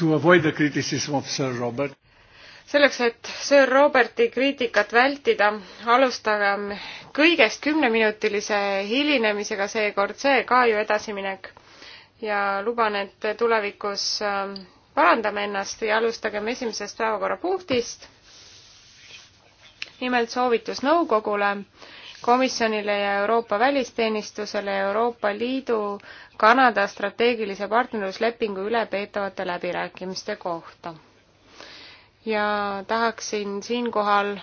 To avoid the criticism of Sir Robert. selleks, et Sir Roberti kriitikat vältida, alustagem kõigest kümneminutilise hilinemisega seekord, see ka ju edasiminek. ja luban, et tulevikus ähm, parandame ennast ja alustagem esimesest päevakorrapunktist. nimelt soovitus nõukogule no komisjonile ja Euroopa välisteenistusele Euroopa Liidu Kanada strateegilise partnerluslepingu üle peetavate läbirääkimiste kohta. ja tahaksin siinkohal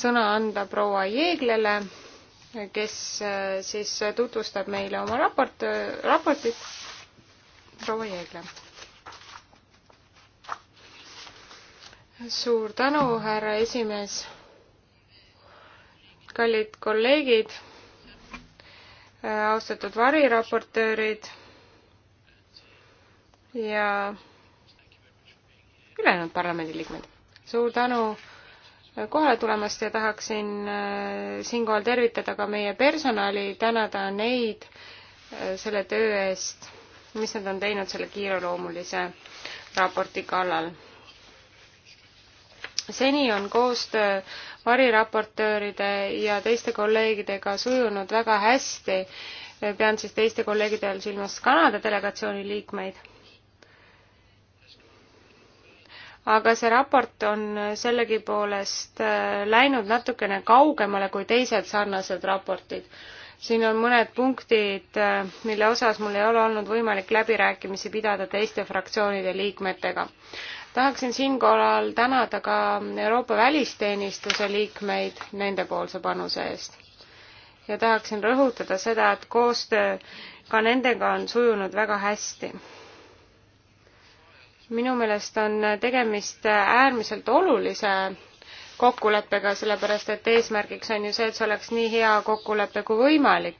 sõna anda proua Jeeglele, kes äh, siis tutvustab meile oma raport, äh, raportit. proua Jeegle. suur tänu, härra esimees kallid kolleegid, austatud variraportöörid ja ülejäänud parlamendiliikmed. suur tänu kohale tulemast ja tahaksin äh, siinkohal tervitada ka meie personali, tänada neid äh, selle töö eest, mis nad on teinud selle kiireloomulise raporti kallal seni on koostöö variraportööride ja teiste kolleegidega sujunud väga hästi. pean siis teiste kolleegide all silmas Kanada delegatsiooni liikmeid. aga see raport on sellegipoolest äh, läinud natukene kaugemale kui teised sarnased raportid. siin on mõned punktid, äh, mille osas mul ei ole olnud võimalik läbirääkimisi pidada teiste fraktsioonide liikmetega tahaksin siinkohal tänada ka Euroopa välisteenistuse liikmeid nendepoolse panuse eest. ja tahaksin rõhutada seda, et koostöö ka nendega on sujunud väga hästi. minu meelest on tegemist äärmiselt olulise kokkuleppega, sellepärast et eesmärgiks on ju see, et see oleks nii hea kokkulepe kui võimalik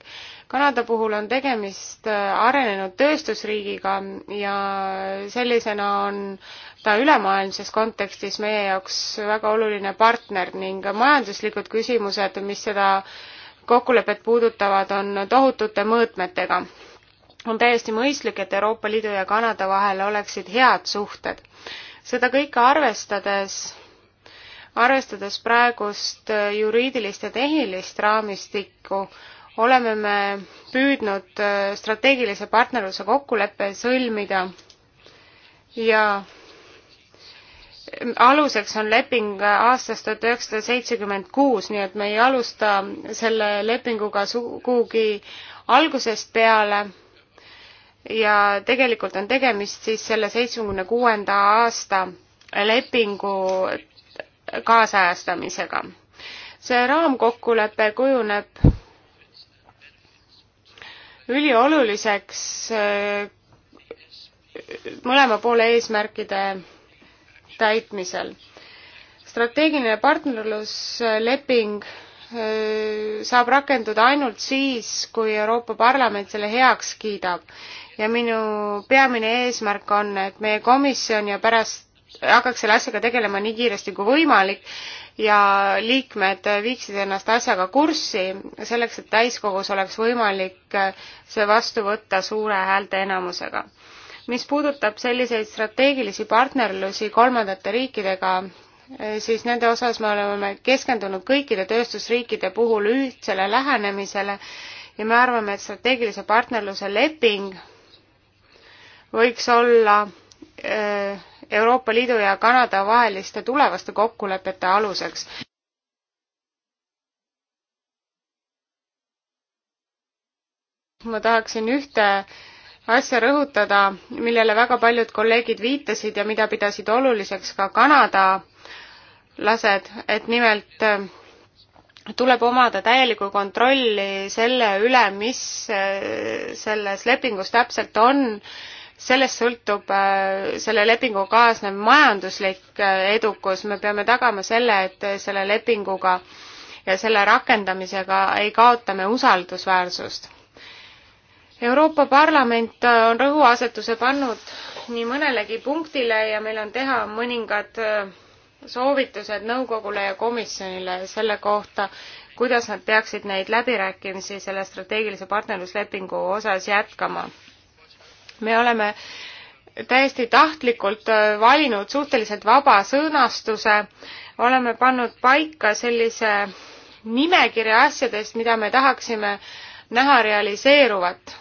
Kanada puhul on tegemist äh, arenenud tööstusriigiga ja sellisena on ta ülemaailmses kontekstis meie jaoks väga oluline partner ning majanduslikud küsimused, mis seda kokkulepet puudutavad, on tohutute mõõtmetega. on täiesti mõistlik, et Euroopa Liidu ja Kanada vahel oleksid head suhted. seda kõike arvestades arvestades praegust juriidilist ja tehnilist raamistikku, oleme me püüdnud äh, strateegilise partnerluse kokkuleppe sõlmida ja äh, aluseks on leping aastast tuhat üheksasada seitsekümmend kuus, nii et me ei alusta selle lepinguga sugugi algusest peale. ja tegelikult on tegemist siis selle seitsmekümne kuuenda aasta lepingu kaasajastamisega. see raamkokkulepe kujuneb ülioluliseks äh, mõlema poole eesmärkide täitmisel. strateegiline partnerlusleping äh, saab rakenduda ainult siis, kui Euroopa Parlament selle heaks kiidab. ja minu peamine eesmärk on, et meie komisjon ja pärast hakkaks selle asjaga tegelema nii kiiresti kui võimalik ja liikmed viiksid ennast asjaga kurssi, selleks et täiskogus oleks võimalik see vastu võtta suure häälteenamusega. mis puudutab selliseid strateegilisi partnerlusi kolmandate riikidega, siis nende osas me oleme keskendunud kõikide tööstusriikide puhul ühtsele lähenemisele ja me arvame, et strateegilise partnerluse leping võiks olla öö, äh, Euroopa Liidu ja Kanada vaheliste tulevaste kokkulepete aluseks. ma tahaksin ühte asja rõhutada, millele väga paljud kolleegid viitasid ja mida pidasid oluliseks ka kanadalased, et nimelt äh, tuleb omada täielikku kontrolli selle üle, mis äh, selles lepingus täpselt on sellest sõltub äh, selle lepingu kaasnev majanduslik äh, edukus, me peame tagama selle, et selle lepinguga ja selle rakendamisega ei kaota me usaldusväärsust. Euroopa Parlament on rõhuasetuse pannud nii mõnelegi punktile ja meil on teha mõningad äh, soovitused nõukogule ja komisjonile selle kohta, kuidas nad peaksid neid läbirääkimisi selle strateegilise partnerluslepingu osas jätkama me oleme täiesti tahtlikult äh, valinud suhteliselt vaba sõnastuse, oleme pannud paika sellise nimekirja asjadest, mida me tahaksime näha realiseeruvat.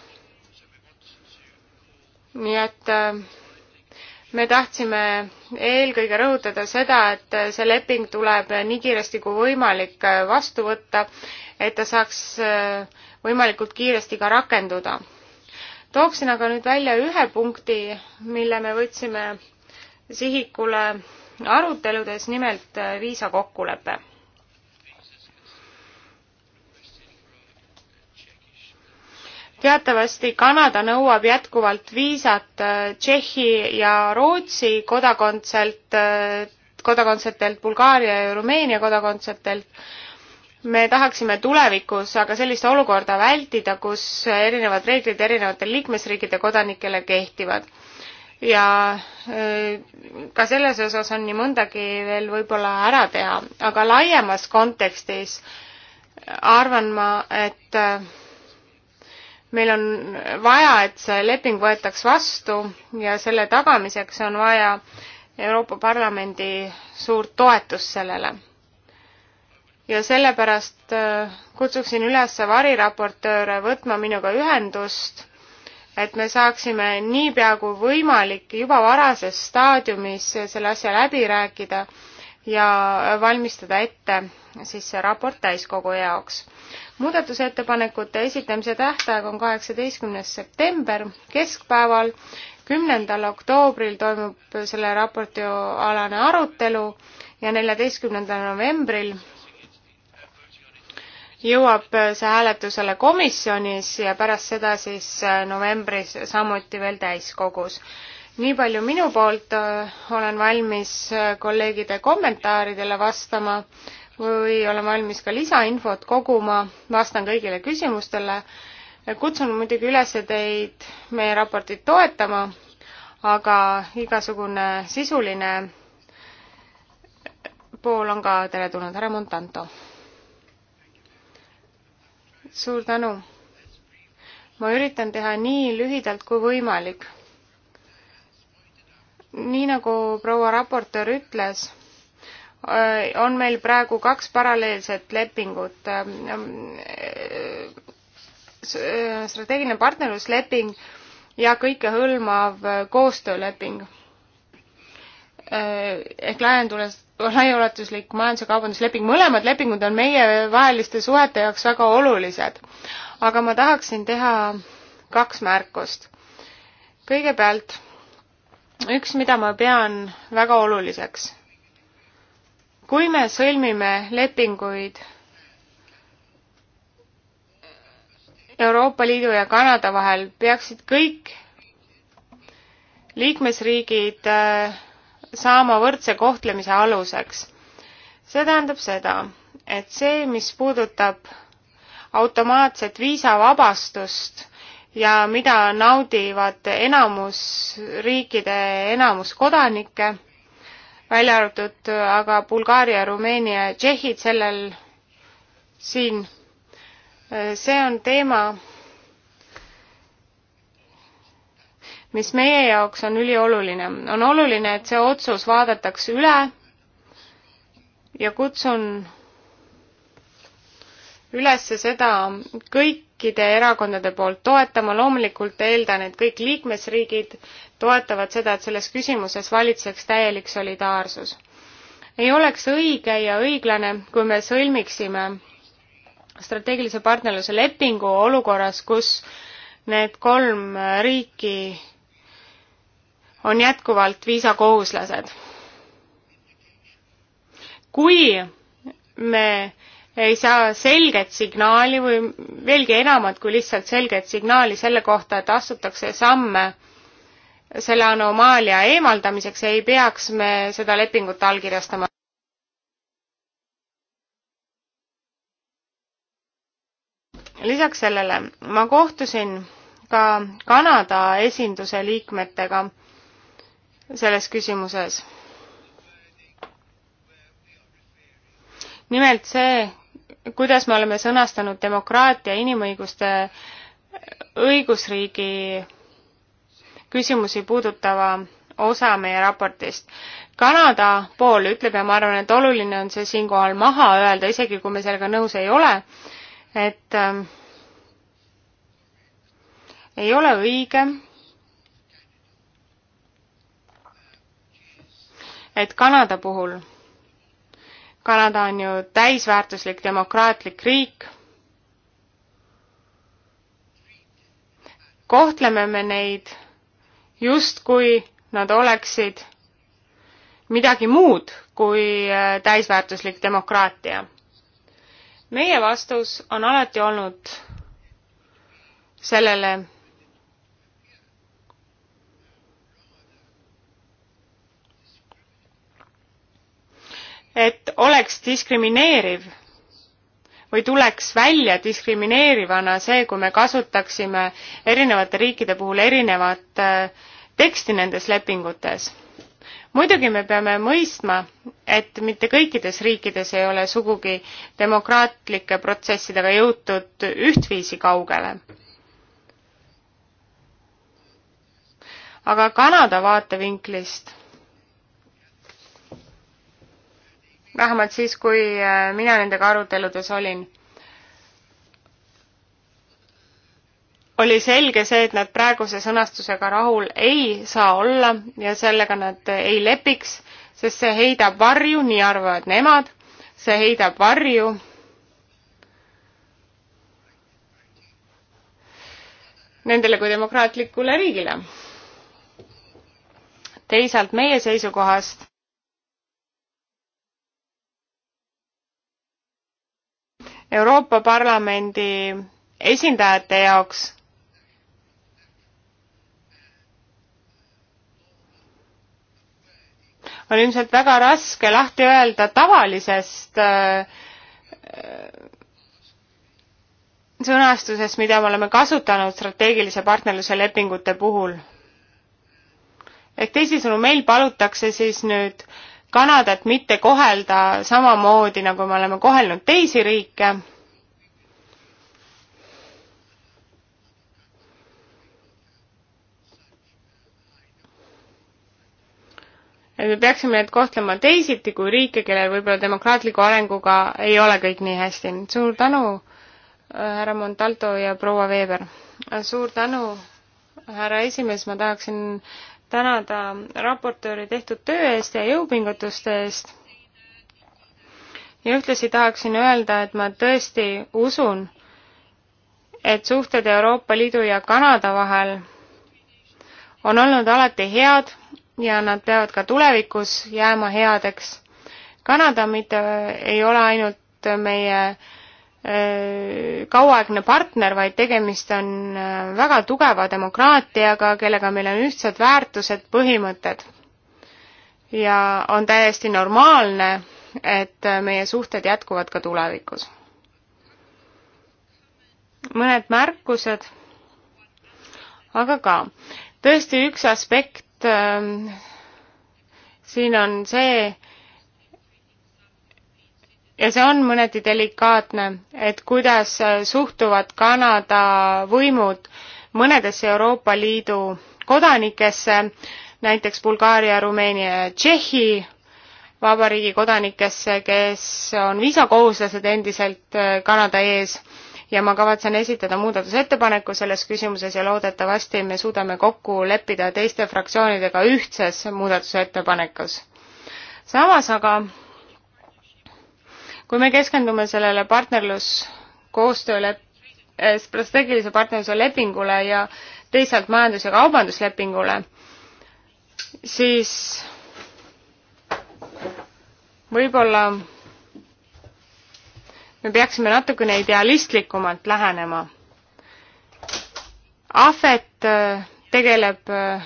nii et äh, me tahtsime eelkõige rõhutada seda, et äh, see leping tuleb nii kiiresti kui võimalik vastu võtta, et ta saaks võimalikult kiiresti ka rakenduda tooksin aga nüüd välja ühe punkti, mille me võtsime sihikule aruteludes, nimelt äh, viisakokkulepe. teatavasti Kanada nõuab jätkuvalt viisat äh, Tšehhi ja Rootsi kodakondselt, äh, kodakondsetelt, Bulgaaria ja Rumeenia kodakondsetelt me tahaksime tulevikus aga sellist olukorda vältida, kus erinevad reeglid erinevatele liikmesriikide kodanikele kehtivad. ja äh, ka selles osas on nii mõndagi veel võib-olla ära teha, aga laiemas kontekstis arvan ma, et äh, meil on vaja, et see leping võetaks vastu ja selle tagamiseks on vaja Euroopa Parlamendi suurt toetust sellele ja sellepärast äh, kutsuksin üles variraportööre võtma minuga ühendust, et me saaksime niipea kui võimalik juba varases staadiumis selle asja läbi rääkida ja valmistada ette siis see raport täiskogu jaoks. muudatusettepanekute esitamise tähtaeg on kaheksateistkümnes september keskpäeval, kümnendal oktoobril toimub selle raporti alane arutelu ja neljateistkümnendal novembril jõuab äh, see hääletusele komisjonis ja pärast seda siis äh, novembris samuti veel täiskogus. nii palju minu poolt, äh, olen valmis kolleegide kommentaaridele vastama või olen valmis ka lisainfot koguma, vastan kõigile küsimustele. kutsun muidugi üles teid meie raportit toetama, aga igasugune sisuline pool on ka teretulnud, härra Montanto suur tänu. ma üritan teha nii lühidalt kui võimalik. nii nagu proua raportöör ütles, äh, on meil praegu kaks paralleelset lepingut äh, äh, strateegiline partnerlusleping ja kõikehõlmav koostööleping. Äh, ehk laiendules, laiaulatuslik majandus- ja kaubandusleping, mõlemad lepingud on meievaheliste suhete jaoks väga olulised. aga ma tahaksin teha kaks märkust. kõigepealt üks, mida ma pean väga oluliseks. kui me sõlmime lepinguid Euroopa Liidu ja Kanada vahel, peaksid kõik liikmesriigid äh, saama võrdse kohtlemise aluseks. see tähendab seda, et see, mis puudutab automaatset viisavabastust ja mida naudivad enamus riikide enamus kodanikke, välja arvatud aga Bulgaaria, Rumeenia ja Tšehhid sellel siin, see on teema, mis meie jaoks on ülioluline. on oluline, et see otsus vaadatakse üle ja kutsun üles seda kõikide erakondade poolt toetama, loomulikult eeldan, et kõik liikmesriigid toetavad seda, et selles küsimuses valitseks täielik solidaarsus. ei oleks õige ja õiglane, kui me sõlmiksime strateegilise partnerluse lepingu olukorras, kus need kolm riiki on jätkuvalt viisakohuslased. kui me ei saa selget signaali või veelgi enamat kui lihtsalt selget signaali selle kohta, et astutakse samme selle anomaalia eemaldamiseks, ei peaks me seda lepingut allkirjastama. lisaks sellele ma kohtusin ka Kanada esinduse liikmetega selles küsimuses. nimelt see, kuidas me oleme sõnastanud demokraatia, inimõiguste, õigusriigi küsimusi puudutava osa meie raportist. Kanada pool ütleb ja ma arvan, et oluline on see siinkohal maha öelda, isegi kui me sellega nõus ei ole, et äh, ei ole õige et Kanada puhul, Kanada on ju täisväärtuslik demokraatlik riik, kohtleme me neid justkui nad oleksid midagi muud kui äh, täisväärtuslik demokraatia. meie vastus on alati olnud sellele et oleks diskrimineeriv või tuleks välja diskrimineerivana see, kui me kasutaksime erinevate riikide puhul erinevat äh, teksti nendes lepingutes. muidugi me peame mõistma, et mitte kõikides riikides ei ole sugugi demokraatlike protsessidega jõutud ühtviisi kaugele. aga Kanada vaatevinklist vähemalt siis, kui äh, mina nendega aruteludes olin. oli selge see, et nad praeguse sõnastusega rahul ei saa olla ja sellega nad ei lepiks, sest see heidab varju, nii arvavad nemad, see heidab varju nendele kui demokraatlikule riigile. teisalt meie seisukohast Euroopa Parlamendi esindajate jaoks on ilmselt väga raske lahti öelda tavalisest äh, sõnastusest, mida me oleme kasutanud strateegilise partnerluse lepingute puhul. ehk teisisõnu, meil palutakse siis nüüd äh, Kanadat mitte kohelda samamoodi, nagu me oleme kohelnud teisi riike. et me peaksime neid kohtlema teisiti kui riike, kellel võib-olla demokraatliku arenguga ei ole kõik nii hästi. suur tänu, äh, härra Montalto ja proua Veeber. Äh, suur tänu, härra esimees, ma tahaksin äh, tänada raportööri tehtud töö eest ja jõupingutuste eest. ja ühtlasi tahaksin öelda, et ma tõesti usun, et suhted Euroopa Liidu ja Kanada vahel on olnud alati head ja nad peavad ka tulevikus jääma headeks. Kanada mitte ei ole ainult meie äh, Äh, kauaaegne partner, vaid tegemist on äh, väga tugeva demokraatiaga, kellega meil on ühtsed väärtused, põhimõtted. ja on täiesti normaalne, et äh, meie suhted jätkuvad ka tulevikus. mõned märkused, aga ka tõesti üks aspekt siin on see, ja see on mõneti delikaatne, et kuidas suhtuvad Kanada võimud mõnedesse Euroopa Liidu kodanikesse, näiteks Bulgaaria, Rumeenia ja Tšehhi vabariigi kodanikesse, kes on viisakohuslased endiselt äh, Kanada ees ja ma kavatsen esitada muudatusettepaneku selles küsimuses ja loodetavasti me suudame kokku leppida teiste fraktsioonidega ühtses muudatusettepanekus. samas aga kui me keskendume sellele partnerlus koostööle, eh, strateegilise partnerluse lepingule ja teisalt majandus- ja kaubanduslepingule, siis võib-olla me peaksime natukene idealistlikumalt lähenema. Ahvet eh, tegeleb eh,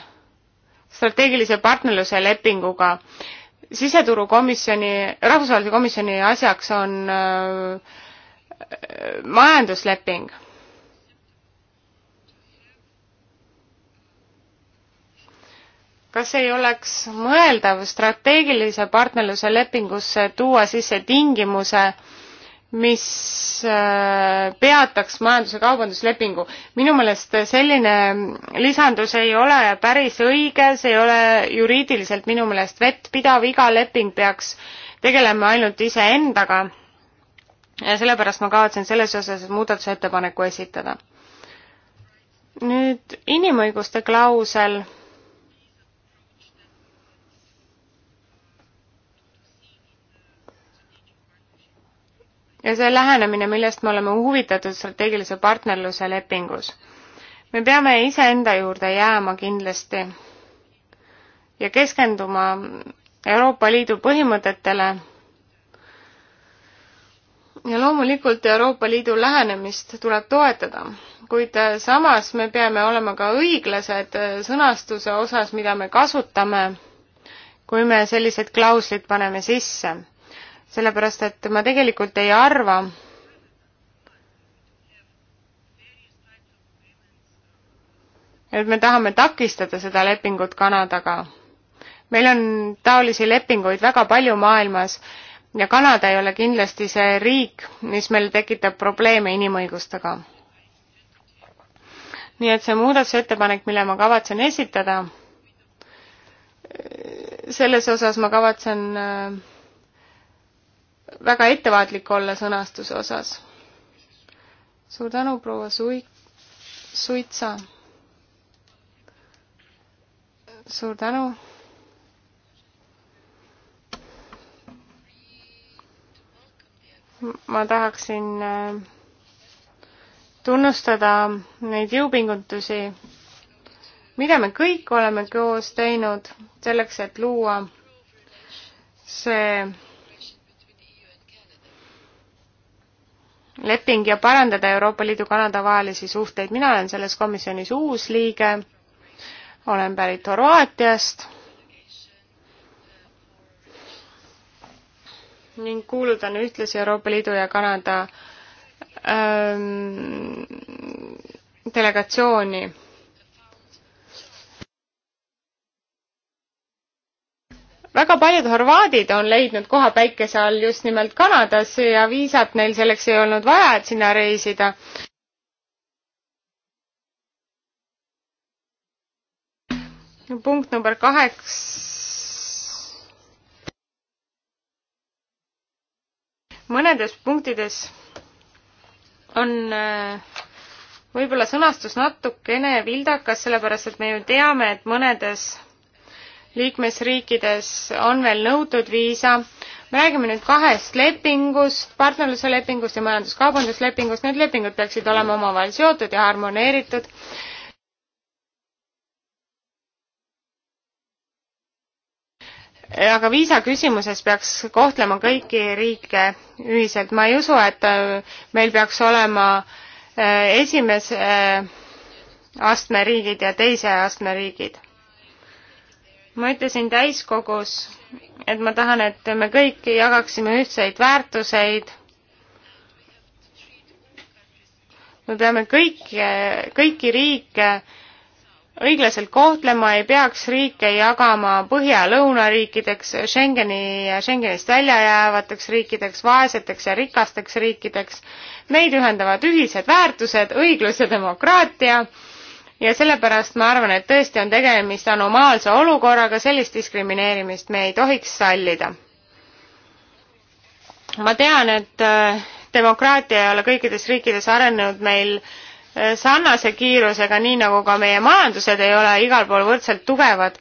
strateegilise partnerluse lepinguga siseturukomisjoni, rahvusvahelise komisjoni asjaks on äh, majandusleping. kas ei oleks mõeldav strateegilise partnerluse lepingusse tuua sisse tingimuse äh, mis äh, peataks majanduse kaubanduslepingu. minu meelest selline lisandus ei ole päris õige, see ei ole juriidiliselt minu meelest vettpidav, iga leping peaks tegelema ainult iseendaga. ja sellepärast ma kavatsen selles osas muudatusettepaneku esitada. nüüd inimõiguste klausel ja see lähenemine, millest me oleme huvitatud strateegilise partnerluse lepingus. me peame iseenda juurde jääma kindlasti ja keskenduma Euroopa Liidu põhimõtetele ja loomulikult Euroopa Liidu lähenemist tuleb toetada, kuid samas me peame olema ka õiglased sõnastuse osas, mida me kasutame, kui me sellised klauslid paneme sisse sellepärast et ma tegelikult ei arva, et me tahame takistada seda lepingut Kanadaga. meil on taolisi lepinguid väga palju maailmas ja Kanada ei ole kindlasti see riik, mis meil tekitab probleeme inimõigustega. nii et see muudatusettepanek, mille ma kavatsen esitada, selles osas ma kavatsen äh, väga ettevaatlik olla sõnastuse osas. suur tänu, proua Sui-, Suitsa. suur tänu. ma tahaksin äh, tunnustada neid jõupingutusi, mida me kõik oleme koos teinud selleks, et luua see leping ja parandada Euroopa Liidu Kanada vahelisi suhteid. mina olen selles komisjonis uus liige, olen pärit Horvaatiast ning kuulutan ühtlasi Euroopa Liidu ja Kanada ähm, delegatsiooni väga paljud horvaadid on leidnud koha päikese all just nimelt Kanadas ja viisat neil selleks ei olnud vaja, et sinna reisida. punkt number kaheksa. mõnedes punktides on äh, võib-olla sõnastus natukene vildakas, sellepärast et me ju teame, et mõnedes liikmesriikides on veel nõutud viisa. me räägime nüüd kahest lepingust, partnerluse lepingust ja majanduskaubanduslepingust, need lepingud peaksid olema omavahel seotud ja harmoneeritud. aga viisa küsimuses peaks kohtlema kõiki riike ühiselt, ma ei usu, et äh, meil peaks olema äh, esimese äh, astme riigid ja teise astme riigid ma ütlesin täiskogus, et ma tahan, et me kõik jagaksime ühtseid väärtuseid. me peame kõiki, kõiki riike õiglaselt kohtlema, ei peaks riike jagama põhja-lõunariikideks, Schengeni ja Schengenist välja jäävateks riikideks, vaeseteks ja rikasteks riikideks. Neid ühendavad ühised väärtused, õiglus ja demokraatia ja sellepärast ma arvan, et tõesti on tegemist anomaalse olukorraga, sellist diskrimineerimist me ei tohiks sallida. ma tean, et äh, demokraatia ei ole kõikides riikides arenenud meil äh, sarnase kiirusega, nii nagu ka meie majandused ei ole igal pool võrdselt tugevad,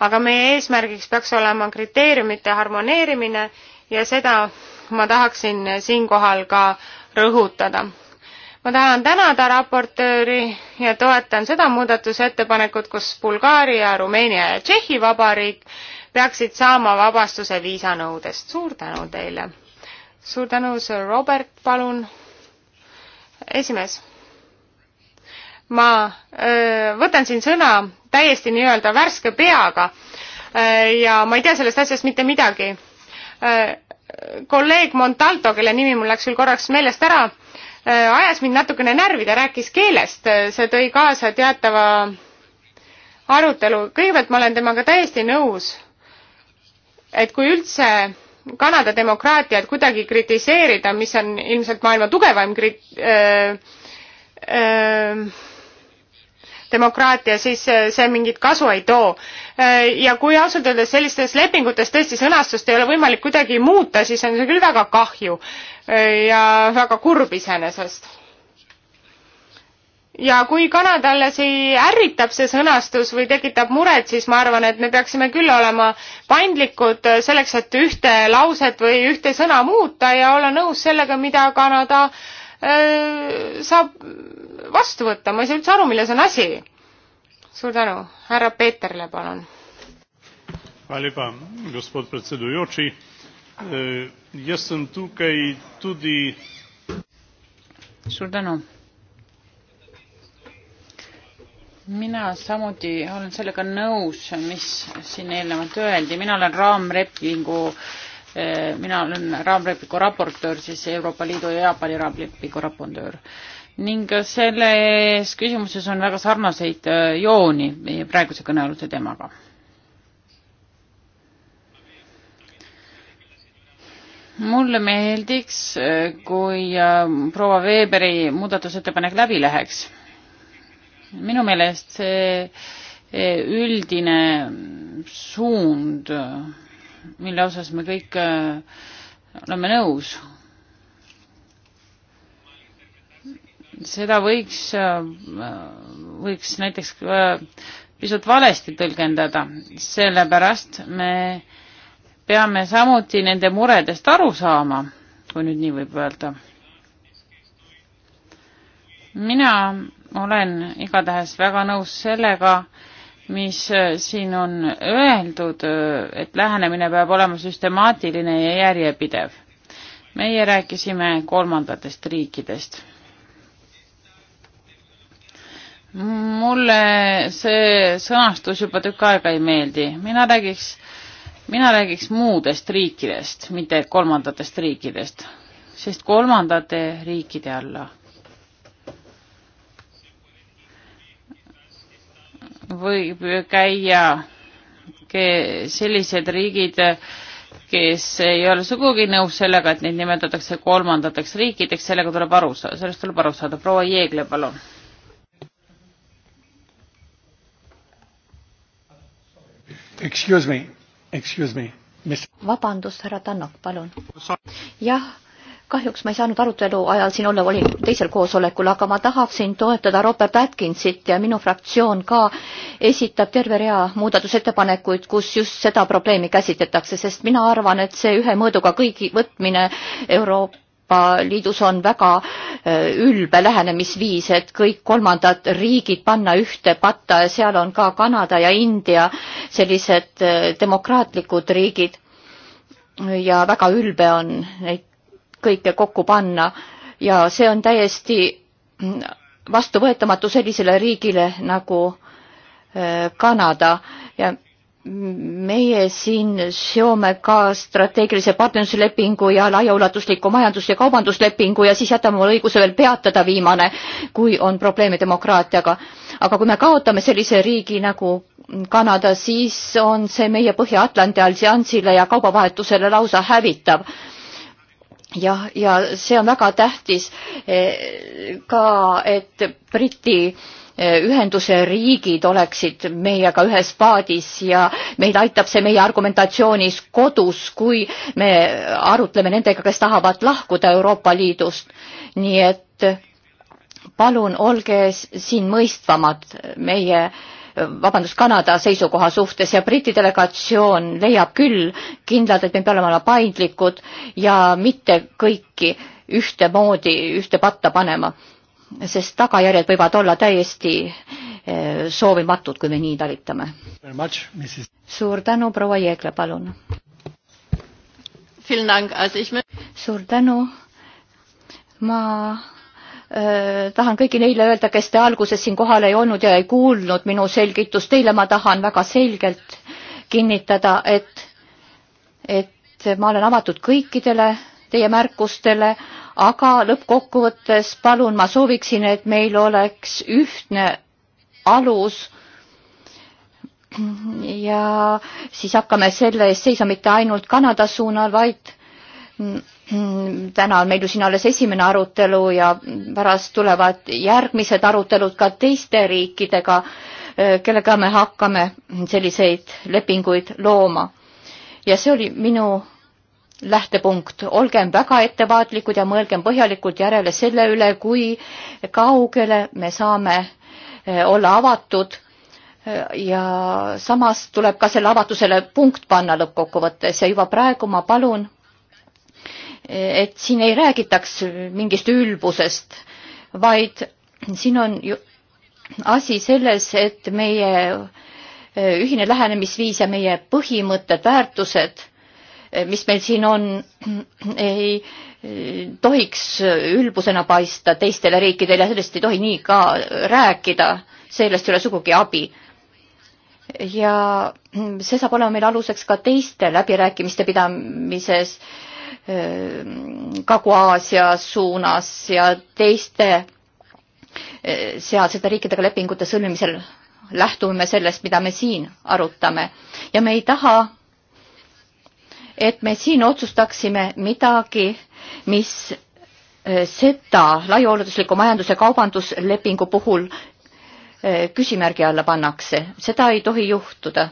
aga meie eesmärgiks peaks olema kriteeriumite harmoneerimine ja seda ma tahaksin äh, siinkohal ka rõhutada ma tahan tänada raportööri ja toetan seda muudatusettepanekut, kus Bulgaaria, Rumeenia ja Tšehhi Vabariik peaksid saama vabastuse viisanõudest. suur tänu teile. suur tänu, Sir Robert, palun. esimees, ma öö, võtan siin sõna täiesti nii-öelda värske peaga öö, ja ma ei tea sellest asjast mitte midagi. kolleeg Montalto, kelle nimi mul läks küll korraks meelest ära, Äh, ajas mind natukene närvi, ta rääkis keelest, äh, see tõi kaasa teatava arutelu. kõigepealt ma olen temaga täiesti nõus, et kui üldse Kanada demokraatiat kuidagi kritiseerida, mis on ilmselt maailma tugevaim kri-, öö, öö, demokraatia, siis äh, see mingit kasu ei too. ja kui ausalt öeldes sellistes lepingutes tõesti sõnastust ei ole võimalik kuidagi muuta, siis on see küll väga kahju ja väga kurb iseenesest. ja kui kanadalasi ärritab see sõnastus või tekitab muret, siis ma arvan, et me peaksime küll olema paindlikud selleks, et ühte lauset või ühte sõna muuta ja olla nõus sellega, mida Kanada öö, äh, saab vastu võtta, ma ei saa üldse aru, milles on asi. suur tänu, härra Peeterle palun. Hvala lepa, gospod predsedujoči E, Jaz sem tukaj tudi. suur tänu. mina samuti olen sellega nõus, mis siin eelnevalt öeldi, mina olen raamlepingu e, mina olen raamlepingu raportöör, siis Euroopa Liidu ja Jaapani raamlepingu raportöör. ning selles küsimuses on väga sarnaseid e, jooni meie praeguse kõnealuse teemaga. mulle meeldiks, äh, kui äh, proua Weberi muudatusettepanek läbi läheks. minu meelest see äh, üldine suund, mille osas me kõik oleme nõus, seda võiks, võiks näiteks pisut valesti tõlgendada, sellepärast me äh, peame samuti nende muredest aru saama, kui nüüd nii võib öelda. mina olen igatahes väga nõus sellega, mis siin on öeldud, et lähenemine peab olema süstemaatiline ja järjepidev. meie rääkisime kolmandatest riikidest. mulle see sõnastus juba tükk aega ei meeldi, mina räägiks äh, mina räägiks muudest riikidest, mitte kolmandatest riikidest, sest kolmandate riikide alla võib käia sellised riigid, kes ei ole sugugi nõus sellega, et neid nimetatakse kolmandateks riikideks, sellega tuleb aru saada, sellest tuleb aru saada. proua Jeegle, palun. Excuse me Excuse me Mis.... vabandust, härra Tannok, palun. jah, kahjuks ma ei saanud arutelu ajal siin olla, olin teisel koosolekul, aga ma tahaksin toetada Robert Atkinsit ja minu fraktsioon ka esitab terve rea muudatusettepanekuid, kus just seda probleemi käsitletakse, sest mina arvan, et see ühe mõõduga kõigi võtmine Euroopa Liidus on väga äh, ülbe lähenemisviis, et kõik kolmandad riigid panna ühte patta ja seal on ka Kanada ja India sellised äh, demokraatlikud riigid. ja väga ülbe on neid kõike kokku panna ja see on täiesti mm, vastuvõetamatu sellisele riigile nagu äh, Kanada ja meie siin seome ka strateegilise partnerluslepingu ja laiaulatusliku majandus- ja kaubanduslepingu ja siis jätame mulle õiguse veel peatada viimane, kui on probleeme demokraatiaga. aga kui me kaotame sellise riigi nagu Kanada, siis on see meie Põhja-Atlandi alliansile ja kaubavahetusele lausa hävitav jah, ja see on väga tähtis eh, ka, et Briti Eh, ühenduse riigid oleksid meiega ühes paadis ja meid aitab see meie argumentatsioonis kodus, kui me arutleme nendega, kes tahavad lahkuda Euroopa Liidust. nii et palun olge siin mõistvamad meie vabandust, Kanada seisukoha suhtes ja Briti delegatsioon leiab küll kindlalt, et me peame olema paindlikud ja mitte kõiki ühtemoodi ühte patta panema sest tagajärjed võivad olla täiesti eh, soovimatud, kui me nii talitame. suur tänu, proua Jeegle, palun. suur tänu. ma eh, tahan kõigi neile öelda, kes te alguses siin kohal ei olnud ja ei kuulnud minu selgitust, teile ma tahan väga selgelt kinnitada, et, et ma olen avatud kõikidele teie märkustele, aga lõppkokkuvõttes palun, ma sooviksin, et meil oleks ühtne alus ja siis hakkame selle eest seisma mitte ainult Kanada suunal, vaid täna on meil ju siin alles esimene arutelu ja pärast tulevad järgmised arutelud ka teiste riikidega, kellega me hakkame selliseid lepinguid looma. ja see oli minu lähtepunkt, olgem väga ettevaatlikud ja mõelgem põhjalikult järele selle üle, kui kaugele me saame eh, olla avatud eh, ja samas tuleb ka selle avatusele punkt panna lõppkokkuvõttes ja juba praegu ma palun, eh, et siin ei räägitaks mingist ülbusest, vaid siin on ju asi selles, et meie ühine lähenemisviis ja meie põhimõtted, väärtused Eh, mis meil siin on, ei eh, tohiks ülbusena paista teistele riikidele ja sellest ei tohi nii ka rääkida, sellest ei ole sugugi abi. ja see saab olema meil aluseks ka teiste läbirääkimiste pidamises eh, Kagu-Aasia suunas ja teiste sealsete riikidega lepingute sõlmimisel lähtume sellest, mida me siin arutame ja me ei taha et me siin otsustaksime midagi, mis eh, seda laiaulatusliku majanduse kaubanduslepingu puhul eh, küsimärgi alla pannakse, seda ei tohi juhtuda.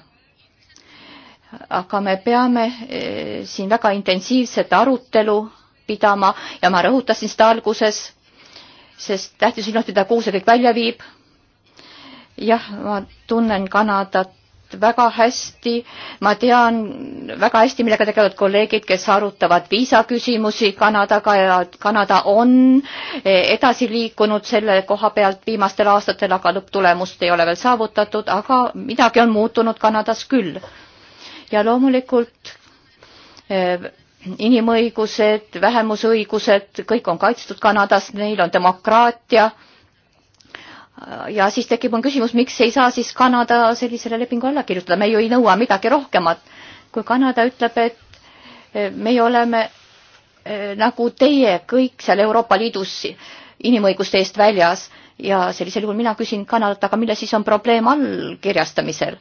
aga me peame eh, siin väga intensiivset arutelu pidama ja ma rõhutasin seda alguses, sest tähtis on juhtida, kuhu see kõik välja viib. jah, ma tunnen Kanadat teemat väga hästi, ma tean väga hästi, millega tegelevad kolleegid, kes arutavad viisaküsimusi Kanadaga ja Kanada on eh, edasi liikunud selle koha pealt viimastel aastatel, aga lõpptulemust ei ole veel saavutatud, aga midagi on muutunud Kanadas küll. ja loomulikult eh, inimõigused, vähemusõigused, kõik on kaitstud Kanadas, neil on demokraatia ja siis tekib mul küsimus, miks ei saa siis Kanada sellisele lepingule alla kirjutada, me ju ei nõua midagi rohkemat. kui Kanada ütleb, et meie oleme eh, nagu teie kõik seal Euroopa Liidus inimõiguste eest väljas ja sellisel juhul mina küsin Kanadat, aga milles siis on probleem allkirjastamisel?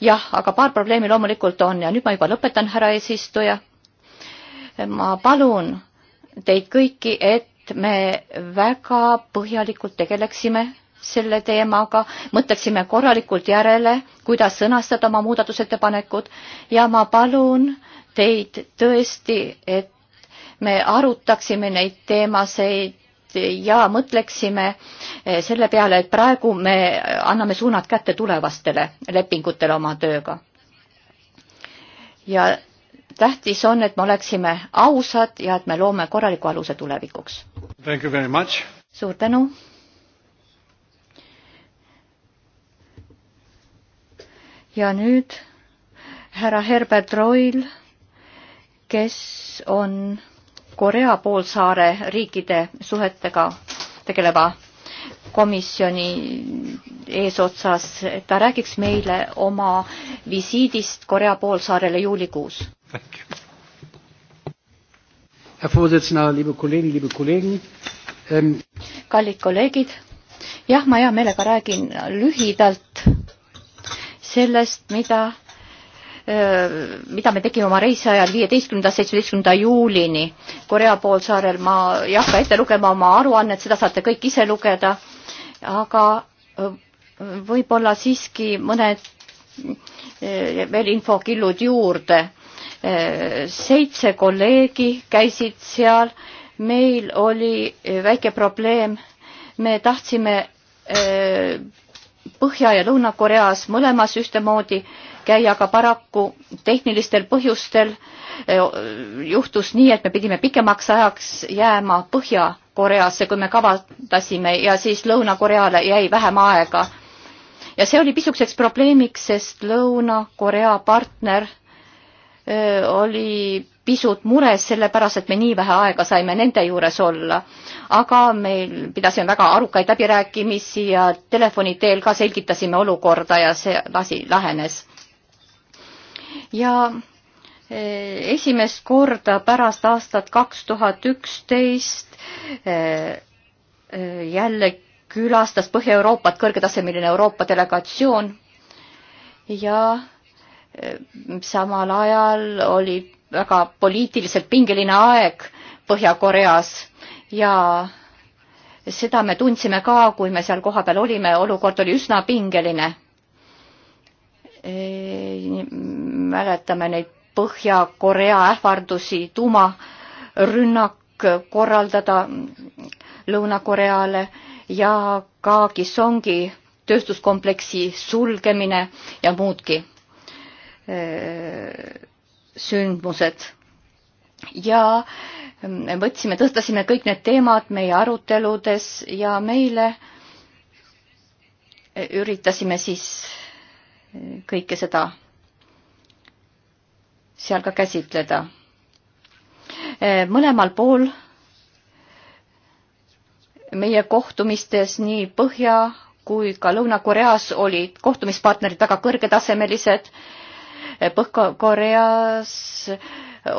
jah, aga paar probleemi loomulikult on ja nüüd ma juba lõpetan, härra eesistuja. ma palun teid kõiki, et me väga põhjalikult tegeleksime selle teemaga, mõtleksime korralikult järele, kuidas sõnastada oma muudatusettepanekud ja ma palun teid tõesti, et me arutaksime neid teemasid ja mõtleksime eh, selle peale, et praegu me anname suunad kätte tulevastele lepingutele oma tööga. ja tähtis on, et me oleksime ausad ja et me loome korraliku aluse tulevikuks. suur tänu. ja nüüd härra Herbert Roil, kes on Korea poolsaare riikide suhetega tegeleva komisjoni eesotsas, et ta räägiks meile oma visiidist Korea poolsaarele juulikuus. Ähm, kallid kolleegid, jah, ma hea meelega räägin lühidalt sellest, mida, mida me tegime oma reisi ajal viieteistkümnenda, seitsmeteistkümnenda juulini Korea poolsaarel. ma ei hakka ette lugema oma aruannet, seda saate kõik ise lugeda, aga võib-olla siiski mõned veel infokillud juurde. seitse kolleegi käisid seal, meil oli väike probleem, me tahtsime Põhja- ja Lõuna-Koreas mõlemas ühtemoodi käia, aga paraku tehnilistel põhjustel eh, juhtus nii, et me pidime pikemaks ajaks jääma Põhja-Koreasse, kui me kavandasime ja siis Lõuna-Koreale jäi vähem aega. ja see oli pisukeseks probleemiks, sest Lõuna-Korea partner öö, eh, oli pisut mures, sellepärast et me nii vähe aega saime nende juures olla. aga meil pidasime väga arukaid läbirääkimisi ja telefoni teel ka selgitasime olukorda ja see asi lahenes. ja e, esimest korda pärast aastat kaks tuhat üksteist e, e, jälle külastas Põhja-Euroopat kõrgetasemeline Euroopa delegatsioon ja samal ajal olid väga poliitiliselt pingeline aeg Põhja-Koreas ja seda me tundsime ka, kui me seal kohapeal olime, olukord oli üsna pingeline. E, mäletame neid Põhja-Korea ähvardusi, tuumarünnak korraldada Lõuna-Koreale ja ka Kisongi tööstuskompleksi sulgemine ja muudki e, sündmused ja mm, võtsime, tõstasime kõik need teemad meie aruteludes ja meile e, üritasime siis e, kõike seda seal ka käsitleda. E, mõlemal pool meie kohtumistes nii Põhja kui ka Lõuna-Koreas olid kohtumispartnerid väga kõrgetasemelised Põhja-Koreas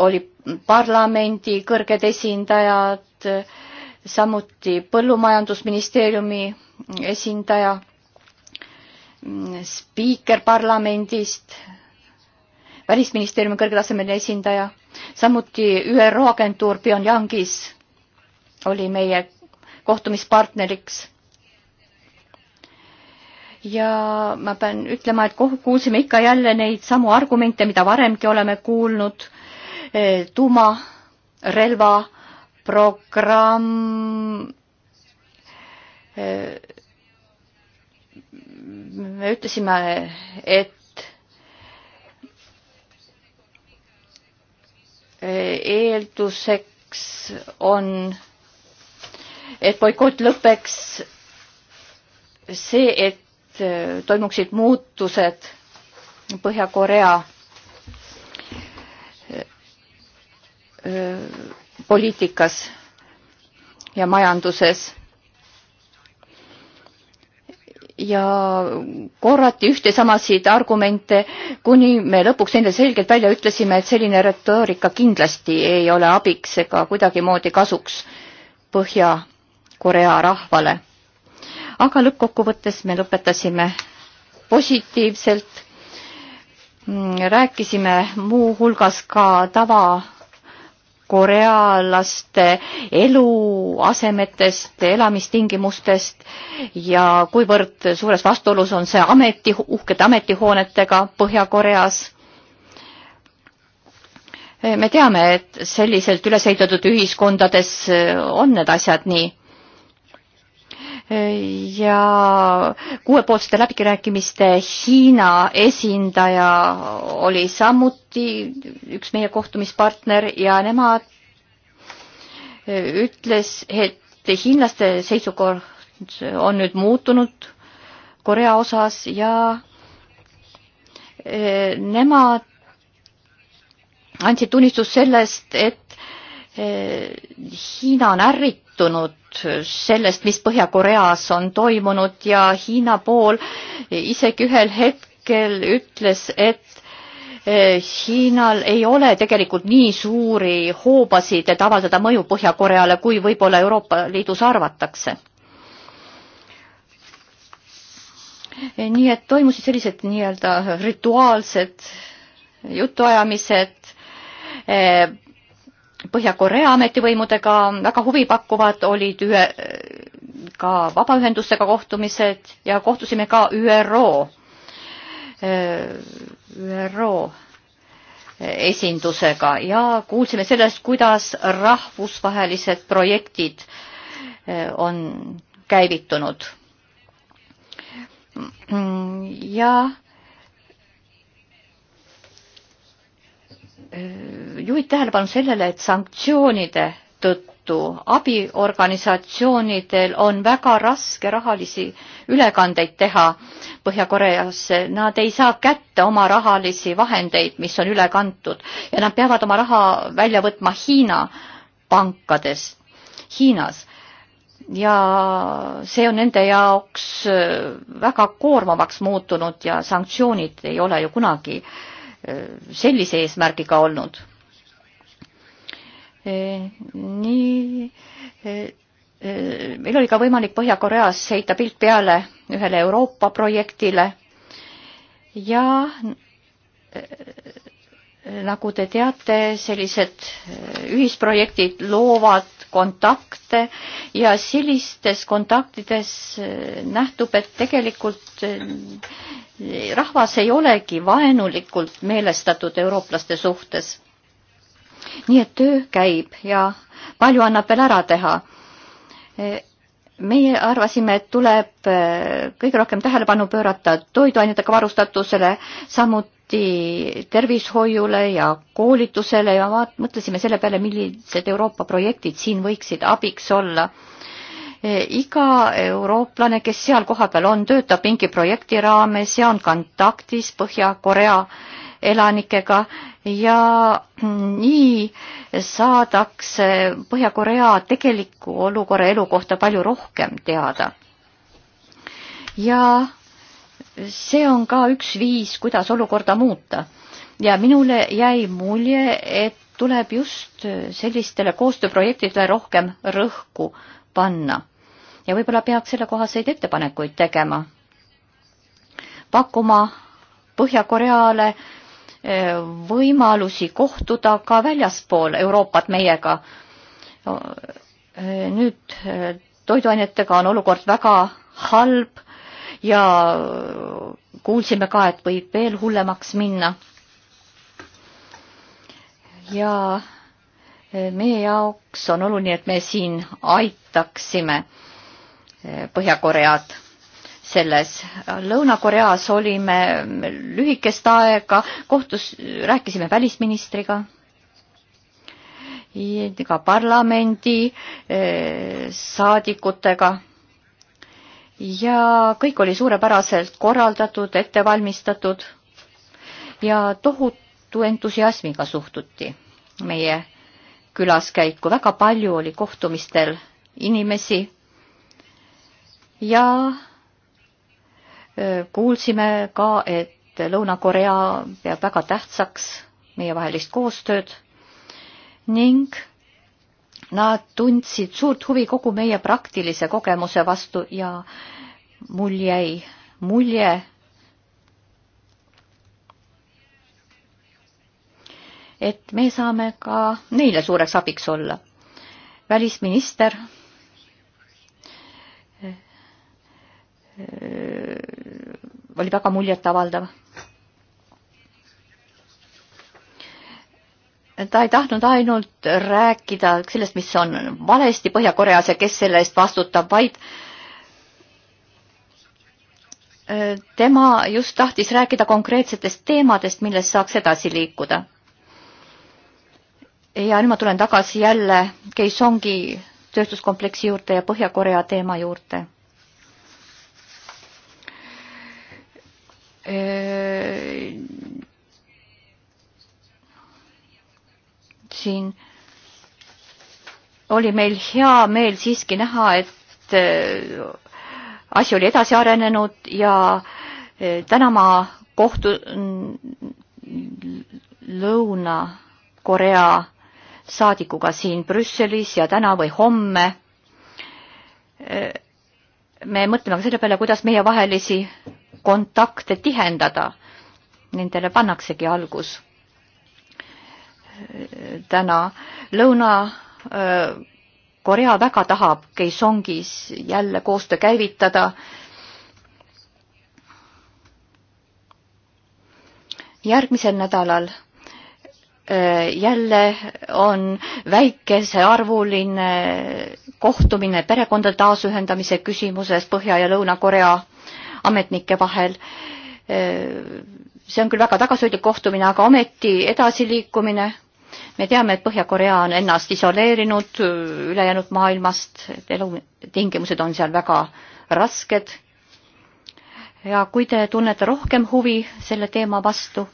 oli parlamendi kõrged esindajad, samuti põllumajandusministeeriumi esindaja, spiiker parlamendist, välisministeeriumi kõrgetasemeline esindaja, samuti ÜRO agentuur Pyongyangis oli meie kohtumispartneriks ja ma pean ütlema, et kuulsime ikka jälle neid samu argumente, mida varemgi oleme kuulnud. Eh, tuumarelva programm. Eh, me ütlesime, et eelduseks on, et boikott lõpeks see, et Äh, toimuksid muutused Põhja-Korea äh, äh, poliitikas ja majanduses. ja korrati ühte samasid argumente, kuni me lõpuks neile selgelt välja ütlesime, et selline retoorika kindlasti ei ole abiks ega kuidagimoodi kasuks Põhja-Korea rahvale aga lõppkokkuvõttes me lõpetasime positiivselt. Mm, rääkisime muuhulgas ka tava korealaste eluasemetest, elamistingimustest ja kuivõrd suures vastuolus on see ameti, uhkete ametihoonetega Põhja-Koreas. me teame, et selliselt üles ehitatud ühiskondades on need asjad nii ja kuuepoolsete läbirääkimiste Hiina esindaja oli samuti üks meie kohtumispartner ja nemad ütles, et hiinlaste seisukord on nüüd muutunud Korea osas ja eh, nemad andsid tunnistust sellest, et Eh, Hiina on ärritunud sellest, mis Põhja-Koreas on toimunud ja Hiina pool isegi ühel hetkel ütles, et eh, Hiinal ei ole tegelikult nii suuri hoobasid, et avaldada mõju Põhja-Koreale, kui võib-olla Euroopa Liidus arvatakse. Eh, nii et toimusid sellised nii-öelda rituaalsed jutuajamised Põhja-Korea ametivõimudega väga huvipakkuvad olid ühe, ka vabaühendustega kohtumised ja kohtusime ka ÜRO, ÜRO esindusega ja kuulsime sellest, kuidas rahvusvahelised projektid eh, on käivitunud. ja Äh, juhid tähelepanu sellele, et sanktsioonide tõttu abiorganisatsioonidel on väga raske rahalisi ülekandeid teha Põhja-Koreasse, nad ei saa kätte oma rahalisi vahendeid, mis on üle kantud ja nad peavad oma raha välja võtma Hiina pankades, Hiinas ja see on nende jaoks äh, väga koormavaks muutunud ja sanktsioonid ei ole ju kunagi äh, Äh, sellise eesmärgiga olnud. Äh, nii, äh, meil oli ka võimalik Põhja-Koreas heita pilk peale ühele Euroopa projektile ja nagu te teate, sellised äh, ühisprojektid loovad kontakte ja sellistes kontaktides äh, nähtub, et tegelikult äh, rahvas ei olegi vaenulikult meelestatud eurooplaste suhtes. nii et töö käib ja palju annab veel ära teha. meie arvasime, et tuleb kõige rohkem tähelepanu pöörata toiduainetega varustatusele, samuti samuti tervishoiule ja koolitusele ja vaat-, mõtlesime selle peale, millised Euroopa projektid siin võiksid abiks olla. E, iga eurooplane, kes seal kohapeal on, töötab mingi projekti raames ja on kontaktis Põhja-Korea elanikega ja nii saadakse Põhja-Korea tegeliku olukorra elukohta palju rohkem teada. ja see on ka üks viis, kuidas olukorda muuta. ja minule jäi mulje, et tuleb just sellistele koostööprojektidele rohkem rõhku panna ja võib-olla peaks sellekohaseid ettepanekuid tegema. pakkuma Põhja-Koreale eh, võimalusi kohtuda ka väljaspool Euroopat meiega. Eh, nüüd eh, toiduainetega on olukord väga halb ja kuulsime ka, et võib veel hullemaks minna. ja meie jaoks on oluline, et me siin aitaksime Põhja-Koread selles. Lõuna-Koreas olime lühikest aega, kohtus, rääkisime välisministriga, ka parlamendi eh, saadikutega ja kõik oli suurepäraselt korraldatud, ette valmistatud ja tohutu entusiasmiga suhtuti meie külaskäiku, väga palju oli kohtumistel inimesi ja kuulsime ka, et Lõuna-Korea peab väga tähtsaks meievahelist koostööd ning Nad tundsid suurt huvi kogu meie praktilise kogemuse vastu ja mul jäi mulje, et me saame ka neile suureks abiks olla. välisminister äh, äh, oli väga muljetavaldav ta ei tahtnud ainult rääkida sellest, mis on valesti Põhja-Koreas ja kes selle eest vastutab, vaid äh, tema just tahtis rääkida konkreetsetest teemadest, millest saaks edasi liikuda. ja nüüd ma tulen tagasi jälle Keisongi tööstuskompleksi juurde ja Põhja-Korea teema juurde. Äh, siin oli meil hea meel siiski näha, et äh, asi oli edasi arenenud ja äh, täna ma kohtun Lõuna-Korea saadikuga siin Brüsselis ja täna või homme äh, me mõtleme ka selle peale, kuidas meievahelisi kontakte tihendada. Nendele pannaksegi algus täna. Lõuna-Korea väga tahab Keisongis jälle koostöö käivitada. järgmisel nädalal jälle on väikesearvuline kohtumine perekondade taasühendamise küsimuses Põhja- ja Lõuna-Korea ametnike vahel. see on küll väga tagasihoidlik kohtumine, aga ometi edasiliikumine me teame, et Põhja-Korea on ennast isoleerinud ülejäänud maailmast, elutingimused on seal väga rasked. ja kui te tunnete rohkem huvi selle teema vastu,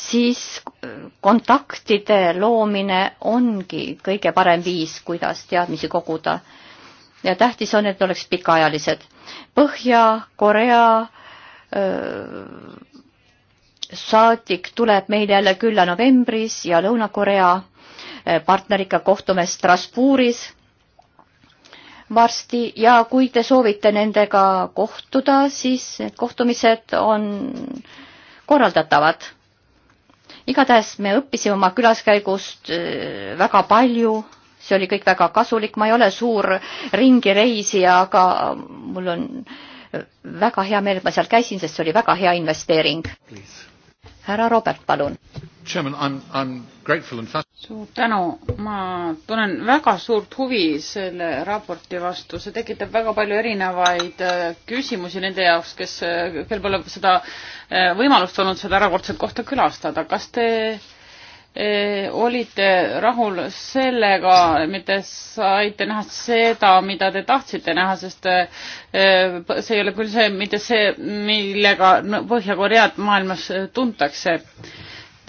siis kontaktide loomine ongi kõige parem viis, kuidas teadmisi koguda. ja tähtis on, et oleks pikaajalised. Põhja-Korea saadik tuleb meil jälle külla novembris ja Lõuna-Korea eh, partneriga kohtume Strasbourgis varsti ja kui te soovite nendega kohtuda, siis need kohtumised on korraldatavad. igatahes me õppisime oma külaskäigust eh, väga palju, see oli kõik väga kasulik, ma ei ole suur ringireisija, aga mul on eh, väga hea meel, et ma seal käisin, sest see oli väga hea investeering. Please härra Robert, palun. suur tänu, ma tunnen väga suurt huvi selle raporti vastu, see tekitab väga palju erinevaid äh, küsimusi nende jaoks, kes, äh, kel pole seda äh, võimalust olnud seda erakordset kohta külastada, kas te äh, E, olite rahul sellega, mitte saite näha seda, mida te tahtsite näha, sest e, e, see ei ole küll see, mitte see, millega Põhja-Koread maailmas tuntakse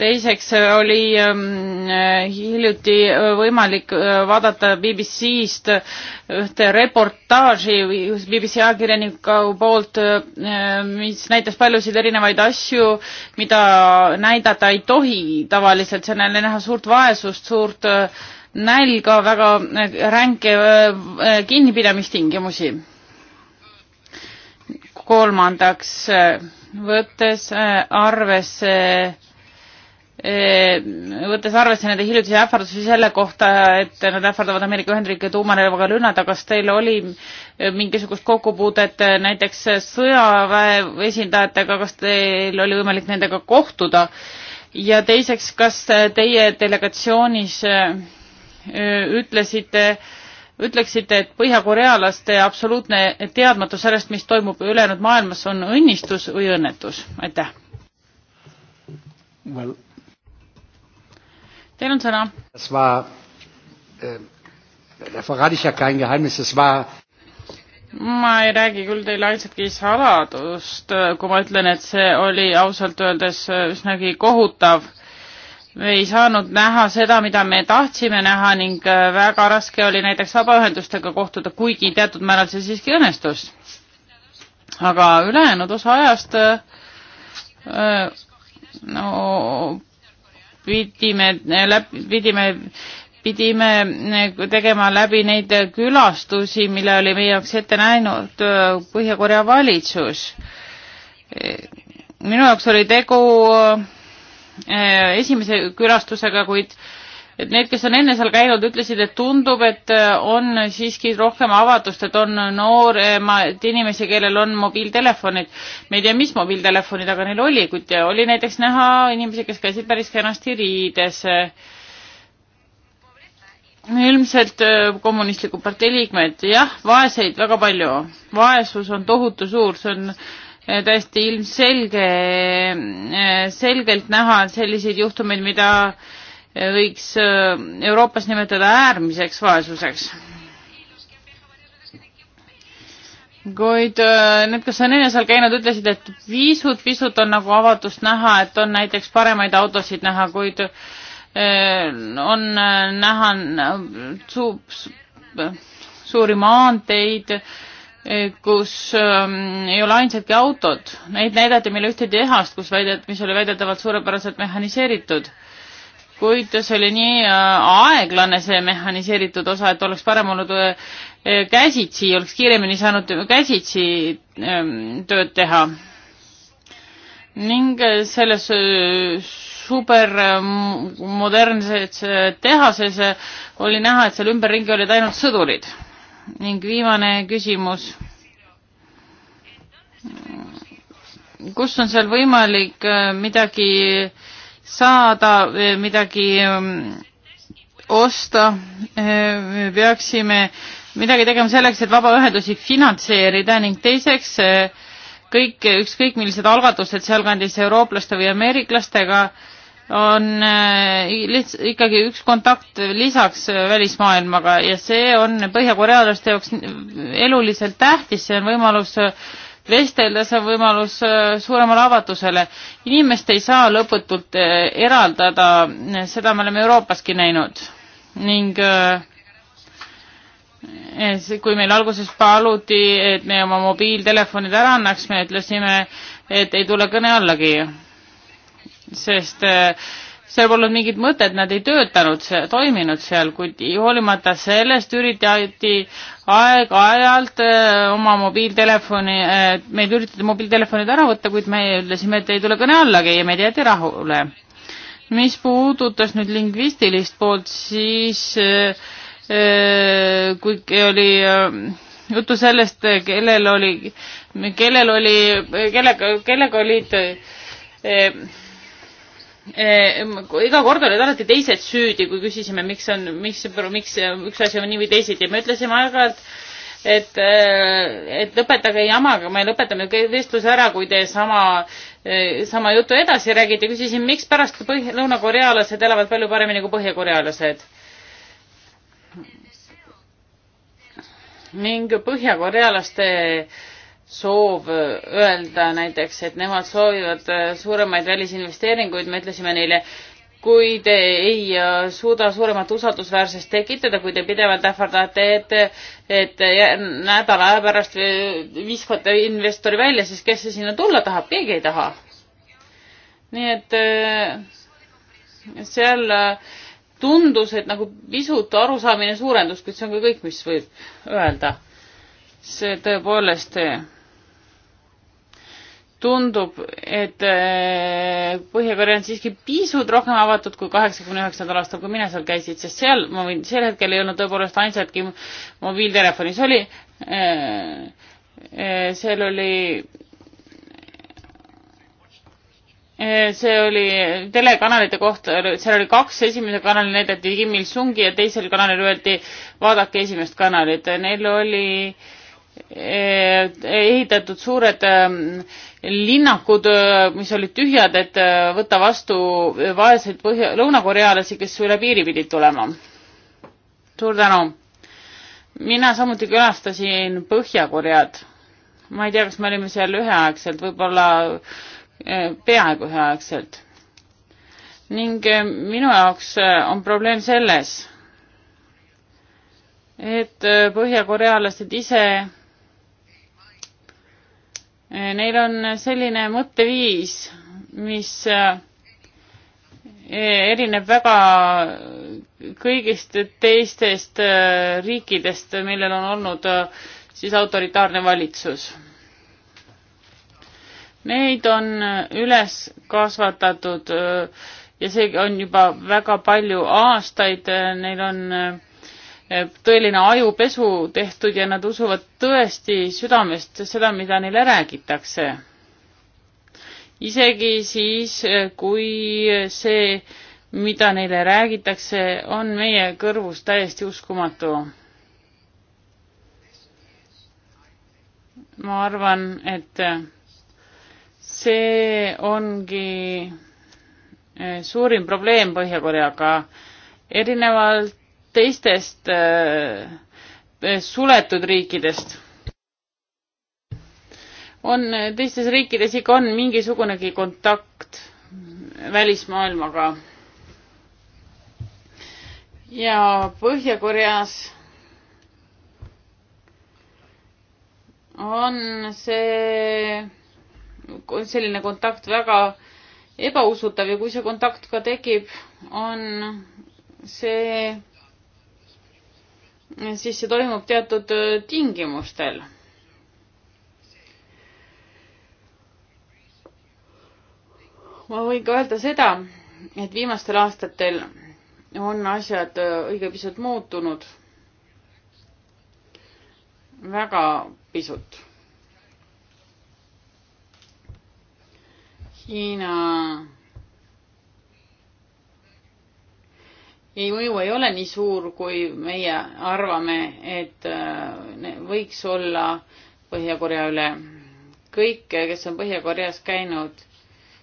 teiseks äh, oli ähm, äh, hiljuti äh, võimalik vaadata BBC-st ühte reportaaži BBC ajakirjaniku poolt, mis näitas paljusid erinevaid asju, mida näidata ei tohi tavaliselt, seal oli näha suurt vaesust, suurt nälga, väga ränke kinnipidamistingimusi. kolmandaks, võttes arvesse Ehm, võttes arvesse nende hiljutisi ähvardusi selle kohta, et nad ähvardavad Ameerika Ühendriike tuumarelvaga lünnata, kas teil oli eh, mingisugust kokkupuudet eh, näiteks sõjaväe esindajatega, kas teil oli võimalik nendega kohtuda? ja teiseks, kas teie delegatsioonis eh, ütlesite, ütleksite, et põhjakorealaste absoluutne teadmatus sellest, mis toimub ülejäänud maailmas, on õnnistus või õnnetus? aitäh well,. Teil on sõna. Äh, ma ei räägi küll teile ainsatki saladust, äh, kui ma ütlen, et see oli ausalt öeldes äh, üsnagi kohutav me ei saanud näha seda, mida me tahtsime näha ning väga raske oli näiteks vabaühendustega kohtuda, kuigi teatud määral see siiski õnnestus. aga ülejäänud osa ajast no, pidime läbi, pidime pidime eh, tegema läbi neid külastusi, mille oli meie jaoks ette näinud eh, Põhja-Korea valitsus. Eh, minu jaoks oli tegu esimese külastusega, kuid et need, kes on enne seal käinud, ütlesid, et tundub, et äh, on siiski rohkem avatust, et on nooremaid äh, inimesi, kellel on mobiiltelefonid. me ei tea, mis mobiiltelefonid, aga neil oli, kuid äh, oli näiteks näha inimesi, kes käisid päris kenasti riides. ilmselt kommunistliku partei liikmed, jah, vaeseid väga palju. vaesus on tohutu suur, see on täiesti ilmselge, selgelt näha selliseid juhtumeid, mida võiks äh, Euroopas nimetada äärmiseks vaesuseks. kuid äh, need, kes on enne seal käinud, ütlesid, et pisut, pisut on nagu avatust näha, et on näiteks paremaid autosid näha, kuid äh, on näha su, suuri maanteid, kus ähm, ei ole ainsadki autod. Neid näidati meile ühte tehast, kus väidet-, mis oli väidetavalt suurepäraselt mehhaniseeritud kuid see oli nii äh, aeglane, see mehhaniseeritud osa, et oleks parem olnud äh, äh, käsitsi, oleks kiiremini saanud käsitsi ähm, tööd teha. ning selles supermodernses tehases oli näha, et seal ümberringi olid ainult sõdurid. ning viimane küsimus. kus on seal võimalik midagi äh, saada eh, midagi mm, osta, eh, peaksime midagi tegema selleks, et vabaühendusi finantseerida ning teiseks eh, kõik, ükskõik millised algatused sealkandis eurooplaste või ameeriklastega on lihts, ikkagi üks kontakt lisaks välismaailmaga ja see on põhjakorealaste jaoks eluliselt tähtis, see on võimalus vestelda, see on võimalus äh, suuremale avatusele. inimest ei saa lõputult äh, eraldada, äh, seda me oleme Euroopaski näinud ning eh, kui meil alguses paluti, et me oma mobiiltelefonid ära annaks, me ütlesime, et ei tule kõne allagi, sest äh, seal polnud mingit mõtet, nad ei töötanud, toiminud seal, kuid hoolimata sellest üritati aeg-ajalt äh, oma mobiiltelefoni, äh, meid üritati mobiiltelefonid ära võtta, kuid me ütlesime, et ei tule kõne allagi ja meid jäeti rahule. mis puudutas nüüd lingvistilist poolt, siis äh, kui oli juttu sellest, kellel oli, kellel oli, kellega, kellega olid iga kord olid alati teised süüdi, kui küsisime, miks on, miks, miks üks asi on nii või teisiti ja me ütlesime aeg-ajalt, et, et lõpetage jamaga, me lõpetame vestluse ära, kui te sama, sama jutu edasi räägite. küsisin, mikspärast lõunakorealased elavad palju paremini kui põhjakorealased? ning põhjakorealaste äh, soov äh, öelda näiteks, et nemad soovivad äh, suuremaid välisinvesteeringuid, me ütlesime neile, kui te ei äh, suuda suuremat usaldusväärsust tekitada, kui te pidevalt ähvardate, et, et nädala aja pärast viskate investori välja, siis kes see sinna tulla tahab, keegi ei taha. nii et seal tundus, et nagu pisut arusaamine suurendus, kuid see on ka kõik, mis võib öelda. see tõepoolest tundub, et äh, Põhja-Korea on siiski pisut rohkem avatud kui kaheksakümne üheksandal aastal, kui mina seal käisin, sest seal ma võin, sel hetkel ei olnud tõepoolest ainsatki mobiiltelefonis oli, äh, äh, seal oli see oli telekanalite kohta, seal oli kaks, esimesel kanalil näidati Kim Il-sungi ja teisel kanalil öeldi vaadake esimest kanalit, neil oli äh, Eh, ehitatud suured eh, linnakud, eh, mis olid tühjad, et võtta vastu vaeseid põhja, lõunakorealasi, kes üle piiri pidid tulema. suur tänu. mina samuti külastasin Põhja-Koread. ma ei tea, kas me olime seal üheaegselt, võib-olla peaaegu üheaegselt. ning minu jaoks on probleem selles, et põhjakorealased ise Neil on selline mõtteviis, mis eh, erineb väga kõigist teistest eh, riikidest, millel on olnud eh, siis autoritaarne valitsus. Neid on üles kasvatatud ja see on juba väga palju aastaid, neil on äh, Eh, tõeline ajupesu tehtud ja nad usuvad tõesti südamest seda, mida neile räägitakse. isegi siis, eh, kui see, mida neile räägitakse, on meie kõrvus täiesti uskumatu. ma arvan, et eh, see ongi suurim probleem Põhja-Koreaga. erinevalt teistest äh, suletud riikidest. on, teistes riikides ikka on mingisugunegi kontakt välismaailmaga. ja Põhja-Koreas on see selline kontakt väga ebausutav ja kui see kontakt ka tekib, on see siis see toimub teatud äh, tingimustel. ma võin ka öelda seda, et viimastel aastatel on asjad äh, õige pisut muutunud. väga pisut. Hiina ei mõju ei ole nii suur, kui meie arvame, et äh, võiks olla Põhja-Korea üle. kõik, kes on Põhja-Koreas käinud,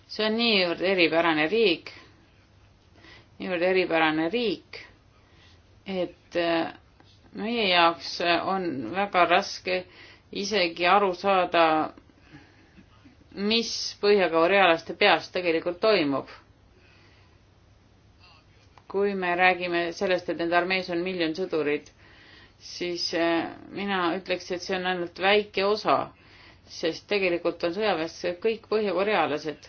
see on niivõrd eripärane riik, niivõrd eripärane riik, et äh, meie jaoks on väga raske isegi aru saada, mis põhjakorealaste peas tegelikult toimub kui me räägime sellest, et nende armees on miljon sõdurit, siis äh, mina ütleks, et see on ainult väike osa, sest tegelikult on sõjaväes kõik põhjakorealased,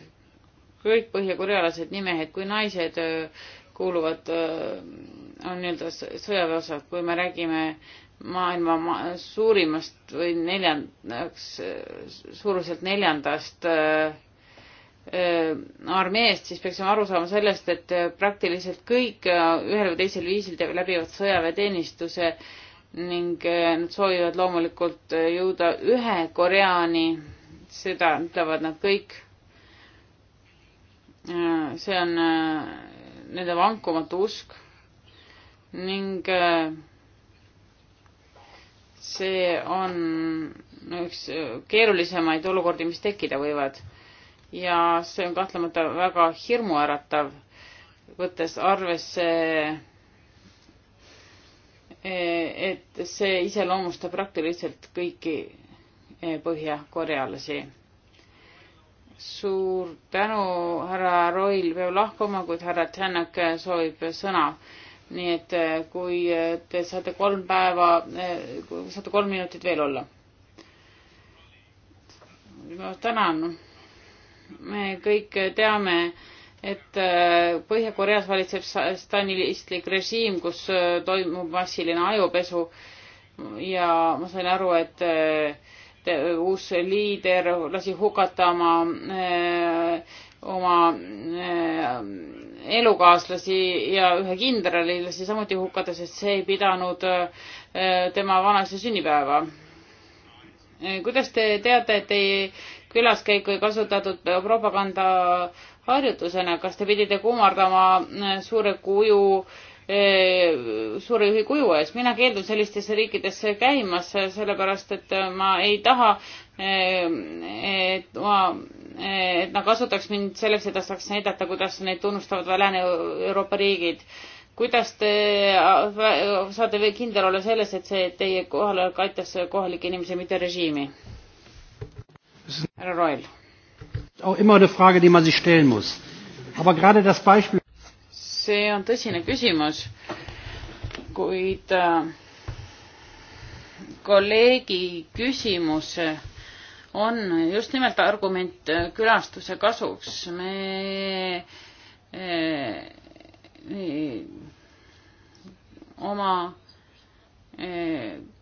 kõik põhjakorealased, nii mehed kui naised äh, kuuluvad, äh, on nii-öelda sõjaväe osad, kui me räägime maailma ma suurimast või neljandaks, suuruselt neljandast äh, Äh, armeest, siis peaksime aru saama sellest, et äh, praktiliselt kõik äh, ühel või teisel viisil läbivad sõjaväeteenistuse ning nad soovivad loomulikult jõuda ühe Koreani, seda ütlevad nad kõik. see on nende vankumatu usk ning see on üks keerulisemaid olukordi, mis tekkida võivad ja see on kahtlemata väga hirmuäratav, võttes arvesse, et see iseloomustab praktiliselt kõiki eh, põhjakorealasi. suur tänu, härra Roil peab lahkuma, kuid härra Tänak eh, soovib sõna. nii et eh, kui te saate kolm päeva, saate kolm minutit veel olla. ma tänan me kõik teame, et äh, Põhja-Koreas valitseb stalinistlik režiim, kus äh, toimub massiline ajupesu ja ma sain aru, et äh, te, uus liider lasi hukata oma, oma elukaaslasi ja ühe kindrali lasi samuti hukata, sest see ei pidanud tema vanaisa sünnipäeva. kuidas te teate, et ei külaskäiku ei kasutatud propagandaharjutusena, kas te pidite kummardama äh, suure kuju äh, suure juhi kuju ees. mina keeldun sellistesse riikidesse käimas, sellepärast et äh, ma ei taha, et ma, et nad kasutaks mind selleks, et ta saaks näidata, kuidas neid tunnustavad Lääne-Euroopa riigid. kuidas te saate kindel olla selles, et see teie kohalolek aitas kohalikke inimesi, mitte režiimi? härra Roil. see on tõsine küsimus, kuid äh, kolleegi küsimus on just nimelt argument äh, külastuse kasuks. me eh, eh, oma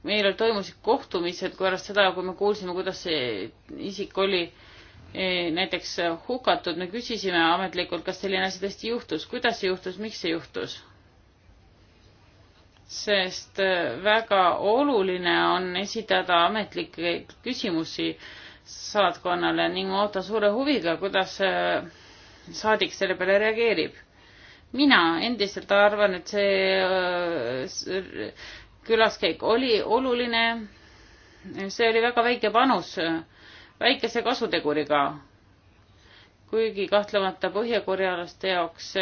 meil toimusid kohtumised pärast seda, kui me kuulsime, kuidas see isik oli e, näiteks hukatud, me küsisime ametlikult, kas selline asi tõesti juhtus, kuidas see juhtus, miks see juhtus? sest e, väga oluline on esitada ametlikke küsimusi saatkonnale ning ma ootan suure huviga, kuidas e, saadik selle peale reageerib mina endiselt arvan, et see külaskäik oli oluline. see oli väga väike panus, väikese kasuteguriga. kuigi kahtlemata põhjakorealaste jaoks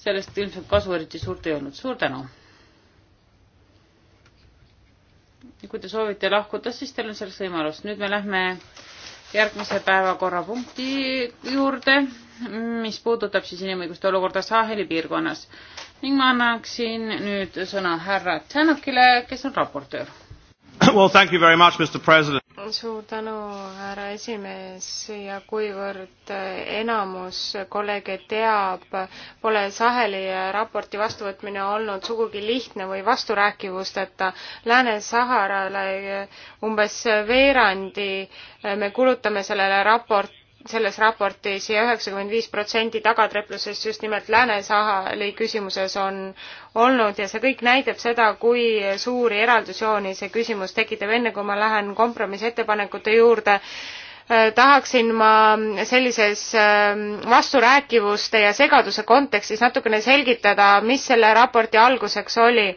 sellest ilmselt kasu eriti suurt ei olnud. suur tänu! kui te soovite lahkuda, siis teil on selleks võimalus. nüüd me lähme järgmise päevakorrapunkti juurde, mis puudutab siis inimõiguste olukorda Saheli piirkonnas ning ma annaksin nüüd sõna härra Tšanukile, kes on raportöör Well, thank you very much, Mr President. suur tänu, härra esimees ja kuivõrd eh, enamus kolleege teab, pole Saheli raporti vastuvõtmine olnud sugugi lihtne või vasturääkivusteta. Lääne-Saharale eh, umbes veerandi eh, me kulutame sellele raport, selles raportis ja üheksakümmend viis protsenti tagatreplusest just nimelt Lääne-Sahali küsimuses on olnud ja see kõik näitab seda, kui suuri eraldusjooni see küsimus tekitab. enne kui ma lähen kompromissettepanekute juurde, äh, tahaksin ma sellises ähm, vasturääkivuste ja segaduse kontekstis natukene selgitada, mis selle raporti alguseks oli.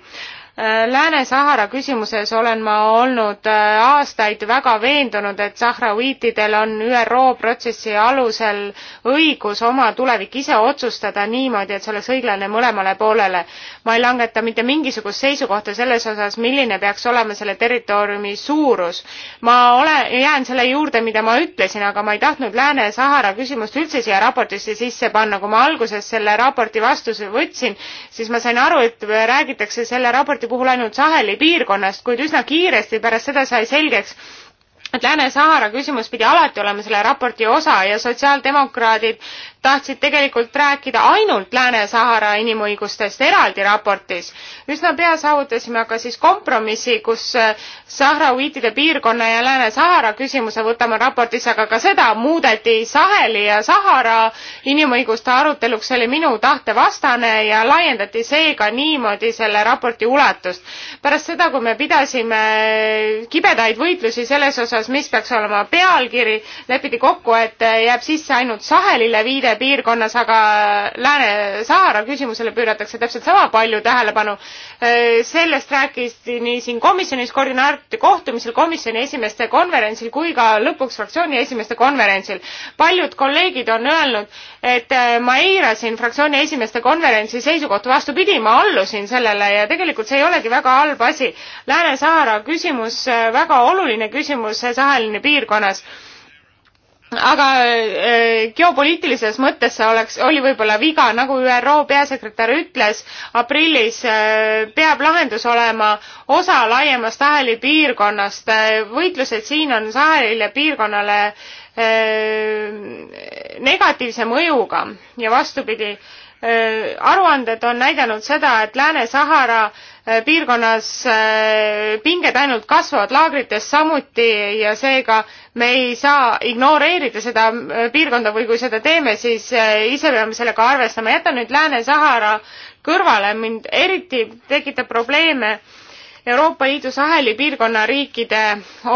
Lääne-Sahara küsimuses olen ma olnud äh, aastaid väga veendunud, et sahraviitidel on ÜRO protsessi alusel õigus oma tulevik ise otsustada niimoodi, et see oleks õiglane mõlemale poolele. ma ei langeta mitte mingisugust seisukohta selles osas, milline peaks olema selle territooriumi suurus. ma olen, jään selle juurde, mida ma ütlesin, aga ma ei tahtnud Lääne-Sahara küsimust üldse siia raportisse sisse panna. kui ma alguses selle raporti vastu võtsin, siis ma sain aru, et räägitakse selle raporti raporti puhul ainult Saheli piirkonnast, kuid üsna kiiresti pärast seda sai selgeks, et Lääne-Sahara küsimus pidi alati olema selle raporti osa ja sotsiaaldemokraadid tahtsid tegelikult rääkida ainult Lääne-Sahara inimõigustest eraldi raportis. üsna pea saavutasime aga siis kompromissi, kus äh, Sahrawiitide piirkonna ja Lääne-Sahara küsimuse võtame raportis, aga ka seda muudeti Saheli ja Sahara inimõiguste aruteluks, see oli minu tahte vastane ja laiendati seega niimoodi selle raporti ulatust. pärast seda, kui me pidasime äh, kibedaid võitlusi selles osas, mis peaks olema pealkiri, lepiti kokku, et äh, jääb sisse ainult Sahelile viide, Saheli piirkonnas, aga Lääne-Sahara küsimusele pööratakse täpselt sama palju tähelepanu. Äh, sellest rääkis nii siin komisjonis koordinaatorite kohtumisel, komisjoni esimeeste konverentsil kui ka lõpuks fraktsiooni esimeeste konverentsil. paljud kolleegid on öelnud, et äh, ma eirasin fraktsiooni esimeeste konverentsi seisukohta, vastupidi, ma allusin sellele ja tegelikult see ei olegi väga halb asi. Lääne-Sahara küsimus, äh, väga oluline küsimus Saheline piirkonnas aga äh, geopoliitilises mõttes see oleks, oli võib-olla viga, nagu ÜRO peasekretär ütles, aprillis äh, peab lahendus olema osa laiemast Saheli piirkonnast. Äh, võitlused siin on Sahelile piirkonnale negatiivse mõjuga ja vastupidi, aruanded on näidanud seda, et Lääne-Sahara äh, Äh, piirkonnas äh, pinged ainult kasvavad laagrites samuti ja seega me ei saa ignoreerida seda äh, piirkonda või kui seda teeme, siis ise peame sellega arvestama. jätan nüüd Lääne-Sahara kõrvale, mind eriti tekitab probleeme Euroopa Liidu Saheli piirkonna riikide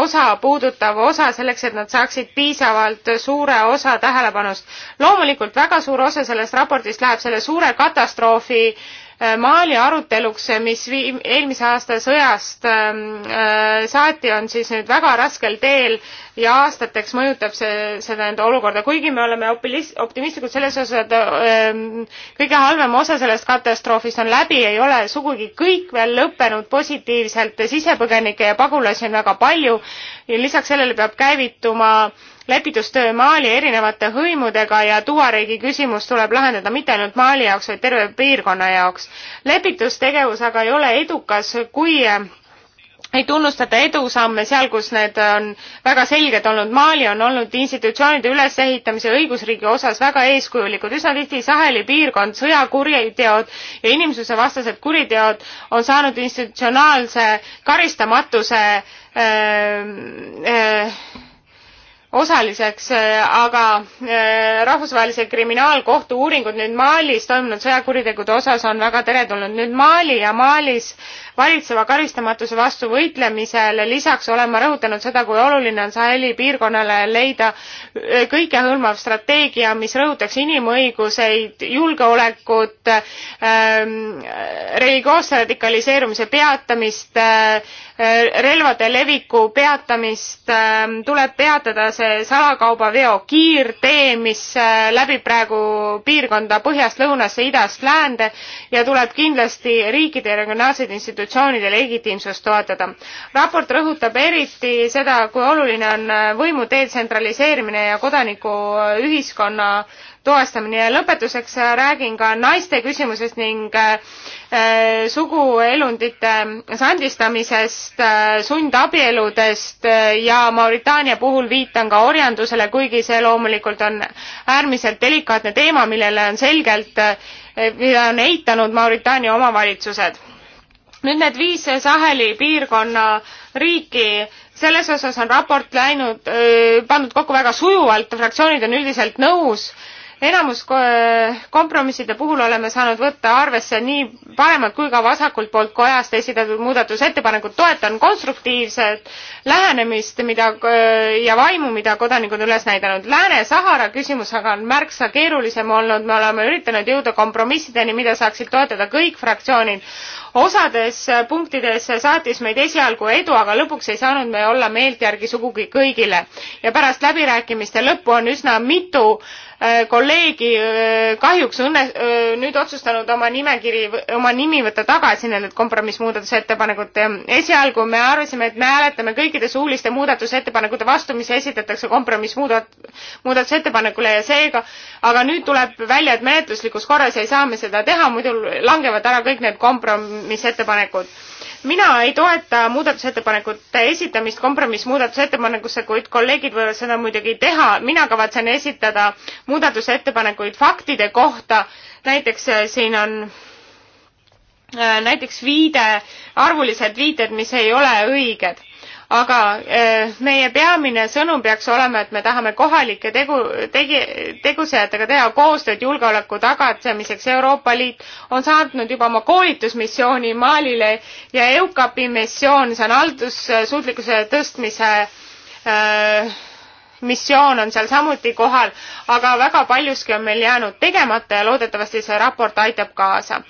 osa puudutav osa selleks, et nad saaksid piisavalt suure osa tähelepanust. loomulikult väga suur osa sellest raportist läheb selle suure katastroofi äh, Äh, Mali aruteluks, mis vii-, eelmise aasta sõjast ähm, äh, saati, on siis nüüd väga raskel teel ja aastateks mõjutab see, seda enda olukorda, kuigi me oleme opilis-, optimistlikud selles osas, et äh, kõige halvem osa sellest katastroofist on läbi, ei ole sugugi kõik veel lõppenud positiivselt, sisepõgenikke ja pagulasi on väga palju ja lisaks sellele peab käivituma äh, lepitustöö Mali erinevate hõimudega ja Tuaregi küsimus tuleb lahendada mitte ainult Mali jaoks, vaid terve piirkonna jaoks. lepitustegevus aga ei ole edukas, kui eh, ei tunnustata edusamme seal, kus need on väga selged olnud. Mali on olnud institutsioonide ülesehitamise õigusriigi osas väga eeskujulikud. üsna tihti Saheli piirkond, sõjakuriteod ja inimsusevastased kuriteod on saanud institutsionaalse karistamatuse öö, eh, öö, eh, osaliseks, äh, aga äh, rahvusvahelise kriminaalkohtu uuringud nüüd Malis toimunud sõjakuritegude osas on väga teretulnud. nüüd Mali ja Malis valitseva karistamatuse vastu võitlemisele lisaks olen ma rõhutanud seda, kui oluline on Saheli piirkonnale leida kõikehõlmav strateegia, mis rõhutaks inimõiguseid, julgeolekut ähm,, religioosse radikaliseerumise peatamist äh,, relvade leviku peatamist äh,, tuleb peatada see salakaubaveo kiirtee, mis äh, läbib praegu piirkonda põhjast lõunasse, idast läände ja tuleb kindlasti riikide ja regionaalseid institutsioone institutsioonide legitiimsust toetada. raport rõhutab eriti seda, kui oluline on äh, võimu detsentraliseerimine ja kodanikuühiskonna toestamine ja lõpetuseks äh, räägin ka naiste küsimusest ning äh, äh, suguelundite sandistamisest äh,, sundabieludest äh, ja Mauritaania puhul viitan ka orjandusele, kuigi see loomulikult on äärmiselt delikaatne teema, millele on selgelt, mida on eitanud Mauritaania omavalitsused nüüd need viis Saheli piirkonna riiki, selles osas on raport läinud, pandud kokku väga sujuvalt, fraktsioonid on üldiselt nõus enamus äh, kompromisside puhul oleme saanud võtta arvesse nii paremalt kui ka vasakult poolt kojast esitatud muudatusettepanekud. toetan konstruktiivset lähenemist, mida äh, ja vaimu, mida kodanikud üles näidanud. Lääne-Sahara küsimus aga on märksa keerulisem olnud, me oleme üritanud jõuda kompromissideni, mida saaksid toetada kõik fraktsioonid. osades äh, punktides saatis meid esialgu edu, aga lõpuks ei saanud me olla meelt järgi sugugi kõigile ja pärast läbirääkimiste lõppu on üsna mitu äh, Äh, kolleegi äh, kahjuks õnne-, äh, nüüd otsustanud oma nimekiri, oma nimi võtta tagasi nendelt kompromissmuudatusettepanekute. esialgu me arvasime, et me hääletame kõikide suuliste muudatusettepanekute vastu, mis esitatakse kompromissmuudat-, muudatusettepanekule ja seega, aga nüüd tuleb välja, et menetluslikus korras ei saa me seda teha, muidu langevad ära kõik need kompromissettepanekud mina ei toeta muudatusettepanekute esitamist kompromissmuudatusettepanekusse, kuid kolleegid võivad seda muidugi teha. mina kavatsen esitada muudatusettepanekuid faktide kohta, näiteks äh, siin on äh, näiteks viide, arvulised viited, mis ei ole õiged aga e, meie peamine sõnum peaks olema, et me tahame kohalike tegu, tegi, tegusajatega teha koostööd julgeoleku tagatsemiseks. Euroopa Liit on saatnud juba oma koolitusmissiooni Malile ja EUCAP-i missioon, see on haldussuutlikkuse tõstmise äh, missioon on seal samuti kohal, aga väga paljuski on meil jäänud tegemata ja loodetavasti see raport aitab kaasa.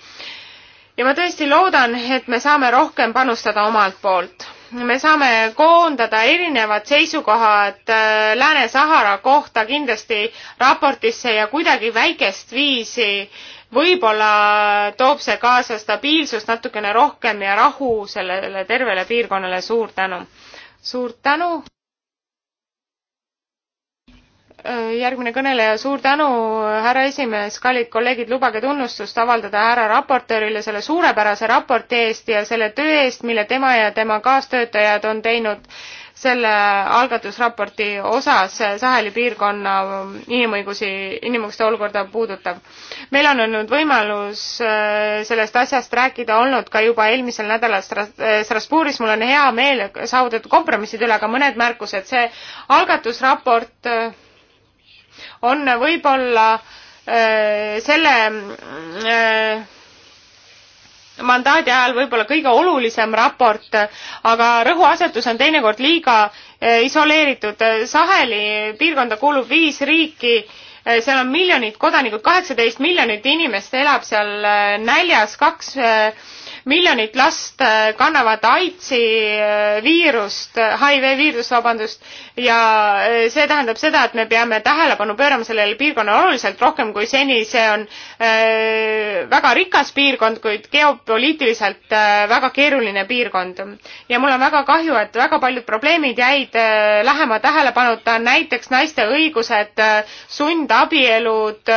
ja ma tõesti loodan, et me saame rohkem panustada omalt poolt me saame koondada erinevad seisukohad äh, Lääne-Sahara kohta kindlasti raportisse ja kuidagi väikest viisi võib-olla toob see kaasa stabiilsust natukene rohkem ja rahu sellele tervele piirkonnale. suur tänu! suur tänu! Äh, järgmine kõneleja, suur tänu, härra esimees, kallid kolleegid, lubage tunnustust avaldada härra raportöörile selle suurepärase raporti eest ja selle töö eest, mille tema ja tema kaastöötajad on teinud selle algatusraporti osas Saheli piirkonna inimõigusi, inimõiguste olukorda puudutav. meil on olnud võimalus äh, sellest asjast rääkida olnud ka juba eelmisel nädalal äh, Strasbourgis, mul on hea meel saavutatud kompromissid üle, aga mõned märkused, see algatusraport on võib-olla äh, selle äh, mandaadi ajal võib-olla kõige olulisem raport, aga rõhuasetus on teinekord liiga äh, isoleeritud. Saheli piirkonda kuulub viis riiki, äh, seal on miljonid kodanikud, kaheksateist miljonit inimest elab seal äh, näljas, kaks miljonit last äh, kannavad AIDSi äh, viirust, HIV äh, viirust, vabandust, ja see tähendab seda, et me peame tähelepanu pöörama sellele piirkonnale oluliselt rohkem kui seni, see on väga rikas piirkond, kuid geopoliitiliselt väga keeruline piirkond. ja mul on väga kahju, et väga paljud probleemid jäid lähema tähelepanuta, näiteks naiste õigused, sundabielud,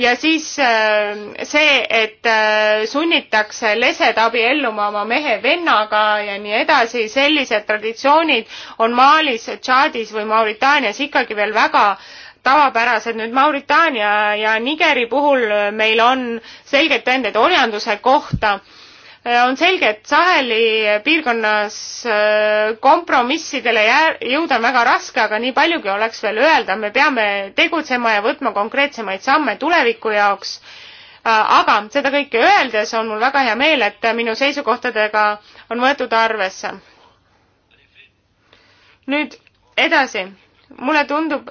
ja siis äh, see, et äh, sunnitakse lesed abielluma oma mehe vennaga ja nii edasi, sellised traditsioonid on Malis, Tšaadis või Mauritaanias ikkagi veel väga tavapärased. nüüd Mauritaania ja Nigeri puhul meil on selgeid tõendeid orjanduse kohta Äh, on selge, et Saheli piirkonnas äh, kompromissidele jõuda on väga raske, aga nii paljugi oleks veel öelda, me peame tegutsema ja võtma konkreetsemaid samme tuleviku jaoks. Äh, aga seda kõike öeldes on mul väga hea meel, et minu seisukohtadega on võetud arvesse. nüüd edasi, mulle tundub,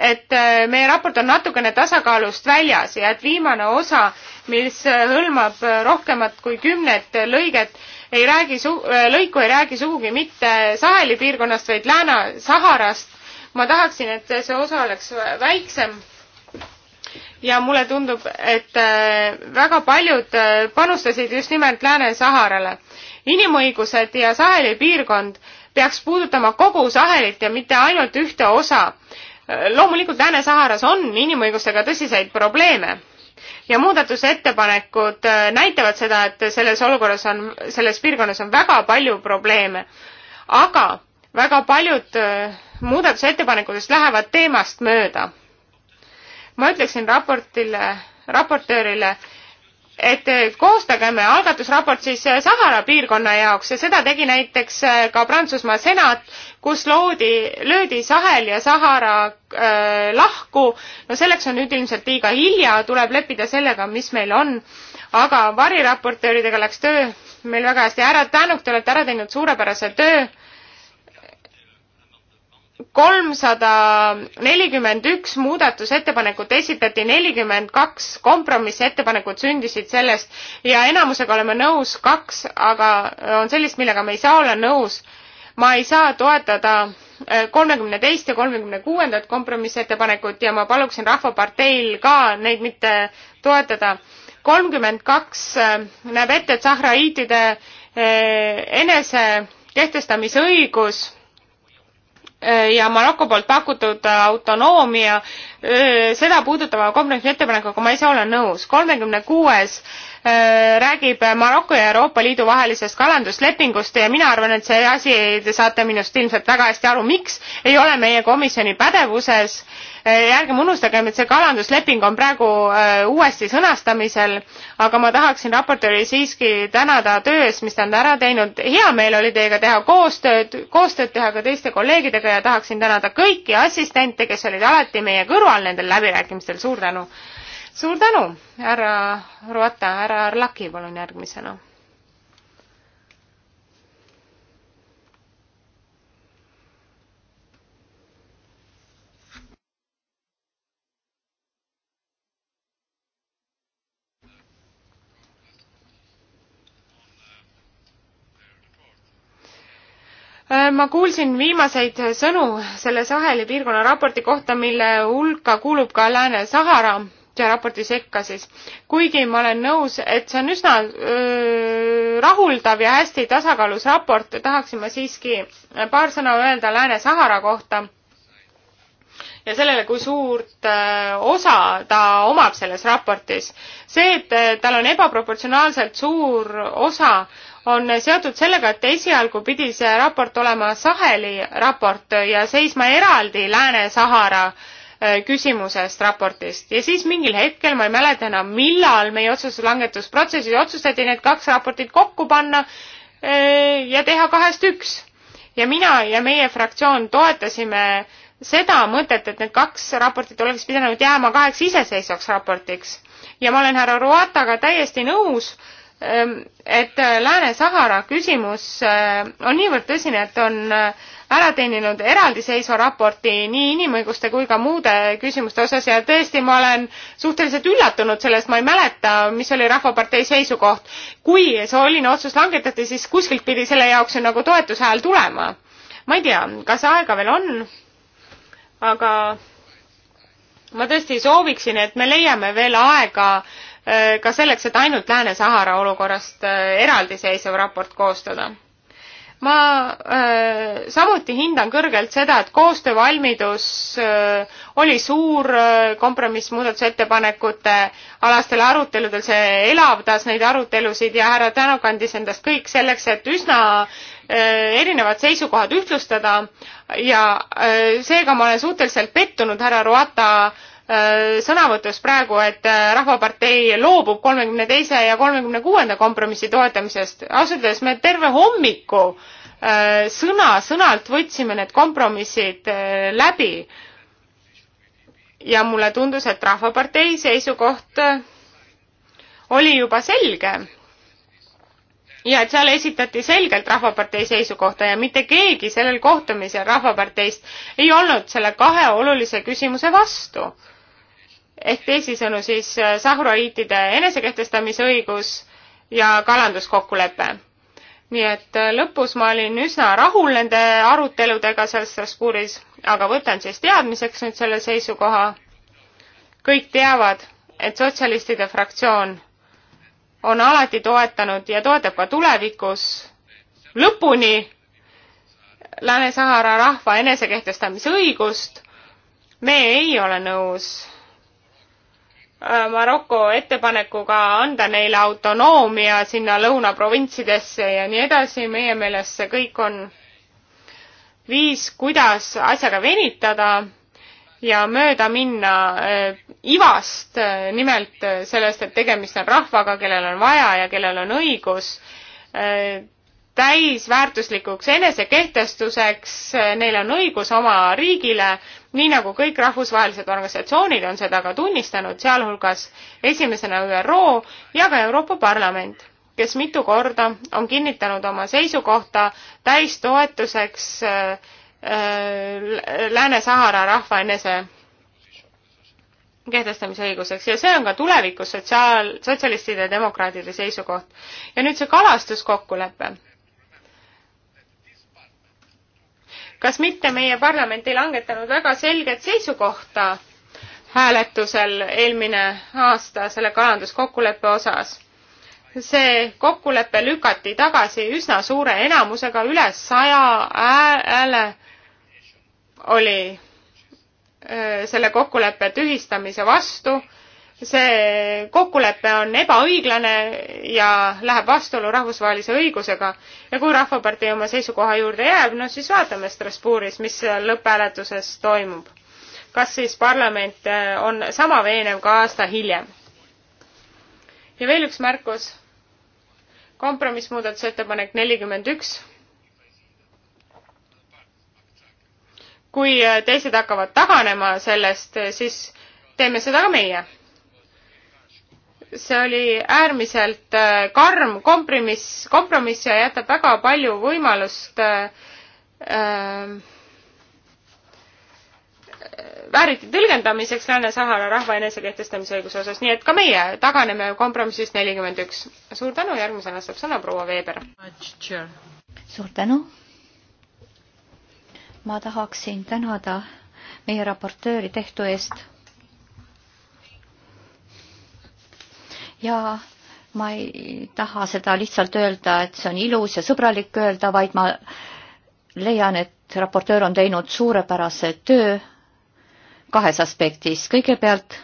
et äh, meie raport on natukene tasakaalust väljas ja et viimane osa, mis äh, hõlmab äh, rohkemat kui kümnet lõiget, ei räägi su-, lõiku ei räägi sugugi mitte Saheli piirkonnast, vaid Lääne-Saharast. ma tahaksin, et see osa oleks väiksem. ja mulle tundub, et väga paljud panustasid just nimelt Lääne-Saharale. inimõigused ja Saheli piirkond peaks puudutama kogu Sahelit ja mitte ainult ühte osa Äh, loomulikult Lääne-Saharas on inimõigustega tõsiseid probleeme ja muudatusettepanekud äh, näitavad seda, et selles olukorras on, selles piirkonnas on väga palju probleeme. aga väga paljud äh, muudatusettepanekutest lähevad teemast mööda. ma ütleksin raportile, raportöörile, et koostagem algatusraport siis äh, Sahara piirkonna jaoks ja seda tegi näiteks äh, ka Prantsusmaa senat, kus loodi, löödi Sahel ja Sahara äh, lahku. no selleks on nüüd ilmselt liiga hilja, tuleb leppida sellega, mis meil on. aga variraportööridega läks töö meil väga hästi ära, Tänuk, te olete ära teinud suurepärase töö kolmsada nelikümmend üks muudatusettepanekut esitati, nelikümmend kaks kompromissettepanekut sündisid sellest ja enamusega oleme nõus, kaks aga äh, on sellist, millega me ei saa olla nõus. ma ei saa toetada äh, kolmekümne teist ja kolmekümne kuuendat kompromissettepanekut ja ma paluksin Rahvaparteil ka neid mitte toetada. kolmkümmend kaks äh, näeb ette, et sahraiitide enese kehtestamisõigus Äh, ja Maroko poolt pakutud äh, autonoomia, äh, seda puudutava kompromissettepanekuga ma ise olen nõus. kolmekümne kuues Äh, räägib Maroko ja Euroopa Liidu vahelisest kalanduslepingust ja mina arvan, et see asi, te saate minust ilmselt väga hästi aru, miks ei ole meie komisjoni pädevuses. Äh, ärgem unustagem, et see kalandusleping on praegu äh, uuesti sõnastamisel, aga ma tahaksin raportööri siiski tänada töö eest, mis ta on ära teinud. hea meel oli teiega teha koostööd, koostööd teha ka teiste kolleegidega ja tahaksin tänada kõiki assistente, kes olid alati meie kõrval nendel läbirääkimistel. suur tänu! suur tänu, härra Ruata, härra Arlaki, palun järgmisena. ma kuulsin viimaseid sõnu selle Saheli piirkonna raporti kohta, mille hulka kuulub ka Lääne-Sahara raporti sekka siis. kuigi ma olen nõus, et see on üsna öö, rahuldav ja hästi tasakaalus raport, tahaksin ma siiski paar sõna öelda Lääne-Sahara kohta ja sellele, kui suurt osa ta omab selles raportis. see, et tal on ebaproportsionaalselt suur osa, on seotud sellega, et esialgu pidi see raport olema Saheli raport ja seisma eraldi Lääne-Sahara äh, Äh, küsimusest raportist ja siis mingil hetkel, ma ei mäleta enam, millal meie otsuslangetusprotsessis otsustati need kaks raportit kokku panna äh, ja teha kahest üks. ja mina ja meie fraktsioon toetasime seda mõtet, et need kaks raportit oleks pidanud jääma kaheks iseseisvaks raportiks ja ma olen härra Ruataga täiesti nõus, ähm, et Lääne-Sahara küsimus äh, on niivõrd tõsine, et on ära teeninud eraldiseisva raporti nii inimõiguste kui ka muude küsimuste osas ja tõesti, ma olen suhteliselt üllatunud sellest, ma ei mäleta, mis oli Rahvapartei seisukoht. kui selline otsus langetati, siis kuskilt pidi selle jaoks ju nagu toetushääl tulema. ma ei tea, kas aega veel on, aga ma tõesti sooviksin, et me leiame veel aega äh, ka selleks, et ainult Lääne-Sahara olukorrast äh, eraldiseisev raport koostada ma äh, samuti hindan kõrgelt seda, et koostöövalmidus äh, oli suur äh, kompromiss muudatusettepanekute alastel aruteludel, see elavdas neid arutelusid ja härra Tänok andis endast kõik selleks, et üsna äh, erinevad seisukohad ühtlustada ja äh, seega ma olen suhteliselt pettunud härra Ruata äh, Äh, sõnavõtus praegu, et äh, Rahvapartei loobub kolmekümne teise ja kolmekümne kuuenda kompromissi toetamisest. ausalt öeldes me terve hommiku äh, sõna-sõnalt võtsime need kompromissid läbi. ja mulle tundus, et Rahvapartei seisukoht oli juba selge. ja et seal esitati selgelt Rahvapartei seisukohta ja mitte keegi sellel kohtumisel Rahvaparteist ei olnud selle kahe olulise küsimuse vastu ehk teisisõnu siis äh, sahuraiitide enesekehtestamisõigus ja kalanduskokkulepe. nii et äh, lõpus ma olin üsna rahul nende aruteludega seal Strasbourgis, aga võtan siis teadmiseks nüüd selle seisukoha. kõik teavad, et sotsialistide fraktsioon on alati toetanud ja toetab ka tulevikus lõpuni Lääne-Sahara rahva enesekehtestamise õigust. me ei ole nõus Äh, Maroko ettepanekuga anda neile autonoomia sinna lõunaprovintsidesse ja nii edasi, meie meelest see kõik on viis, kuidas asjaga venitada ja mööda minna äh, ivast äh,, nimelt sellest, et tegemist on rahvaga, kellel on vaja ja kellel on õigus äh, täisväärtuslikuks enesekehtestuseks, neil on õigus oma riigile, nii nagu kõik rahvusvahelised organisatsioonid on seda ka tunnistanud, sealhulgas esimesena ÜRO ja ka Euroopa Parlament, kes mitu korda on kinnitanud oma seisukohta täistoetuseks äh, äh, Lääne-Sahara rahva enese kehtestamise õiguseks ja see on ka tulevikus sotsiaal, sotsialistide ja demokraatide seisukoht. ja nüüd see kalastuskokkulepe kas mitte meie parlament ei langetanud väga selget seisukohta hääletusel eelmine aasta selle kalanduskokkuleppe osas? see kokkulepe lükati tagasi üsna suure enamusega, üle saja hääle oli äh, selle kokkuleppe tühistamise vastu see kokkulepe on ebaõiglane ja läheb vastuollu rahvusvahelise õigusega ja kui Rahvapartei oma seisukoha juurde jääb, no siis vaatame Strasbourgis, mis lõpphääletuses toimub. kas siis parlament eh, on sama veenev ka aasta hiljem? ja veel üks märkus. kompromissmuudatusettepanek nelikümmend üks. kui eh, teised hakkavad taganema sellest, eh, siis teeme seda ka meie see oli äärmiselt äh, karm kompromiss, kompromiss ja jätab väga palju võimalust äh, äh vääriti tõlgendamiseks Lääne-Sahara rahva enesekehtestamisõiguse osas, nii et ka meie taganeme kompromissist nelikümmend üks. suur tänu, järgmisena saab sõna proua Veeber. suur tänu. ma tahaksin tänada meie raportööri tehtu eest ja ma ei taha seda lihtsalt öelda, et see on ilus ja sõbralik öelda, vaid ma leian, et raportöör on teinud suurepärase töö kahes aspektis. kõigepealt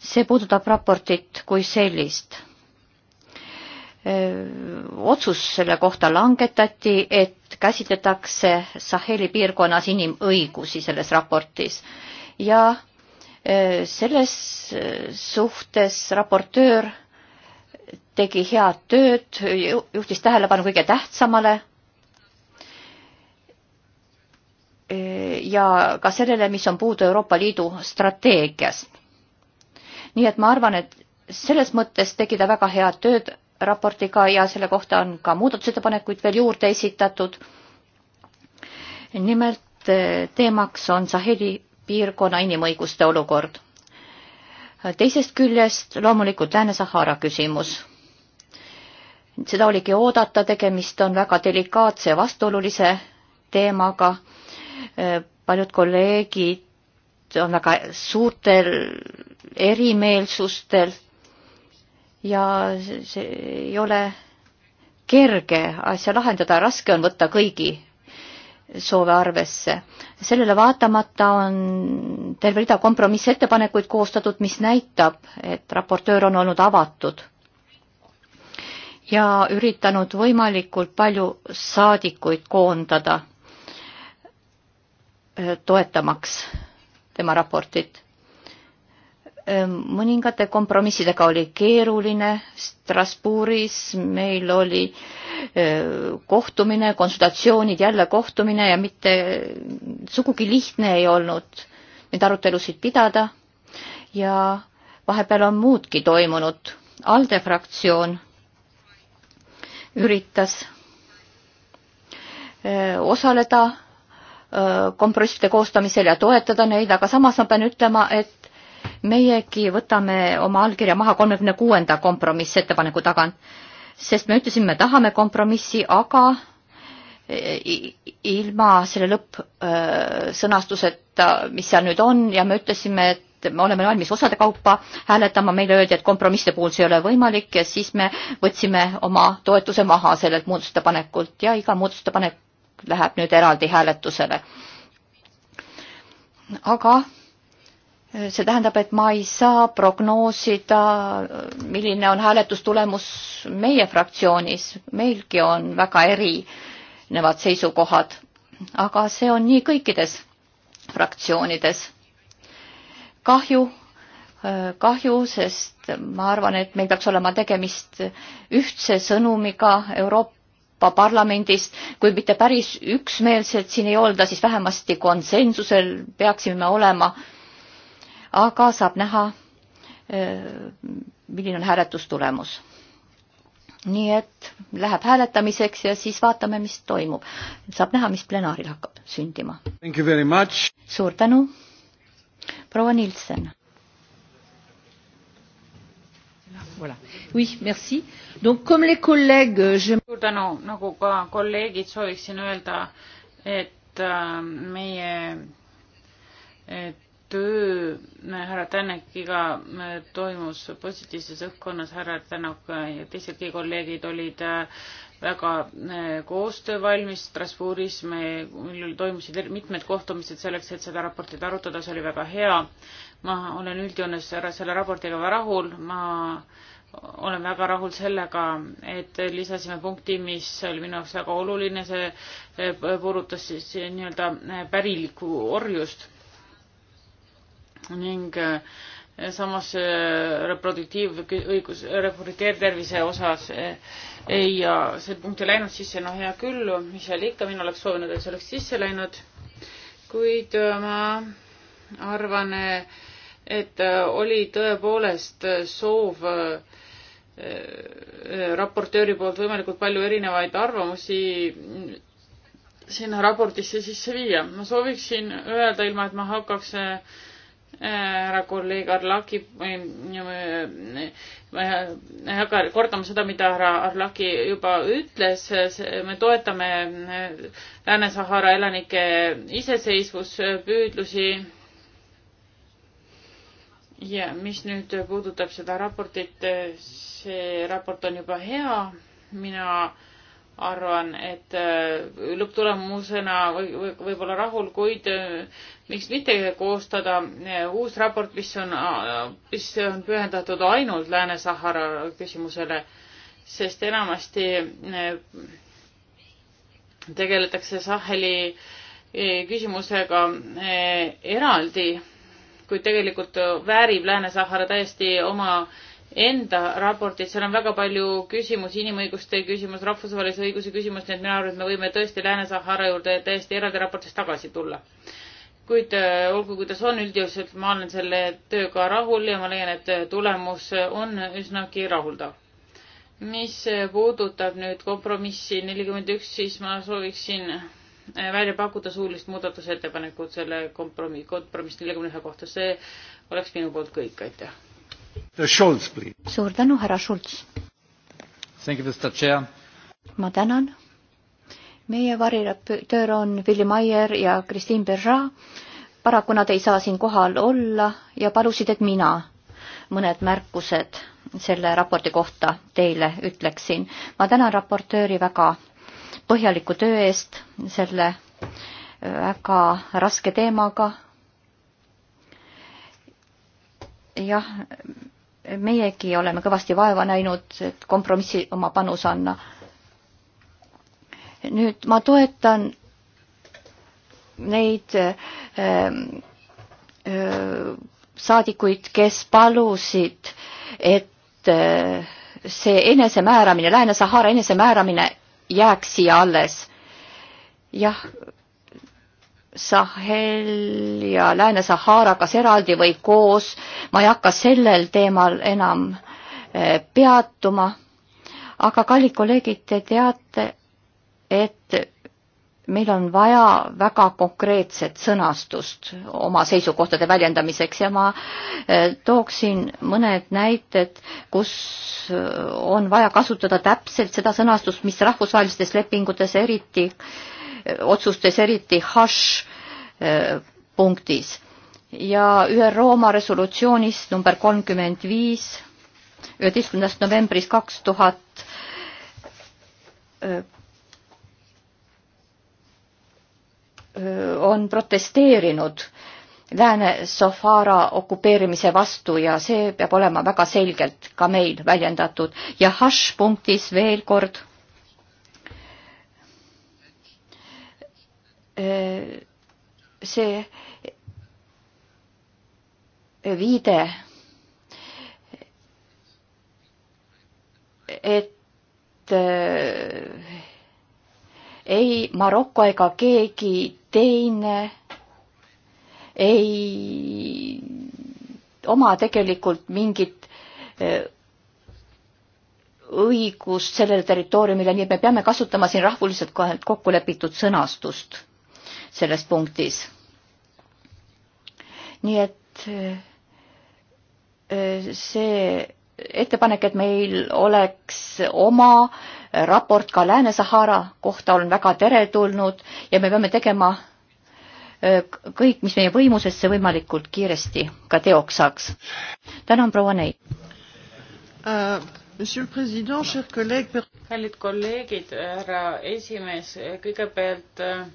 see puudutab raportit kui sellist. otsus selle kohta langetati, et käsitletakse Saheli piirkonnas inimõigusi selles raportis ja selles suhtes raportöör tegi head tööd, juhtis tähelepanu kõige tähtsamale. ja ka sellele, mis on puudu Euroopa Liidu strateegiast. nii et ma arvan, et selles mõttes tegi ta väga head tööd raportiga ja selle kohta on ka muudatusettepanekuid veel juurde esitatud. nimelt teemaks on Saheli piirkonna inimõiguste olukord teisest küljest loomulikult Lääne-Sahara küsimus. seda oligi oodata, tegemist on väga delikaatse ja vastuolulise teemaga. E, paljud kolleegid on väga suurtel erimeelsustel ja see ei ole kerge asja lahendada, raske on võtta kõigi soove arvesse. sellele vaatamata on terve rida kompromissettepanekuid koostatud, mis näitab, et raportöör on olnud avatud ja üritanud võimalikult palju saadikuid koondada, toetamaks tema raportit. mõningate kompromissidega oli keeruline, Strasbourgis meil oli äh, kohtumine, konsultatsioonid, jälle kohtumine ja mitte sugugi lihtne ei olnud neid arutelusid pidada. ja vahepeal on muudki toimunud. ALDE fraktsioon üritas äh, osaleda äh, kompromisside koostamisel ja toetada neid, aga samas ma pean ütlema, et meiegi võtame oma allkirja maha kolmekümne kuuenda kompromissettepaneku tagant sest me ütlesime, me tahame kompromissi, aga e, ilma selle lõppsõnastuseta, e, mis seal nüüd on ja me ütlesime, et me oleme valmis osade kaupa hääletama, meile öeldi, et kompromisside puhul see ei ole võimalik ja siis me võtsime oma toetuse maha sellelt muudatusettepanekult ja iga muudatusettepanek läheb nüüd eraldi hääletusele. aga see tähendab, et ma ei saa prognoosida, milline on hääletustulemus meie fraktsioonis, meilgi on väga erinevad seisukohad, aga see on nii kõikides fraktsioonides. kahju, kahju, sest ma arvan, et meil peaks olema tegemist ühtse sõnumiga Euroopa Parlamendist, kui mitte päris üksmeelsed siin ei olda, siis vähemasti konsensusel peaksime olema aga saab näha, äh, milline on hääletustulemus. nii et läheb hääletamiseks ja siis vaatame, mis toimub. saab näha, mis plenaaril hakkab sündima. suur tänu, proua Nilsen. Voilà. Oui, merci. Donc, comme les collègues, je... suur tänu, nagu ka kolleegid, sooviksin öelda, et äh, meie et töö härra Tänekiga toimus positiivses õhkkonnas, härra Tänak ja teisedki kolleegid olid äh, väga äh, koostöövalmis Strasbourgis, me, meil toimusid mitmed kohtumised selleks, et seda raportit arutada, see oli väga hea. ma olen üldjoones selle raportiga rahul, ma olen väga rahul sellega, et lisasime punkti, mis oli minu jaoks väga oluline, see äh, puudutas siis nii-öelda pärilikku orjust ning eh, samas eh, reproduktiivõigus, reproduktiivtervise osas eh, ei, see punkt ei läinud sisse, no hea küll, mis seal ikka, mina oleks soovinud, et see oleks sisse läinud, kuid ma arvan, et oli tõepoolest soov raportööri poolt võimalikult palju erinevaid arvamusi sinna raportisse sisse viia. ma sooviksin öelda, ilma et ma hakkaks härra kolleeg Arlaki, ma ei hakka kordama seda, mida härra Arlaki juba ütles, me toetame Lääne-Sahara elanike iseseisvuspüüdlusi. ja mis nüüd puudutab seda raportit, see raport on juba hea, mina äh, arvan, et äh, lõpptulemusena või, või võib-olla rahul, kuid äh, miks mitte koostada äh, uus raport, mis on, mis on pühendatud ainult Lääne-Sahara küsimusele, sest enamasti tegeletakse Saheli küsimusega eraldi, kuid tegelikult väärib Lääne-Sahara täiesti oma enda raportit, seal on väga palju küsimusi, inimõiguste küsimus, rahvusvahelise õiguse küsimus, nii et mina arvan, et me võime tõesti Lääne-Sahara juurde täiesti eraldi raportis tagasi tulla. kuid äh, olgu, kuidas on, üldiselt ma olen selle tööga rahul ja ma leian, et tulemus on üsnagi rahuldav. mis puudutab nüüd kompromissi nelikümmend üks, siis ma sooviksin äh, välja pakkuda suulist muudatusettepanekut selle kompromiss, kompromiss neljakümne ühe kohta, see oleks minu poolt kõik, aitäh Scholz, please. suur tänu, härra Schulz. ma tänan. meie variraportöör on Willie Maier ja Christine Berger. paraku nad ei saa siin kohal olla ja palusid, et mina mõned märkused selle raporti kohta teile ütleksin. ma tänan raportööri väga põhjaliku töö eest selle väga raske teemaga jah, meiegi oleme kõvasti vaeva näinud, et kompromissi oma panus anna. nüüd ma toetan neid öö, ähm, öö, äh, saadikuid, kes palusid, et öö, äh, see enesemääramine, Lääne-Sahara enesemääramine jääks siia alles. jah Sahel ja Lääne-Sahara, kas eraldi või koos, ma ei hakka sellel teemal enam eh, peatuma, aga kallid kolleegid, te teate, et meil on vaja väga konkreetset sõnastust oma seisukohtade väljendamiseks ja ma eh, tooksin mõned näited, kus eh, on vaja kasutada täpselt seda sõnastust, mis rahvusvahelistes lepingutes eriti äh, otsustes, eriti hash e punktis ja ÜRO oma resolutsioonis number kolmkümmend viis üheteistkümnendast novembrist kaks tuhat e, e, on protesteerinud Lääne-Sahara okupeerimise vastu ja see peab olema väga selgelt ka meil väljendatud ja hash punktis veel kord Äh, see äh, viide, et äh, ei Maroko ega keegi teine ei oma tegelikult mingit õigust sellele territooriumile, nii et me peame kasutama siin rahvuliselt kokku lepitud sõnastust selles punktis. nii et äh, äh, see ettepanek, et meil oleks oma raport ka Lääne-Sahara kohta, on väga teretulnud ja me peame tegema äh, kõik, mis meie võimusesse võimalikult kiiresti ka teoks saaks. tänan, proua Nei uh,. kallid kolleegid, härra esimees, kõigepealt uh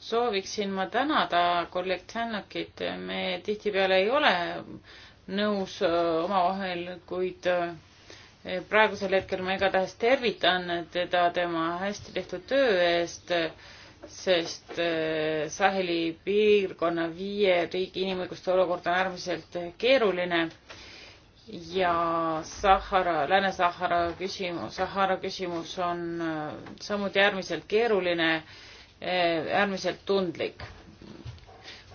sooviksin ma tänada kolleeg Tšannakit, me tihtipeale ei ole nõus omavahel, kuid praegusel hetkel ma igatahes tervitan teda tema hästi tehtud töö eest, sest Saheli piirkonna viie riigi inimõiguste olukord on äärmiselt keeruline ja Sahara, Lääne-Sahara küsimus, Sahara küsimus on samuti äärmiselt keeruline Eh, äärmiselt tundlik.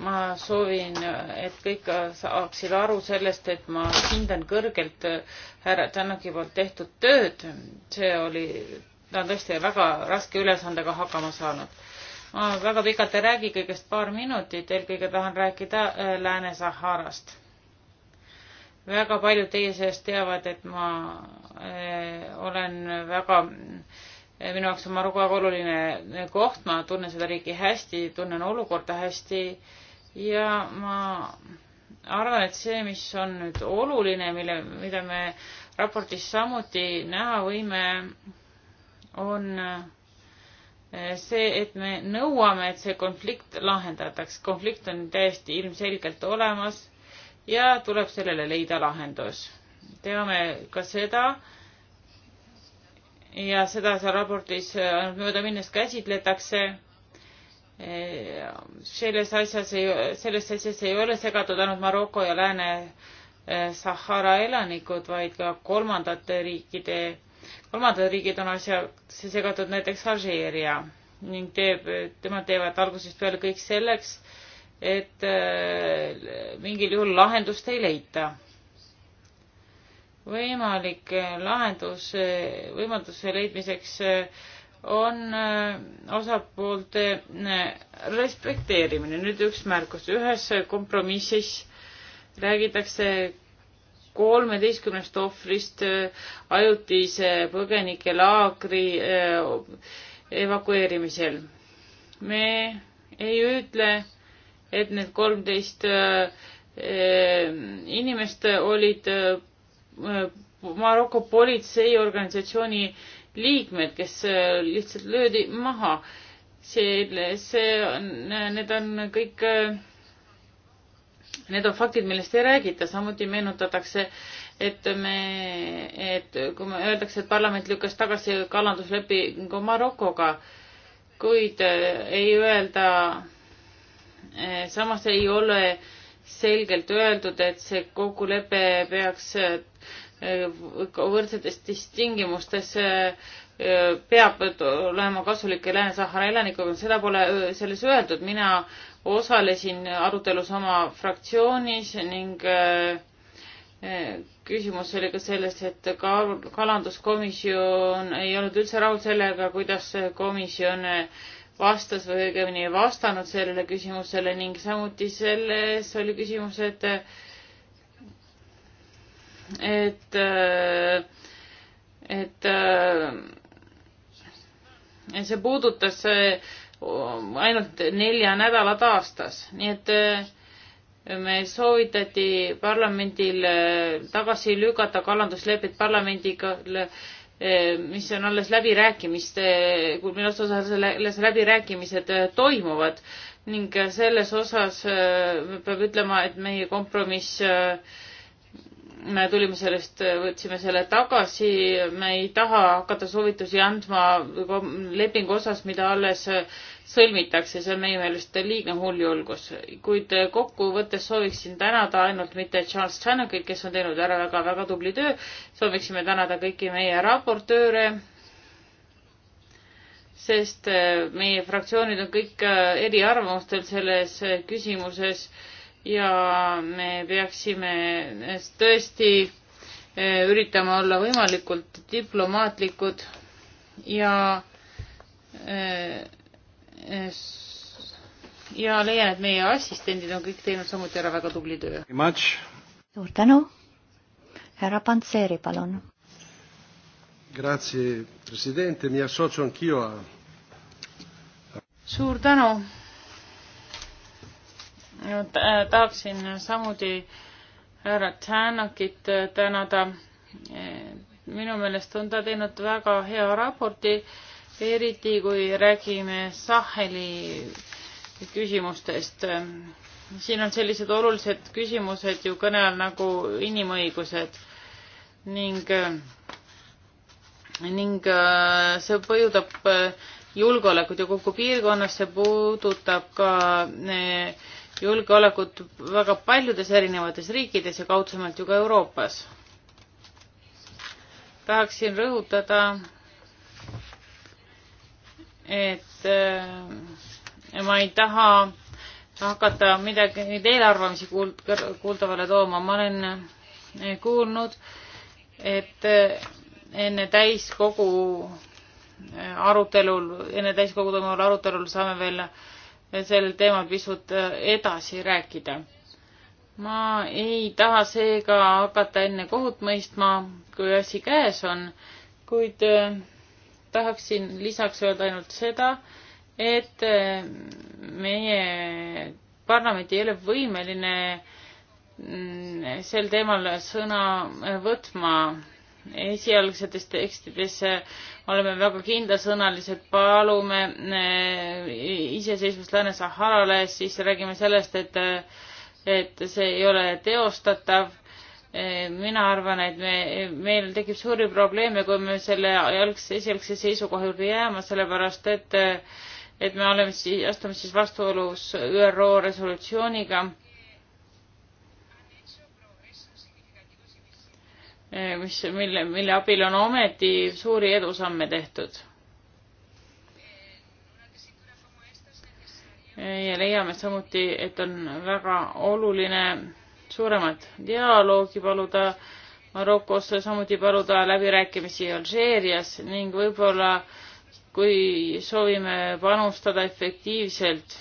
ma soovin, et kõik saaksid aru sellest, et ma hindan kõrgelt eh, härra Tänaki poolt tehtud tööd. see oli, ta on tõesti väga raske ülesandega hakkama saanud. ma väga pikalt ei räägi, kõigest paar minutit, eelkõige tahan rääkida eh, Lääne-Saharast väga paljud teie seast teavad, et ma olen väga Eh, minu jaoks on Maroko väga oluline eh, koht, ma tunnen seda riiki hästi, tunnen olukorda hästi ja ma arvan, et see, mis on nüüd oluline, mille, mida me raportis samuti näha võime, on eh, see, et me nõuame, et see konflikt lahendataks. konflikt on täiesti ilmselgelt olemas ja tuleb sellele leida lahendus. teame ka seda, ja seda seal raportis äh, möödaminnes käsitletakse. Äh, selles asjas ei, selles asjas ei ole segatud ainult Maroko ja Lääne-Sahara äh, elanikud, vaid ka kolmandate riikide, kolmandad riigid on asjasse segatud, näiteks Alžeeria ning teeb, temad teevad algusest peale kõik selleks, et mingil juhul lahendust ei leita võimalik lahendus võimalduse leidmiseks on äh, osapoolte äh, respekteerimine. nüüd üks märkus. ühes kompromissis räägitakse kolmeteistkümnest ohvrist äh, ajutise põgenikelaagri evakueerimisel. me ei ütle, et need kolmteist inimest olid Äh, Maroko politseiorganisatsiooni liikmed, kes äh, lihtsalt löödi maha. see, see on, need on kõik, äh, need on faktid, millest ei räägita, samuti meenutatakse, et me, et kui me öeldakse, et parlament lükkas tagasi kalanduslepingu Marokoga, kuid ei öelda, samas ei ole selgelt öeldud, et see kokkulepe peaks võrdsetes tingimustes eh, peab olema kasulik Lääne-Sahara elanikuga, seda pole eh, selles öeldud, mina osalesin arutelus oma fraktsioonis ning eh, küsimus oli ka selles, et ka kalanduskomisjon ei olnud üldse rahul sellega, kuidas komisjon vastas või õigemini ei vastanud sellele küsimusele ning samuti selles oli küsimus, et et, et, et see puudutas ainult nelja nädalat aastas, nii et me soovitati parlamendil tagasi lükata kalanduslepet parlamendiga, mis on alles läbirääkimiste, kui meil osas alles läbirääkimised toimuvad ning selles osas peab ütlema, et meie kompromiss äh, me tulime sellest, võtsime selle tagasi, me ei taha hakata soovitusi andma lepingu osas, mida alles sõlmitakse, see on meie meelest liigne hulljulgus. kuid kokkuvõttes sooviksin tänada ainult mitte Charles Tannocki, kes on teinud ära väga-väga tubli töö, sooviksime tänada kõiki meie raportööre, sest meie fraktsioonid on kõik eriarvamustel selles küsimuses ja me peaksime tõesti eh, üritama olla võimalikult diplomaatlikud ja eh, eh, ja leian, et meie assistendid on kõik teinud samuti ära väga tubli töö. suur tänu. härra Pantseri, palun. suur tänu Äh, tahaksin samuti härra Tänakit äh, tänada. Äh, minu meelest on ta teinud väga hea raporti, eriti kui räägime Saheli küsimustest. siin on sellised olulised küsimused ju kõne all nagu inimõigused ning, ning see mõjutab julgeolekut ja kogu piirkonnas, see puudutab ka julgeolekut väga paljudes erinevates riikides ja kaudsemalt ju ka Euroopas. tahaksin rõhutada, et äh, ma ei taha hakata midagi, neid eelarvamisi kuuld-, kuuldavale tooma, ma olen äh, kuulnud, et äh, enne täiskogu arutelul, enne täiskogu toimuval arutelul saame veel äh, sel teemal pisut äh, edasi rääkida. ma ei taha seega hakata enne kohut mõistma, kui asi käes on, kuid äh, tahaksin lisaks öelda ainult seda, et äh, meie parlament ei ole võimeline mm, sel teemal sõna võtma esialgsetes tekstides oleme väga kindlasõnalised, palume äh, iseseisvust Lääne-Saharale, siis räägime sellest, et, äh, et see ei ole teostatav. Äh, mina arvan, et me, meil tekib suuri probleeme, kui me selle algse, esialgse seisukoha juurde jääma, sellepärast et, et me oleme siis, astume siis vastuolus ÜRO resolutsiooniga Eh, mis, mille, mille abil on ometi suuri edusamme tehtud. Eh, ja leiame samuti, et on väga oluline suuremat dialoogi paluda Marokos, samuti paluda läbirääkimisi Alžeerias ning võib-olla kui soovime panustada efektiivselt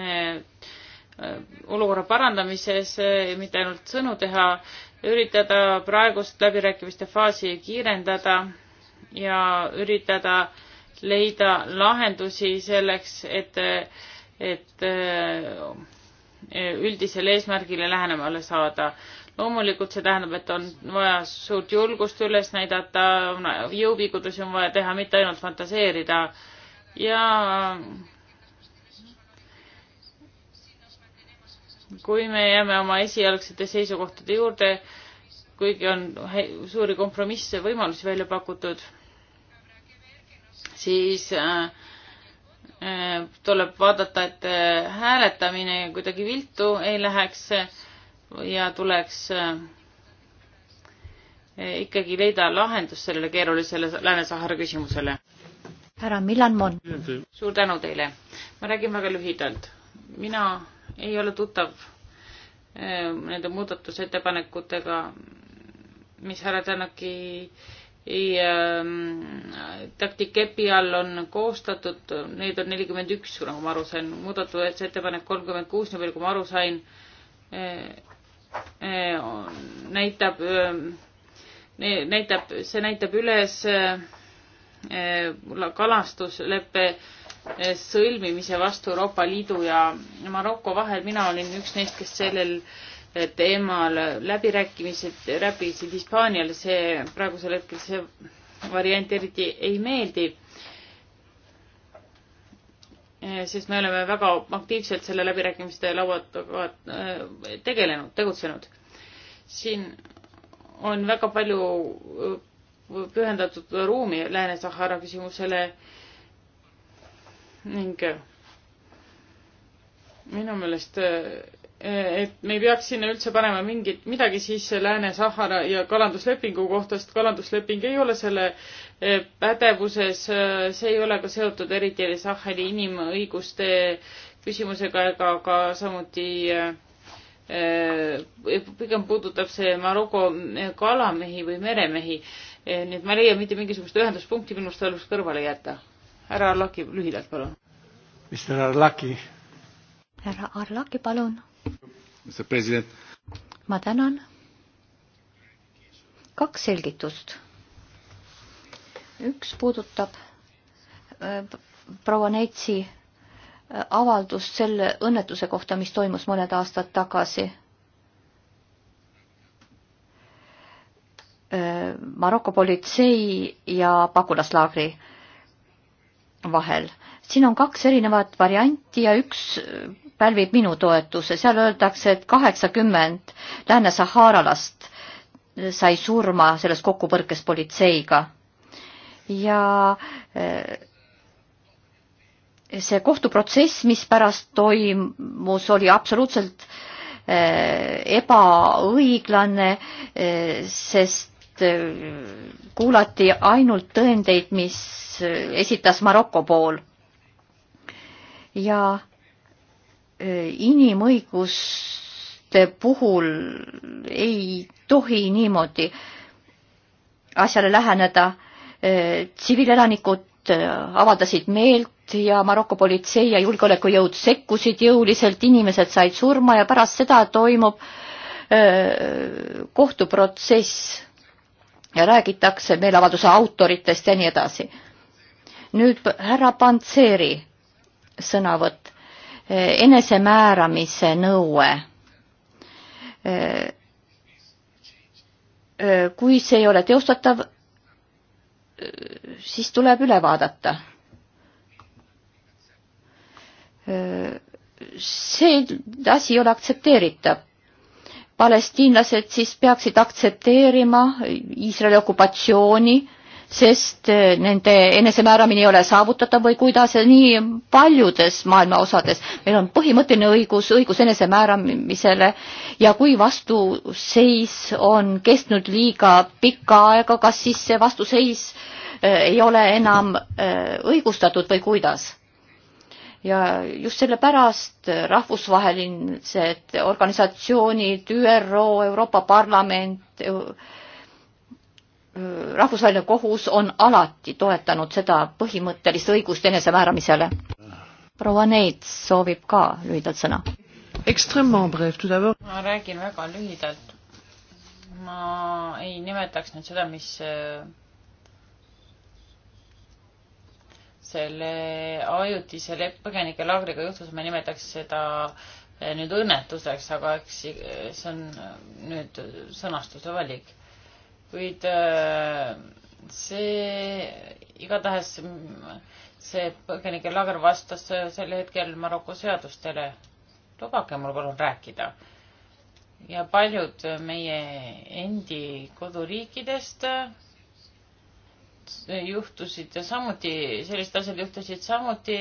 eh, olukorra parandamises, mitte ainult sõnu teha, üritada praegust läbirääkimiste faasi kiirendada ja üritada leida lahendusi selleks, et, et äh, üldisele eesmärgile lähenemale saada. loomulikult see tähendab, et on vaja suurt julgust üles näidata, jõupingutusi on vaja teha, mitte ainult fantaseerida ja kui me jääme oma esialgsete seisukohtade juurde, kuigi on suuri kompromisse, võimalusi välja pakutud, siis äh, äh, tuleb vaadata, et äh, hääletamine kuidagi viltu ei läheks ja tuleks ikkagi leida lahendus sellele keerulisele Lääne-Sahara küsimusele. härra Milan Mon. suur tänu teile. ma räägin väga lühidalt. mina ei ole tuttav eh, nende muudatusettepanekutega, mis härra Tänaki eh, taktik EPI all on koostatud, neid on nelikümmend üks, nagu ma aru sain, muudatusettepanek kolmkümmend kuus, nii palju kui ma aru sain, eh, näitab, näitab, see näitab üles kalastusleppe sõlmimise vastu Euroopa Liidu ja Maroko vahel. mina olin üks neist, kes sellel teemal läbirääkimised läbisid Hispaaniale, see praegusel hetkel see variant eriti ei meeldi. sest me oleme väga aktiivselt selle läbirääkimiste lauaga äh, tegelenud, tegutsenud. siin on väga palju äh, pühendatud ruumi Lääne-Sahara küsimusele ning äh, minu meelest, äh, et me ei peaks sinna üldse panema mingit, midagi sisse Lääne-Sahara ja kalanduslepingu kohta, sest kalandusleping ei ole selle äh, pädevuses, see ei ole ka seotud eriti Saheli inimõiguste küsimusega ega ka samuti pigem puudutab see Maroko kalamehi või meremehi. nii et ma ei leia mitte mingisugust ühenduspunkti, minu arust tuleks kõrvale jätta härra Arlaki, lühidalt palun. Mr Arlaki. härra Arlaki, palun. Mr President. ma tänan. kaks selgitust. üks puudutab äh, proua Neitsi äh, avaldust selle õnnetuse kohta, mis toimus mõned aastad tagasi äh, Maroko politsei ja pagulaslaagri vahel. siin on kaks erinevat varianti ja üks pälvib minu toetuse, seal öeldakse, et kaheksakümmend Lääne-Saharalast sai surma selles kokkupõrkes politseiga. ja eh, see kohtuprotsess, mis pärast toimus, oli absoluutselt eh, ebaõiglane, eh, sest et äh, kuulati ainult tõendeid, mis äh, esitas Maroko pool. ja äh, inimõiguste puhul ei tohi niimoodi asjale läheneda. tsiviilelanikud avaldasid meelt ja Maroko politsei ja julgeolekujõud sekkusid jõuliselt, inimesed said surma ja pärast seda toimub kohtuprotsess ja räägitakse meeleavalduse autoritest ja nii edasi. nüüd härra Pantseri sõnavõtt, enesemääramise nõue. kui see ei ole teostatav, siis tuleb üle vaadata. see asi ei ole aktsepteeritav palestiinlased siis peaksid aktsepteerima Iisraeli okupatsiooni, sest eh, nende enesemääramine ei ole saavutatav või kuidas nii paljudes maailma osades. meil on põhimõtteline õigus, õigus enesemääramisele ja kui vastuseis on kestnud liiga pikka aega, kas siis see vastuseis eh, ei ole enam eh, õigustatud või kuidas? ja just sellepärast rahvusvahelised organisatsioonid, ÜRO, Euroopa Parlament, rahvusvaheline kohus on alati toetanud seda põhimõttelist õigust enesemääramisele. proua Neits soovib ka lühidalt sõna. ma räägin väga lühidalt. ma ei nimetaks nüüd seda, mis selle ajutise põgenike laagriga juhtus, ma nimetaks seda eh, nüüd õnnetuseks, aga eks see on eh, nüüd sõnastuse valik. kuid eh, see igatahes mm, see põgenike laager vastas sel hetkel Maroko seadustele. lubage mul palun rääkida. ja paljud meie endi koduriikidest juhtusid samuti, sellised asjad juhtusid samuti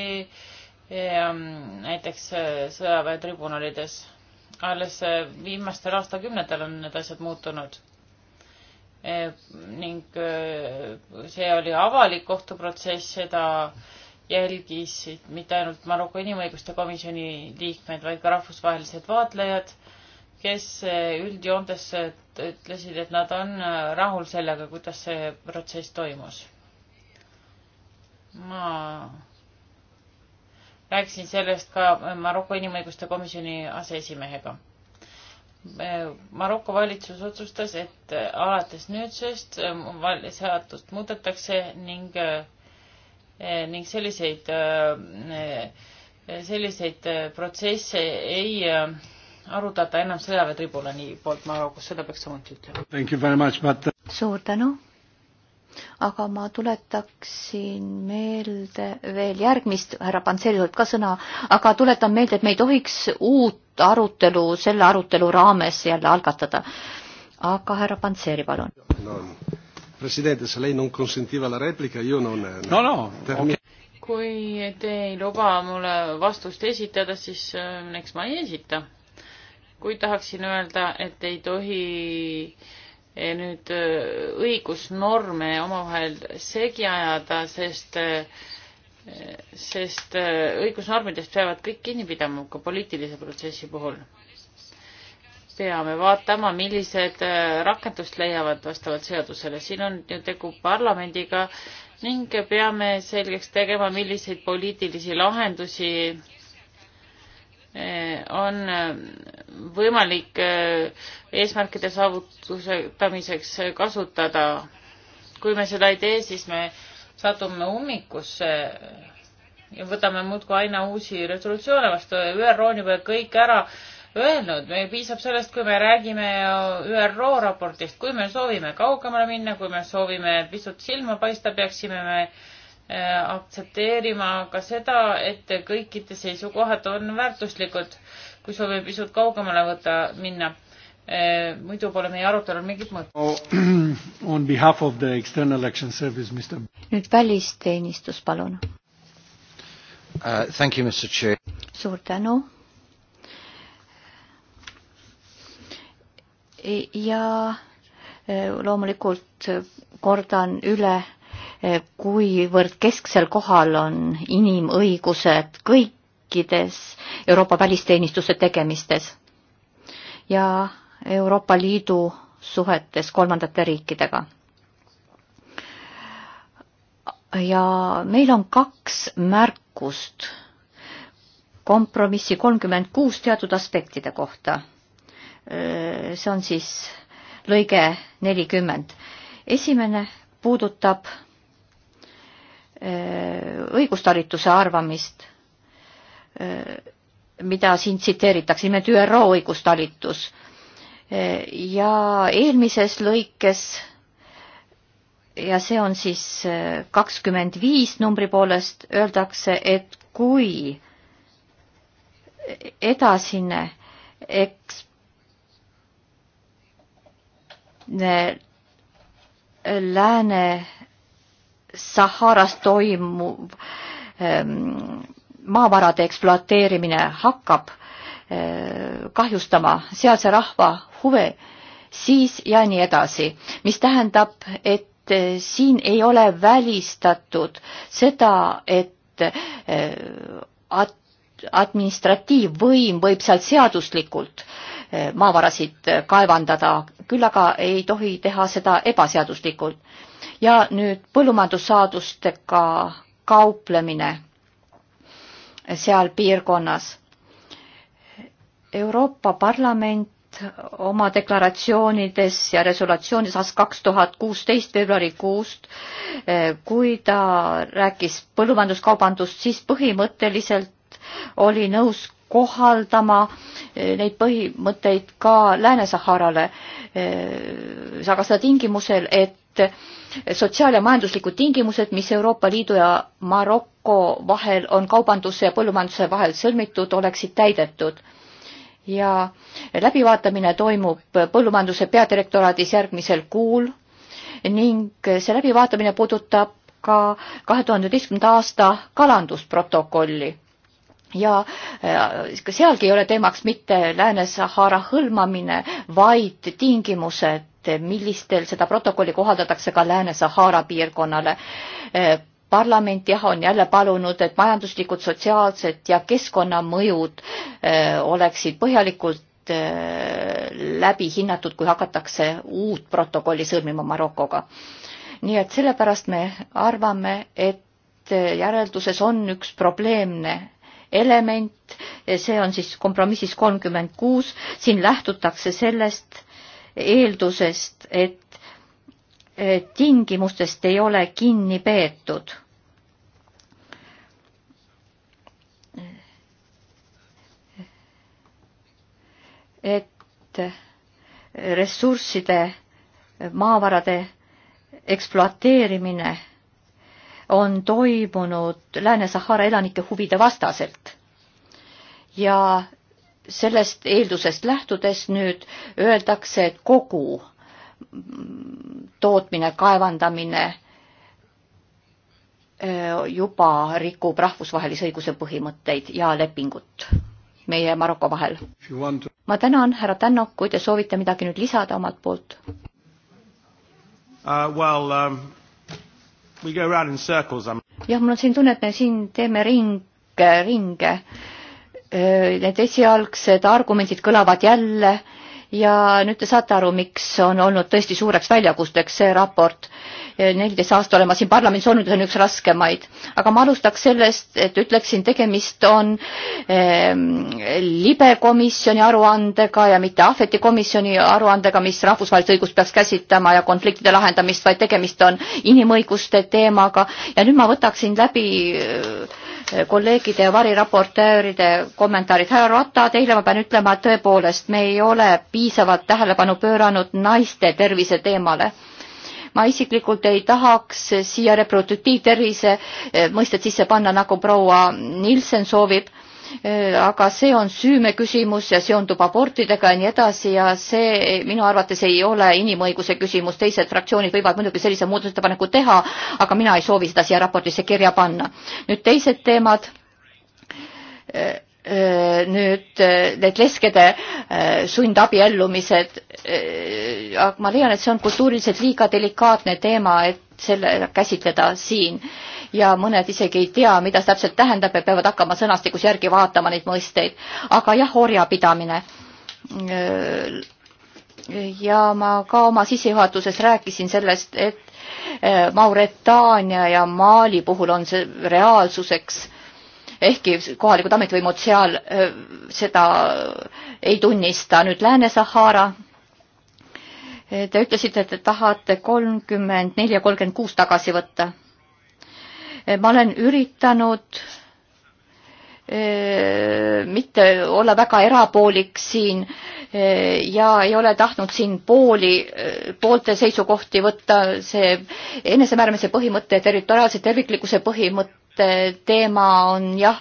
ja, ehm, näiteks äh, sõjaväetribunalides. alles äh, viimastel aastakümnetel on need asjad muutunud e,. ning äh, see oli avalik kohtuprotsess, seda jälgisid mitte ainult Maroko Inimõiguste Komisjoni liikmed, vaid ka rahvusvahelised vaatlejad kes eh, üldjoontes eh, ütlesid, et nad on eh, rahul sellega, kuidas see protsess toimus. ma rääkisin sellest ka Maroko Inimõiguste Komisjoni aseesimehega. Maroko valitsus otsustas, et alates nüüdsest seadust muudetakse ning, ning selliseid, selliseid protsesse ei arutata ennem sõjaväetribunali poolt Marokos, seda peaks samuti ütlema. suur tänu. aga ma tuletaksin meelde veel järgmist, härra Panserilt ka sõna, aga tuletan meelde, et me ei tohiks uut arutelu selle arutelu raames jälle algatada. aga härra Panseri, palun no,. Presidente, se lei non consentiva la replica, io non... No, no, okay kui te ei luba mulle vastust esitada, siis eks äh, ma ei esita kuid tahaksin öelda, et ei tohi eh, nüüd eh, õigusnorme omavahel segi ajada, sest eh, sest õigusnormidest peavad kõik kinni pidama ka poliitilise protsessi puhul. peame vaatama, millised rakendust leiavad vastavalt seadusele. siin on ju tegu parlamendiga ning peame selgeks tegema, milliseid poliitilisi lahendusi Eh, on eh, võimalik eh, eesmärkide saavutamiseks kasutada. kui me seda ei tee, siis me satume ummikusse ja võtame muudkui aina uusi resolutsioone vastu. ÜRO on juba kõik ära öelnud, meil piisab sellest, kui me räägime ÜRO raportist, kui me soovime kaugemale minna, kui me soovime pisut silma paista, peaksime me äh, Äh, aktsepteerima ka seda, et kõikide seisukohad on väärtuslikud, kui soovime pisut kaugemale võtta, minna. Äh, muidu pole meie arutelul mingit mõtet oh,. nüüd välisteenistus, palun uh,. Thank you, Mr Chair. suur tänu. E, ja e, loomulikult kordan üle kuivõrd kesksel kohal on inimõigused kõikides Euroopa välisteenistuse tegemistes ja Euroopa Liidu suhetes kolmandate riikidega. ja meil on kaks märkust kompromissi kolmkümmend kuus teatud aspektide kohta. see on siis lõige nelikümmend. esimene puudutab Äh, õigustarituse arvamist, äh, mida siin tsiteeritakse, nimelt ÜRO õigustalitus. Äh, ja eelmises lõikes ja see on siis kakskümmend viis numbri poolest, öeldakse, et kui edasine eks lääne Saharas toimuv ehm, maavarade ekspluateerimine hakkab ehm, kahjustama sealse rahva huve, siis ja nii edasi, mis tähendab, et eh, siin ei ole välistatud seda, et eh, administratiivvõim võib seal seaduslikult äh, maavarasid kaevandada, küll aga ei tohi teha seda ebaseaduslikult. ja nüüd põllumajandussaadustega kauplemine seal piirkonnas. Euroopa Parlament oma deklaratsioonides ja resolutsioonides aastast kaks tuhat kuusteist veebruarikuust, kui ta rääkis põllumajanduskaubandust, siis põhimõtteliselt oli nõus kohaldama eh, neid põhimõtteid ka Lääne-Saharale, eh, aga seda tingimusel, et sotsiaal- ja majanduslikud tingimused, mis Euroopa Liidu ja Maroko vahel on kaubanduse ja põllumajanduse vahel sõlmitud, oleksid täidetud. ja läbivaatamine toimub põllumajanduse peadirektoraadis järgmisel kuul ning see läbivaatamine puudutab ka kahe tuhande üheteistkümnenda aasta kalandusprotokolli ja äh, ka sealgi ei ole teemaks mitte Lääne-Sahara hõlmamine, vaid tingimused, millistel seda protokolli kohaldatakse ka Lääne-Sahara piirkonnale. Äh, parlament jah, on jälle palunud, et majanduslikud, sotsiaalsed ja keskkonnamõjud äh, oleksid põhjalikult läbi hinnatud, kui hakatakse uut protokolli sõlmima Marokoga. nii et sellepärast me arvame, et järelduses on üks probleemne element, see on siis kompromissis kolmkümmend kuus, siin lähtutakse sellest eeldusest, et tingimustest ei ole kinni peetud. et ressursside, maavarade ekspluateerimine on toimunud Lääne-Sahara elanike huvide vastaselt. ja sellest eeldusest lähtudes nüüd öeldakse, et kogu tootmine, kaevandamine e, juba rikub rahvusvahelise õiguse põhimõtteid ja lepingut meie ja Maroko vahel. ma tänan, härra Tännok, kui te soovite midagi nüüd lisada omalt poolt uh,. Well, um jah, mul on siin tunne, et me siin teeme ringe, ringe. Need esialgsed argumendid kõlavad jälle ja nüüd te saate aru, miks on olnud tõesti suureks väljakutseks see raport. neliteist aasta olen ma siin parlamendis olnud ja see on üks raskemaid, aga ma alustaks sellest, et ütleksin, tegemist on eh, libe komisjoni aruandega ja mitte ahveti komisjoni aruandega, mis rahvusvahelist õigust peaks käsitlema ja konfliktide lahendamist, vaid tegemist on inimõiguste teemaga ja nüüd ma võtaksin läbi eh, kolleegide ja variraportööride kommentaarid. härra Ratta, teile ma pean ütlema, et tõepoolest, me ei ole piisavalt piisavat tähelepanu pööranud naiste tervise teemale. ma isiklikult ei tahaks siia reproduktiivtervise eh, mõistet sisse panna, nagu proua Nielsen soovib eh, aga see on süümeküsimus ja seondub abortidega ja nii edasi ja see minu arvates ei ole inimõiguse küsimus, teised fraktsioonid võivad muidugi sellise muudatusettepaneku teha, aga mina ei soovi seda siia raportisse kirja panna. nüüd teised teemad eh, Äh, nüüd äh, need leskede äh, sundabiellumised, aga ma leian, et see on kultuuriliselt liiga delikaatne teema, et selle käsitleda siin ja mõned isegi ei tea, mida see täpselt tähendab ja peavad hakkama sõnastikus järgi vaatama neid mõisteid. aga jah, orjapidamine. ja ma ka oma sissejuhatuses rääkisin sellest, et Mauretaania ja Mali puhul on see reaalsuseks ehkki kohalikud ametivõimud seal seda ei tunnista. nüüd Lääne-Sahara. E, te ütlesite, et te tahate kolmkümmend neli ja kolmkümmend kuus tagasi võtta. E, ma olen üritanud e, mitte olla väga erapoolik siin ja ei ole tahtnud siin pooli, poolte seisukohti võtta, see enesemääramise põhimõte ja territoriaalse terviklikkuse põhimõte Äh, teema on jah,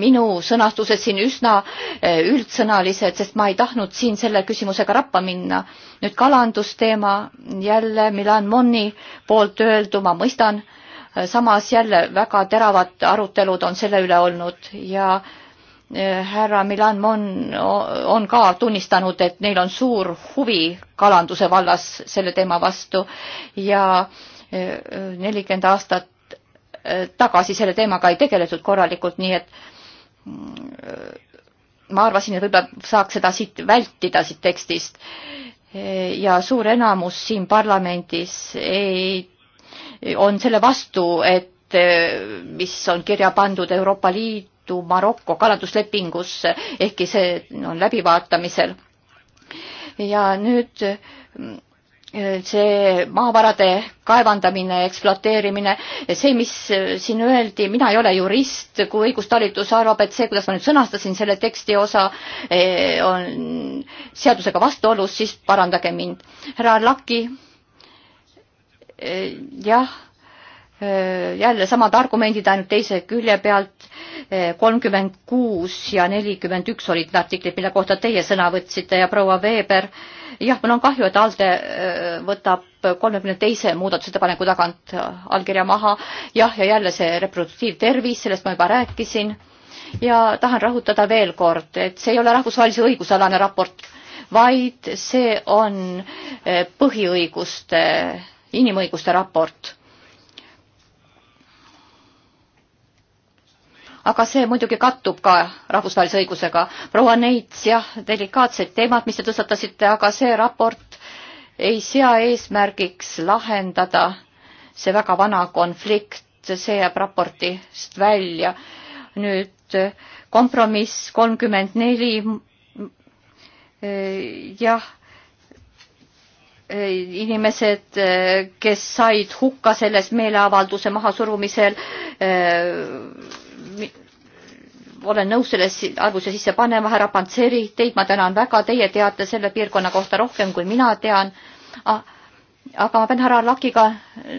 minu sõnastused siin üsna äh, üldsõnalised, sest ma ei tahtnud siin selle küsimusega rappa minna. nüüd kalandusteema jälle Milan Monni poolt öeldu, ma mõistan, äh, samas jälle väga teravad arutelud on selle üle olnud ja härra Milan Mon on ka tunnistanud, et neil on suur huvi kalanduse vallas selle teema vastu ja nelikümmend aastat Äh, tagasi, selle teemaga ei tegeletud korralikult, nii et mm, ma arvasin, et võib-olla saaks seda siit vältida, siit tekstist. ja suur enamus siin parlamendis ei, on selle vastu, et äh, mis on kirja pandud Euroopa Liidu Maroko kalanduslepingusse, ehkki see on läbivaatamisel. ja nüüd mm, Äh, see maavarade kaevandamine, ekspluateerimine, see, mis äh, siin öeldi, mina ei ole jurist, kui õigustalitus arvab, et see, kuidas ma nüüd sõnastasin selle teksti osa, äh, on seadusega vastuolus, siis parandage mind. härra Laki, jah jälle samad argumendid ainult teise külje pealt, kolmkümmend kuus ja nelikümmend üks olid artiklid, mille kohta teie sõna võtsite ja proua Veeber, jah, mul on kahju, et ALDE võtab kolmekümne teise muudatusettepaneku tagant allkirja maha, jah, ja jälle see reproduktiivtervis, sellest ma juba rääkisin, ja tahan rõhutada veel kord, et see ei ole rahvusvahelise õiguse alane raport, vaid see on põhiõiguste, inimõiguste raport aga see muidugi kattub ka rahvusvahelise õigusega. proua Neits, jah, delikaatsed teemad, mis te tõstatasite, aga see raport ei sea eesmärgiks lahendada see väga vana konflikt, see jääb raportist välja. nüüd kompromiss kolmkümmend neli, jah, inimesed, kes said hukka selles meeleavalduse mahasurumisel, olen nõus selle arvuse sisse panema, härra Pantseri, teid ma tänan väga, teie teate selle piirkonna kohta rohkem, kui mina tean. aga ma pean härra Lakiga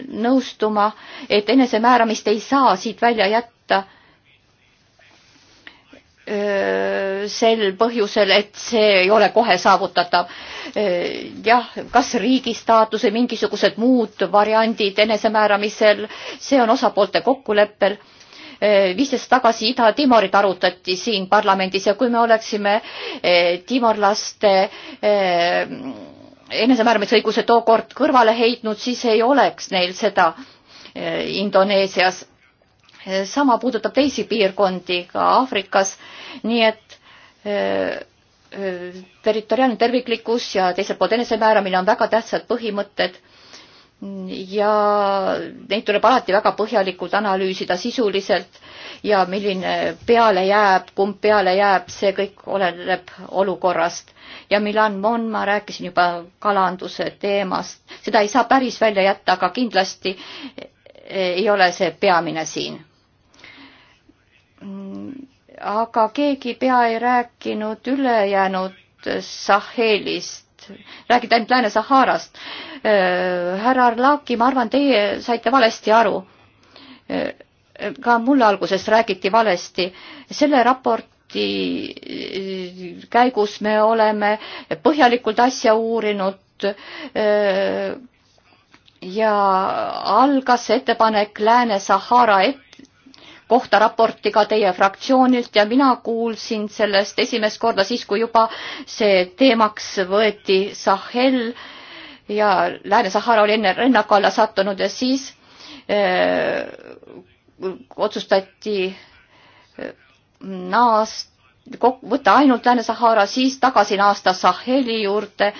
nõustuma, et enesemääramist ei saa siit välja jätta sel põhjusel, et see ei ole kohe saavutatav. jah, kas riigi staatus või mingisugused muud variandid enesemääramisel, see on osapoolte kokkuleppel Eh, viisteist tagasi Ida-Timorit arutati siin parlamendis ja kui me oleksime eh, timorlaste eh, enesemääramisõiguse tookord kõrvale heitnud, siis ei oleks neil seda Indoneesias. sama puudutab teisi piirkondi ka Aafrikas, nii et territoriaalne terviklikkus ja teiselt poolt enesemääramine on väga tähtsad põhimõtted ja neid tuleb alati väga põhjalikult analüüsida sisuliselt ja milline peale jääb, kumb peale jääb, see kõik oleneb olukorrast. ja Milan Mon, ma rääkisin juba kalanduse teemast, seda ei saa päris välja jätta, aga kindlasti ei ole see peamine siin. aga keegi pea ei rääkinud ülejäänud Sahelist et räägite ainult Lääne-Saharast. Äh, härra Arlaki, ma arvan, teie saite valesti aru. Äh, ka mulle alguses räägiti valesti. selle raporti äh, käigus me oleme põhjalikult asja uurinud ja algas ettepanek Lääne-Sahara ette kohta raporti ka teie fraktsioonilt ja mina kuulsin sellest esimest korda siis, kui juba see teemaks võeti Sahel ja Lääne-Sahara oli enne rünnaku alla sattunud ja siis öö, eh, otsustati eh, naasta võtta ainult Lääne-Sahara, siis tagasi naasta Saheli juurde.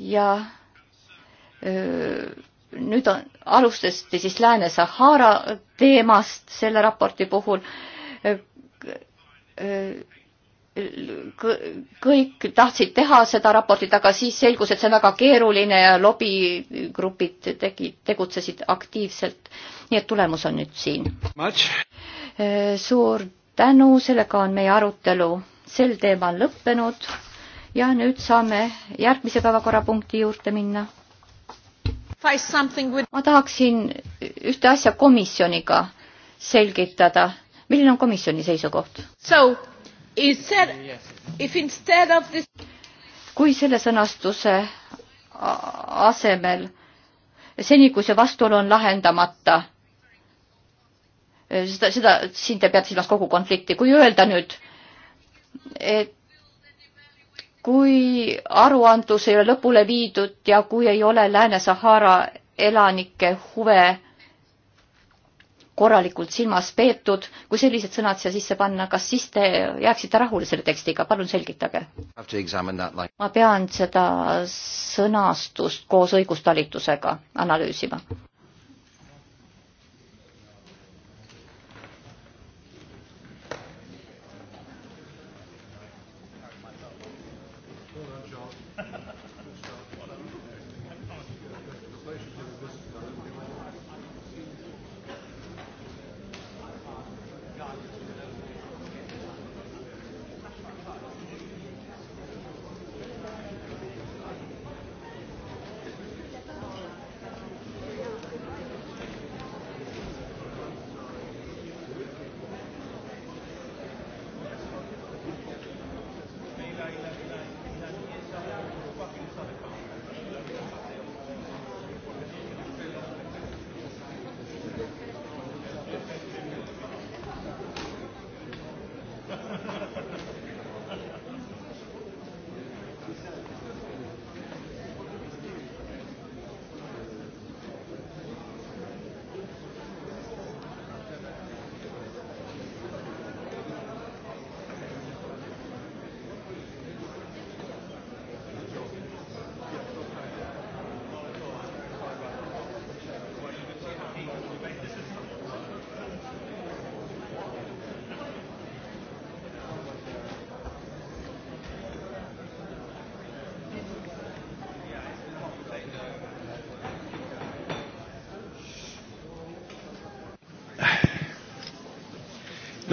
ja öö, eh, nüüd on, alustati siis Lääne-Sahara teemast selle raporti puhul. kõik tahtsid teha seda raportit, aga siis selgus, et see on väga keeruline ja lobigrupid tegid, tegutsesid aktiivselt. nii et tulemus on nüüd siin. suur tänu, sellega on meie arutelu sel teemal lõppenud ja nüüd saame järgmise päevakorrapunkti juurde minna ma tahaksin ühte asja komisjoniga selgitada. milline on komisjoni seisukoht? This... kui selle sõnastuse asemel seni, kui see vastuolu on lahendamata, seda, seda, siin te peate silmas kogu konflikti, kui öelda nüüd, et kui aruandlus ei ole lõpule viidud ja kui ei ole Lääne-Sahara elanike huve korralikult silmas peetud, kui sellised sõnad siia sisse panna, kas siis te jääksite rahule selle tekstiga, palun selgitage. ma pean seda sõnastust koos õigustalitusega analüüsima.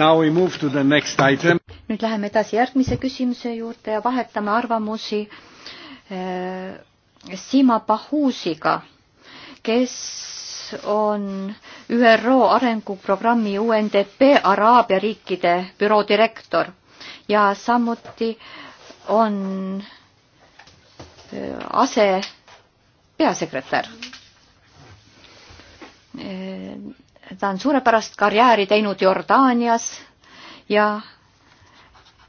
nüüd läheme edasi järgmise küsimuse juurde ja vahetame arvamusi eh, Sima Pahusiga, kes on ÜRO arenguprogrammi UNDP Araabia riikide büroo direktor ja samuti on eh, ase peasekretär eh, ta on suurepärast karjääri teinud Jordaanias ja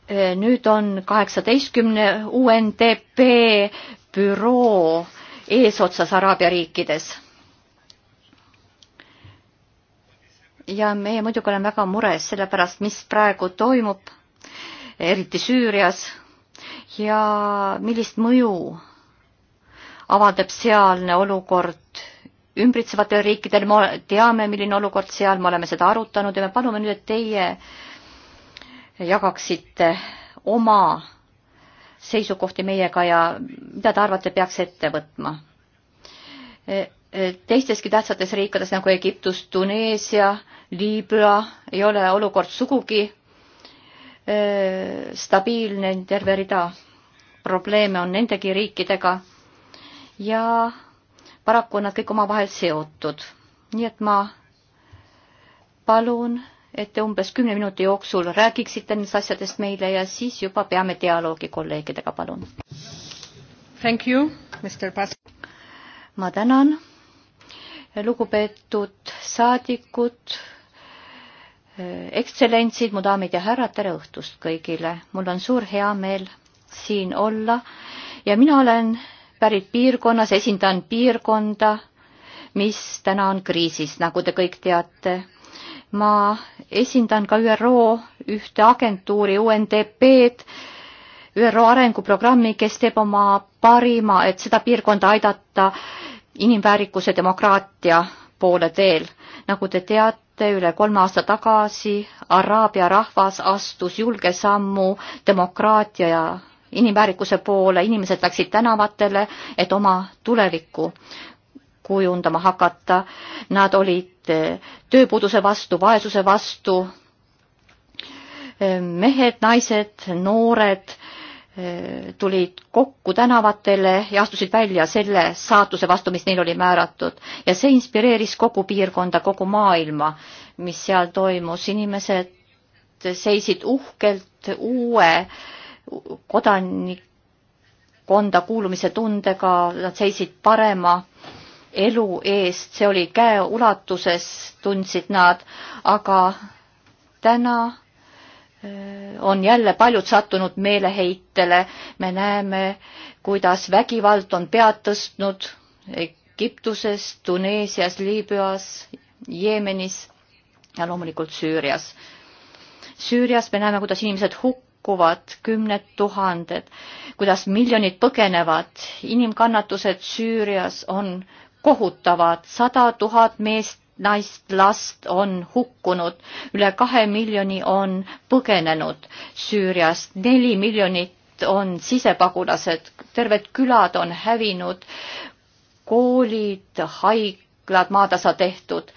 e, nüüd on kaheksateistkümne UNDP büroo eesotsas Araabia riikides. ja meie muidugi oleme väga mures selle pärast, mis praegu toimub, eriti Süürias ja millist mõju avaldab sealne olukord ümbritsevatel riikidel, me teame, milline olukord seal, me oleme seda arutanud ja me palume nüüd, et teie jagaksite oma seisukohti meiega ja mida te arvate, peaks ette võtma? E, e, teisteski tähtsates riikides nagu Egiptus, Tuneesia, Liibüa ei ole olukord sugugi e, stabiilne, terve rida probleeme on nendegi riikidega ja paraku on nad kõik omavahel seotud. nii et ma palun, et te umbes kümne minuti jooksul räägiksite nendest asjadest meile ja siis juba peame dialoogi kolleegidega, palun. Thank you, Mr Pas-. ma tänan, lugupeetud saadikud, ekstsellentsid, mu daamid ja härrad, tere õhtust kõigile. mul on suur heameel siin olla ja mina olen pärit piirkonnas, esindan piirkonda, mis täna on kriisis, nagu te kõik teate. ma esindan ka ÜRO ühte agentuuri UNDP-d, ÜRO arenguprogrammi, kes teeb oma parima, et seda piirkonda aidata inimväärikuse demokraatia poole teel. nagu te teate, üle kolme aasta tagasi Araabia rahvas astus julge sammu demokraatia ja inimväärikuse poole, inimesed läksid tänavatele, et oma tulevikku kujundama hakata. Nad olid eh, tööpuuduse vastu, vaesuse vastu. Eh, mehed, naised, noored eh, tulid kokku tänavatele ja astusid välja selle saatuse vastu, mis neil oli määratud ja see inspireeris kogu piirkonda, kogu maailma, mis seal toimus. inimesed seisid uhkelt uue äh, kodanikkonda kuulumise tundega, nad seisid parema elu eest, see oli käeulatuses, tundsid nad, aga täna äh, on jälle paljud sattunud meeleheitele, me näeme, kuidas vägivald on pead tõstnud Egiptuses, Tuneesias, Liibüas, Jeemenis ja loomulikult Süürias. Süürias me näeme, kuidas inimesed hukkuvad hukkuvad kümned tuhanded, kuidas miljonid põgenevad, inimkannatused Süürias on kohutavad, sada tuhat meest, naist, last on hukkunud, üle kahe miljoni on põgenenud Süüriast, neli miljonit on sisepagulased, terved külad on hävinud, koolid, haiglad maatasa tehtud,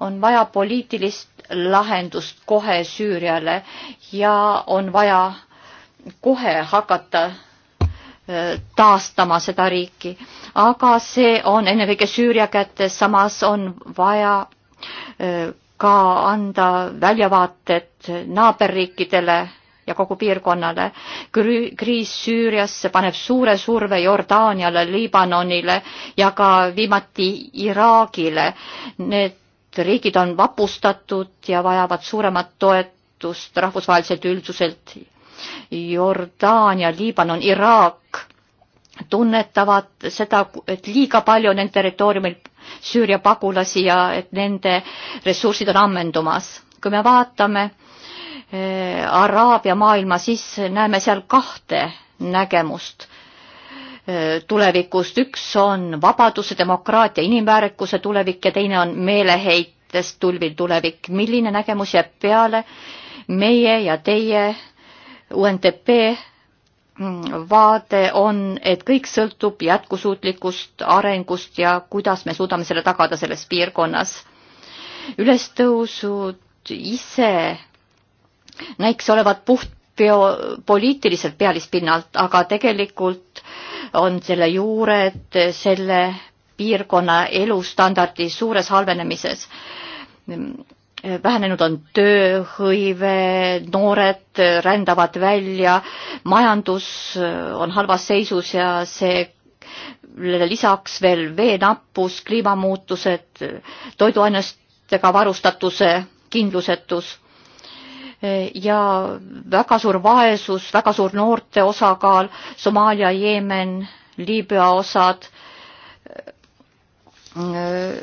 on vaja poliitilist lahendust kohe Süüriale ja on vaja kohe hakata äh, taastama seda riiki, aga see on ennekõike Süüria kätes, samas on vaja äh, ka anda väljavaated naaberriikidele ja kogu piirkonnale. kriis Süüriasse paneb suure surve Jordaaniale, Liibanonile ja ka viimati Iraagile. Need riigid on vapustatud ja vajavad suuremat toetust rahvusvaheliselt üldsuselt. Jordaania, Liibanon, Iraak tunnetavad seda, et liiga palju on nende territooriumil Süüria pagulasi ja et nende ressursid on ammendumas. kui me vaatame eh, Araabia maailma, siis näeme seal kahte nägemust tulevikust, üks on vabaduse, demokraatia, inimväärikuse tulevik ja teine on meeleheitest tulvil tulevik. milline nägemus jääb peale meie ja teie UNDP vaade on, et kõik sõltub jätkusuutlikust arengust ja kuidas me suudame selle tagada selles piirkonnas. ülestõusud ise näiks olevat puht bio, poliitiliselt pealispinnalt, aga tegelikult on selle juured selle piirkonna elustandardi suures halvenemises. vähenenud on tööhõive, noored rändavad välja, majandus on halvas seisus ja see lisaks veel veenappus, kliimamuutused, toiduainestega varustatuse kindlusetus ja väga suur vaesus, väga suur noorte osakaal, Somaalia, Jeemen, Liibüa osad äh,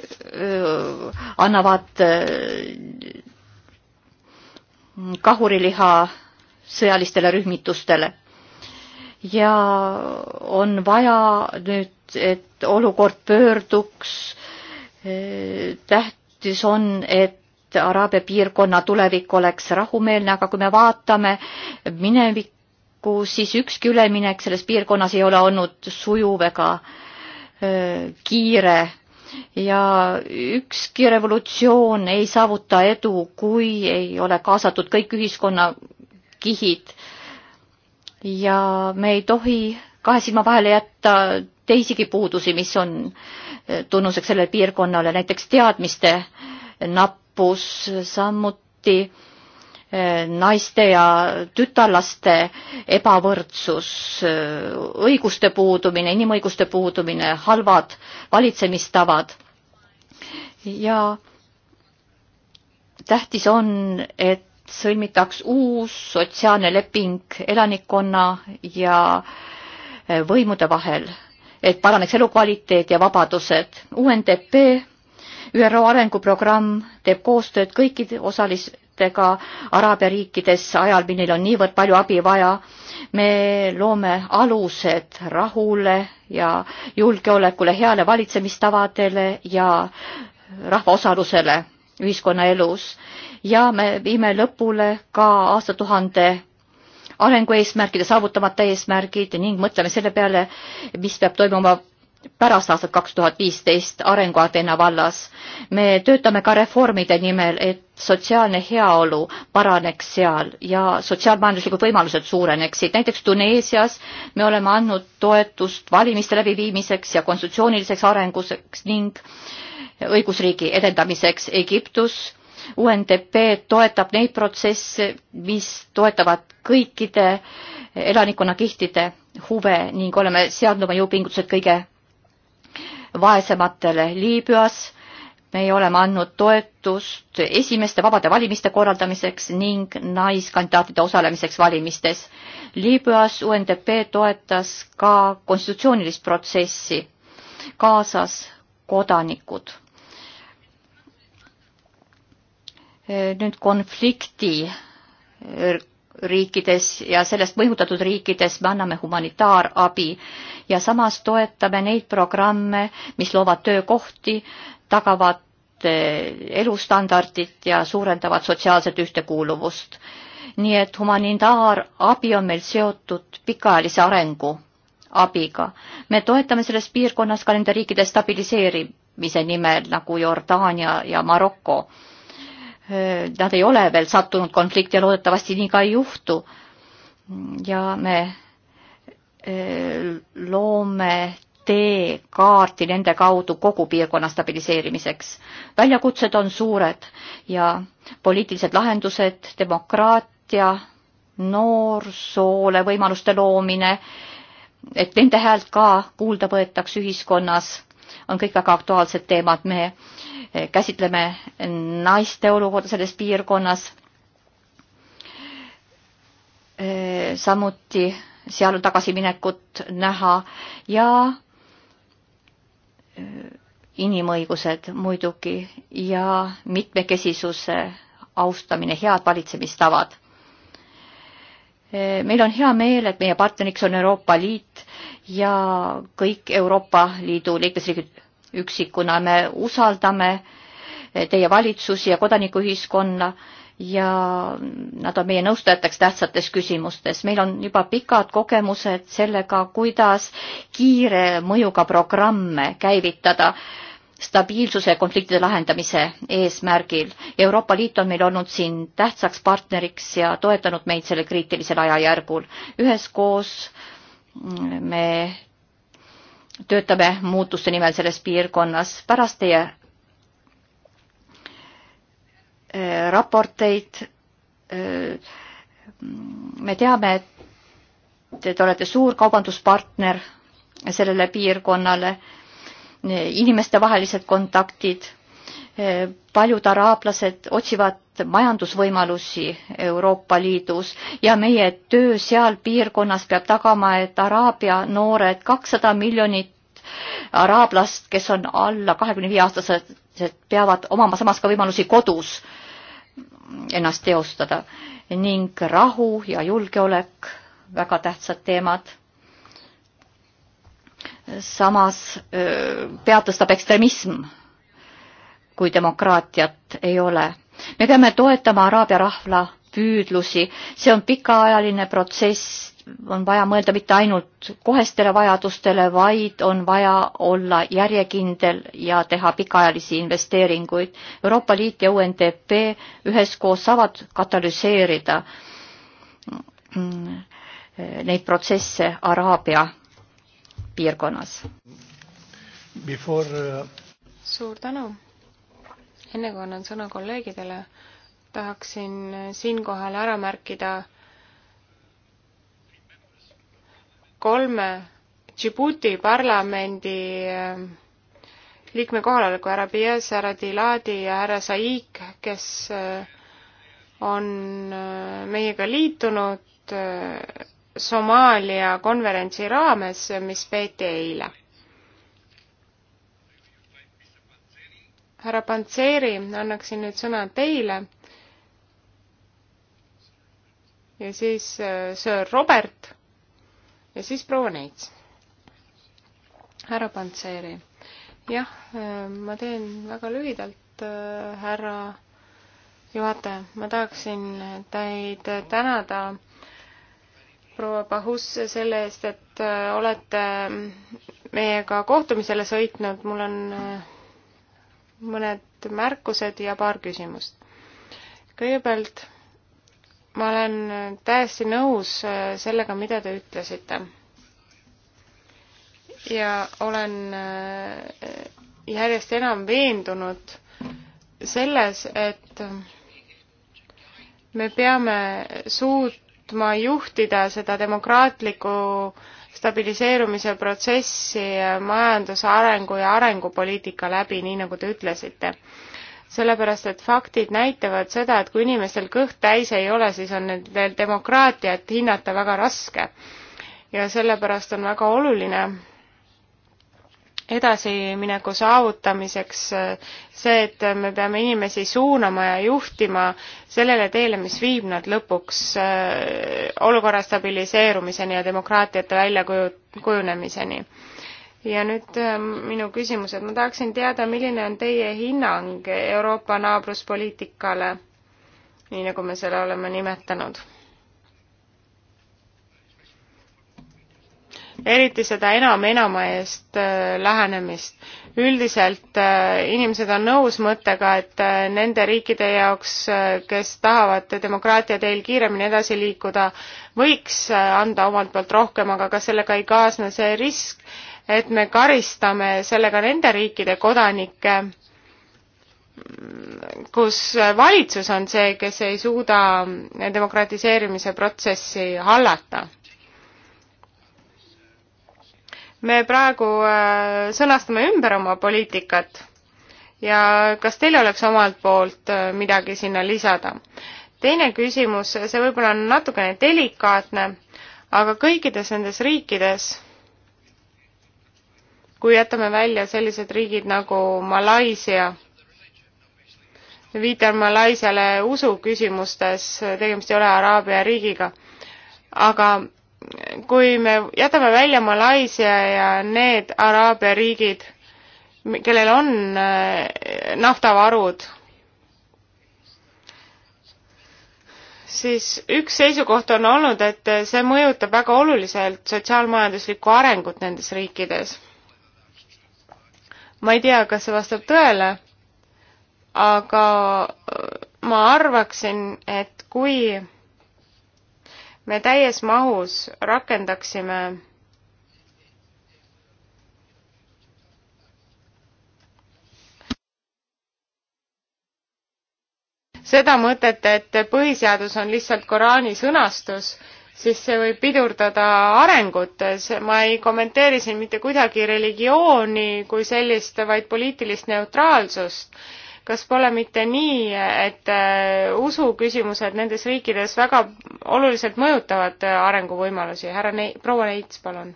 annavad äh, kahuriliha sõjalistele rühmitustele. ja on vaja nüüd, et olukord pöörduks. Äh, tähtis on, et et Araabia piirkonna tulevik oleks rahumeelne, aga kui me vaatame minevikku, siis ükski üleminek selles piirkonnas ei ole olnud sujuv ega kiire ja ükski revolutsioon ei saavuta edu, kui ei ole kaasatud kõik ühiskonnakihid. ja me ei tohi kahe silma vahele jätta teisigi puudusi, mis on tunnuseks sellele piirkonnale, näiteks teadmiste napp lõpus samuti eh, naiste ja tütarlaste ebavõrdsus, eh, õiguste puudumine, inimõiguste puudumine, halvad valitsemistavad. ja tähtis on, et sõlmitaks uus sotsiaalne leping elanikkonna ja eh, võimude vahel, et paraneks elukvaliteet ja vabadused. UNDP ÜRO arenguprogramm teeb koostööd kõikide osalistega Araabia riikides ajal, mil neil on niivõrd palju abi vaja. me loome alused rahule ja julgeolekule, heale valitsemistavadele ja rahva osalusele ühiskonnaelus ja me viime lõpule ka aastatuhande arengueesmärkide saavutamata eesmärgid ning mõtleme selle peale, mis peab toimuma pärast aastat kaks tuhat viisteist arenguagenda vallas. me töötame ka reformide nimel, et sotsiaalne heaolu paraneks seal ja sotsiaalmajanduslikud võimalused suureneksid. näiteks Tuneesias me oleme andnud toetust valimiste läbiviimiseks ja konstitutsiooniliseks arenguseks ning õigusriigi edendamiseks Egiptus. UNDP toetab neid protsesse, mis toetavad kõikide elanikkonnakihtide huve ning oleme seadnud oma jõupingutused kõige vaesematele Liibüas. meie oleme andnud toetust esimeste vabade valimiste korraldamiseks ning naiskandidaatide osalemiseks valimistes. Liibüas UNDP toetas ka konstitutsioonilist protsessi, kaasas kodanikud. nüüd konflikti riikides ja sellest mõjutatud riikides me anname humanitaarabi ja samas toetame neid programme, mis loovad töökohti, tagavad eh, elustandardit ja suurendavad sotsiaalset ühtekuuluvust. nii et humanitaarabi on meil seotud pikaajalise arengu abiga. me toetame selles piirkonnas ka nende riikide stabiliseerimise nimel nagu Jordaania ja Maroko nad ei ole veel sattunud konflikti ja loodetavasti nii ka ei juhtu. ja me e, loome teekaarti nende kaudu kogu piirkonna stabiliseerimiseks. väljakutsed on suured ja poliitilised lahendused, demokraatia, noorsoole võimaluste loomine, et nende häält ka kuulda võetakse ühiskonnas on kõik väga aktuaalsed teemad, me eh, käsitleme naiste olukorda selles piirkonnas. Eh, samuti seal on tagasiminekut näha ja eh, inimõigused muidugi ja mitmekesisuse austamine, head valitsemistavad Eh, meil on hea meel, et meie partneriks on Euroopa Liit ja kõik Euroopa Liidu liikmesriigid üksikuna. me usaldame eh, teie valitsusi ja kodanikuühiskonna ja nad on meie nõustajateks tähtsates küsimustes. meil on juba pikad kogemused sellega, kuidas kiire mõjuga programme käivitada stabiilsuse ja konfliktide lahendamise eesmärgil. Euroopa Liit on meil olnud siin tähtsaks partneriks ja toetanud meid sellel kriitilisel ajajärgul. üheskoos me töötame muutuste nimel selles piirkonnas. pärast teie äh, raporteid äh, me teame, et te olete suur kaubanduspartner sellele piirkonnale inimestevahelised kontaktid. paljud araablased otsivad majandusvõimalusi Euroopa Liidus ja meie töö seal piirkonnas peab tagama, et Araabia noored, kakssada miljonit araablast, kes on alla kahekümne viie aastased, peavad omama samas ka võimalusi kodus ennast teostada ning rahu ja julgeolek, väga tähtsad teemad samas peatastab ekstremism, kui demokraatiat ei ole. me peame toetama araabia rahva püüdlusi, see on pikaajaline protsess, on vaja mõelda mitte ainult kohestele vajadustele, vaid on vaja olla järjekindel ja teha pikaajalisi investeeringuid. Euroopa Liit ja UNDP üheskoos saavad katalüseerida mm, neid protsesse Araabia piirkonnas. Before... Uh, suur tänu. enne kui annan sõna kolleegidele, tahaksin siinkohal ära märkida kolme Djibouti parlamendi äh, liikme kohaloleku härra Pies, härra Diladi ja härra Saik, kes äh, on äh, meiega liitunud Somaalia konverentsi raames, mis peeti eile. härra Pantseri, annaksin nüüd sõna teile. ja siis äh, söör Robert ja siis proua Neits. härra Pantseri, jah, äh, ma teen väga lühidalt, äh, härra juhataja, ma tahaksin teid tänada proua Pahus selle eest, et äh, olete meiega kohtumisele sõitnud, mul on äh, mõned märkused ja paar küsimust. kõigepealt ma olen täiesti nõus äh, sellega, mida te ütlesite. ja olen järjest enam veendunud selles, et me peame suut-, suutma juhtida seda demokraatlikku stabiliseerumise protsessi majanduse arengu ja arengupoliitika läbi, nii nagu te ütlesite. sellepärast, et faktid näitavad seda, et kui inimestel kõht täis ei ole, siis on nendel demokraatiat hinnata väga raske. ja sellepärast on väga oluline, edasimineku saavutamiseks see, et me peame inimesi suunama ja juhtima sellele teele, mis viib nad lõpuks äh, olukorra stabiliseerumiseni ja demokraatiate väljakuju-, kujunemiseni. ja nüüd äh, minu küsimused, ma tahaksin teada, milline on teie hinnang Euroopa naabruspoliitikale, nii nagu me selle oleme nimetanud eriti seda enam enama eest äh, lähenemist. üldiselt äh, inimesed on nõus mõttega, et äh, nende riikide jaoks, kes tahavad demokraatia teel kiiremini edasi liikuda, võiks anda omalt poolt rohkem, aga kas sellega ei kaasne see risk, et me karistame sellega nende riikide kodanikke, kus valitsus on see, kes ei suuda demokratiseerimise protsessi hallata me praegu äh, sõnastame ümber oma poliitikat ja kas teil oleks omalt poolt äh, midagi sinna lisada? teine küsimus, see võib-olla on natukene delikaatne, aga kõikides nendes riikides, kui jätame välja sellised riigid nagu Malaisia, viitan Malaisiale usu küsimustes, tegemist ei ole araabia riigiga, aga kui me jätame välja Malaisia ja need Araabia riigid, kellel on äh, naftavarud, siis üks seisukoht on olnud, et see mõjutab väga oluliselt sotsiaalmajanduslikku arengut nendes riikides. ma ei tea, kas see vastab tõele, aga ma arvaksin, et kui me täies mahus rakendaksime seda mõtet, et põhiseadus on lihtsalt Koraani sõnastus, siis see võib pidurdada arengut. ma ei kommenteeri siin mitte kuidagi religiooni kui sellist, vaid poliitilist neutraalsust kas pole mitte nii, et äh, usuküsimused nendes riikides väga oluliselt mõjutavad äh, arenguvõimalusi? härra Nei-, proua Neits, palun.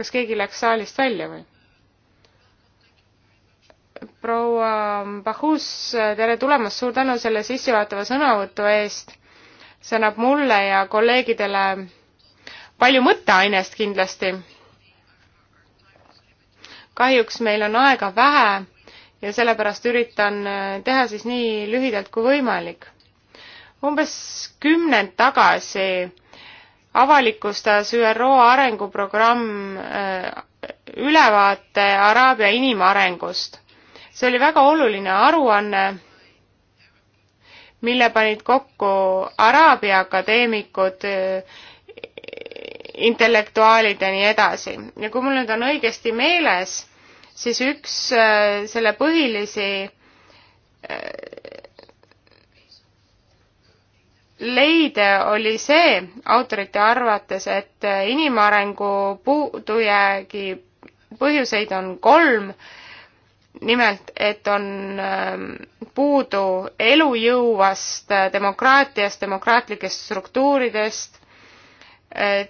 kas keegi läks saalist välja või? proua Bahus, tere tulemast, suur tänu selle sissejuhatava sõnavõtu eest. see annab mulle ja kolleegidele palju mõtteainest kindlasti kahjuks meil on aega vähe ja sellepärast üritan äh, teha siis nii lühidalt kui võimalik. umbes kümnend tagasi avalikustas ÜRO arenguprogramm äh, ülevaate Araabia inimarengust. see oli väga oluline aruanne, mille panid kokku Araabia akadeemikud, äh, intellektuaalid ja nii edasi. ja kui mul nüüd on õigesti meeles, siis üks äh, selle põhilisi äh, leide oli see autorite arvates, et äh, inimarengu puudujäägi põhjuseid on kolm. nimelt, et on puudu elujõuvast demokraatiast, demokraatlikest struktuuridest.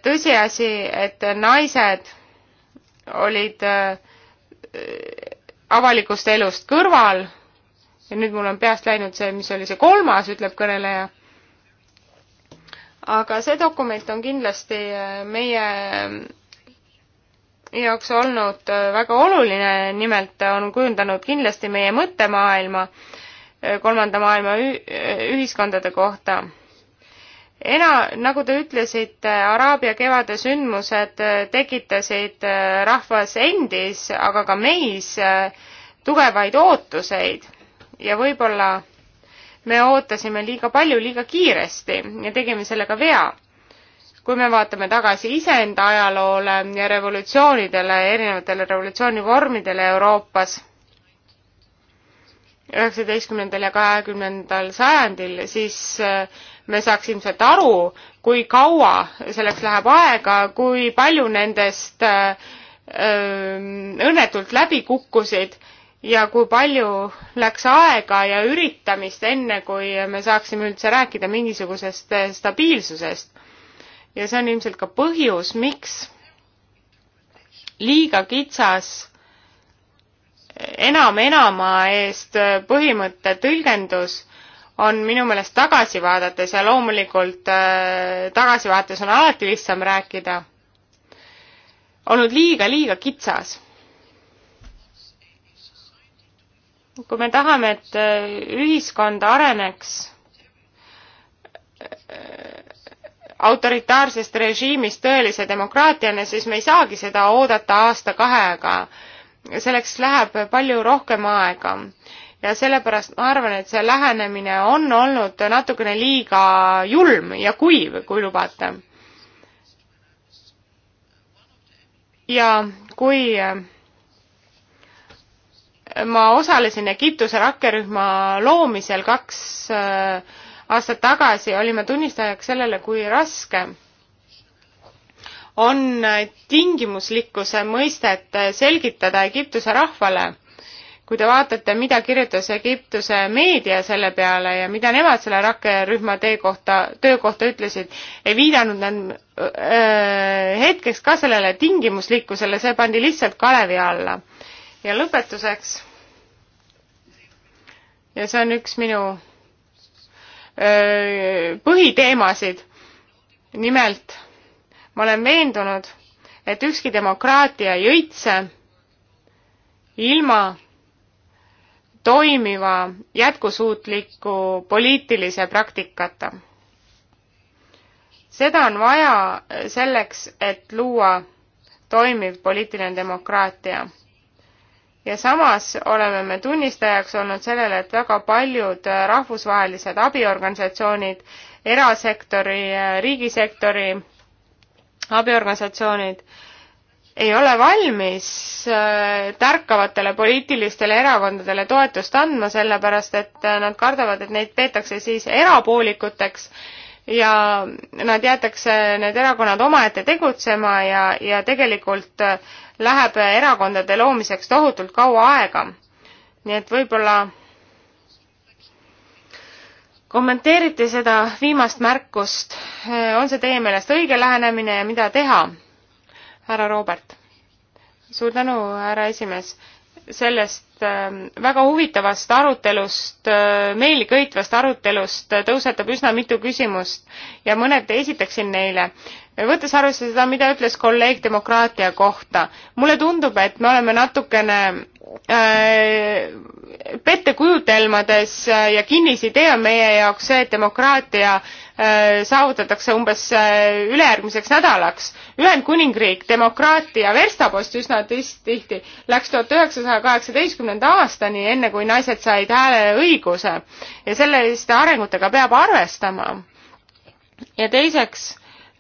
tõsiasi, et naised olid äh, Äh, avalikust elust kõrval ja nüüd mul on peast läinud see, mis oli see kolmas, ütleb kõneleja. aga see dokument on kindlasti äh, meie äh, jaoks olnud väga oluline, nimelt on kujundanud kindlasti meie mõttemaailma kolmanda maailma ühiskondade kohta ena-, nagu te ütlesite, Araabia kevade sündmused äh, tekitasid äh, rahvas endis, aga ka meis äh, tugevaid ootuseid ja võib-olla me ootasime liiga palju, liiga kiiresti ja tegime sellega vea. kui me vaatame tagasi iseenda ajaloole ja revolutsioonidele, erinevatele revolutsioonivormidele Euroopas, üheksateistkümnendal ja kahekümnendal sajandil, siis me saaks ilmselt aru, kui kaua selleks läheb aega, kui palju nendest öö, äh, ähm, õnnetult läbi kukkusid ja kui palju läks aega ja üritamist, enne kui me saaksime üldse rääkida mingisugusest äh, stabiilsusest. ja see on ilmselt ka põhjus, miks liiga kitsas enam enama eest põhimõtte tõlgendus on minu meelest tagasi vaadates ja loomulikult äh, tagasi vaadates on alati lihtsam rääkida, olnud liiga-liiga kitsas. kui me tahame, et äh, ühiskond areneks äh, autoritaarsest režiimist tõelise demokraatiana, siis me ei saagi seda oodata aasta-kahega. selleks läheb palju rohkem aega ja sellepärast ma arvan, et see lähenemine on olnud natukene liiga julm ja kuiv, kui lubate. ja kui äh, ma osalesin Egiptuse rakkerühma loomisel kaks äh, aastat tagasi, olime tunnistajaks sellele, kui raske on tingimuslikkuse mõistet selgitada Egiptuse rahvale kui te vaatate, mida kirjutas Egiptuse meedia selle peale ja mida nemad selle rakkerühma tee kohta, töö kohta ütlesid, ei viidanud nad öö, hetkeks ka sellele tingimuslikkusele, see pandi lihtsalt kalevi alla. ja lõpetuseks, ja see on üks minu öö, põhiteemasid, nimelt ma olen veendunud, et ükski demokraatia ei õitse ilma toimiva jätkusuutliku poliitilise praktikata. seda on vaja selleks, et luua toimiv poliitiline demokraatia. ja samas oleme me tunnistajaks olnud sellele, et väga paljud rahvusvahelised abiorganisatsioonid, erasektori, riigisektori abiorganisatsioonid ei ole valmis äh, tärkavatele poliitilistele erakondadele toetust andma, sellepärast et äh, nad kardavad, et neid peetakse siis erapoolikuteks ja nad jäetakse, need erakonnad omaette tegutsema ja, ja tegelikult äh, läheb erakondade loomiseks tohutult kaua aega. nii et võib-olla kommenteerite seda viimast märkust, on see teie meelest õige lähenemine ja mida teha? härra Robert. suur tänu, härra esimees sellest ähm, väga huvitavast arutelust, äh, meeliköitvast arutelust tõusetab üsna mitu küsimust ja mõned esitaksin neile. võttes arvesse seda, mida ütles kolleeg demokraatia kohta, mulle tundub, et me oleme natukene Äh, pettekujutelmades ja kinnisidee on meie jaoks see, et demokraatia äh, saavutatakse umbes äh, ülejärgmiseks nädalaks. Ühendkuningriik, demokraatia verstapost üsna tihti, läks tuhat üheksasaja kaheksateistkümnenda aastani, enne kui naised said hääleõiguse ja selliste arengutega peab arvestama. ja teiseks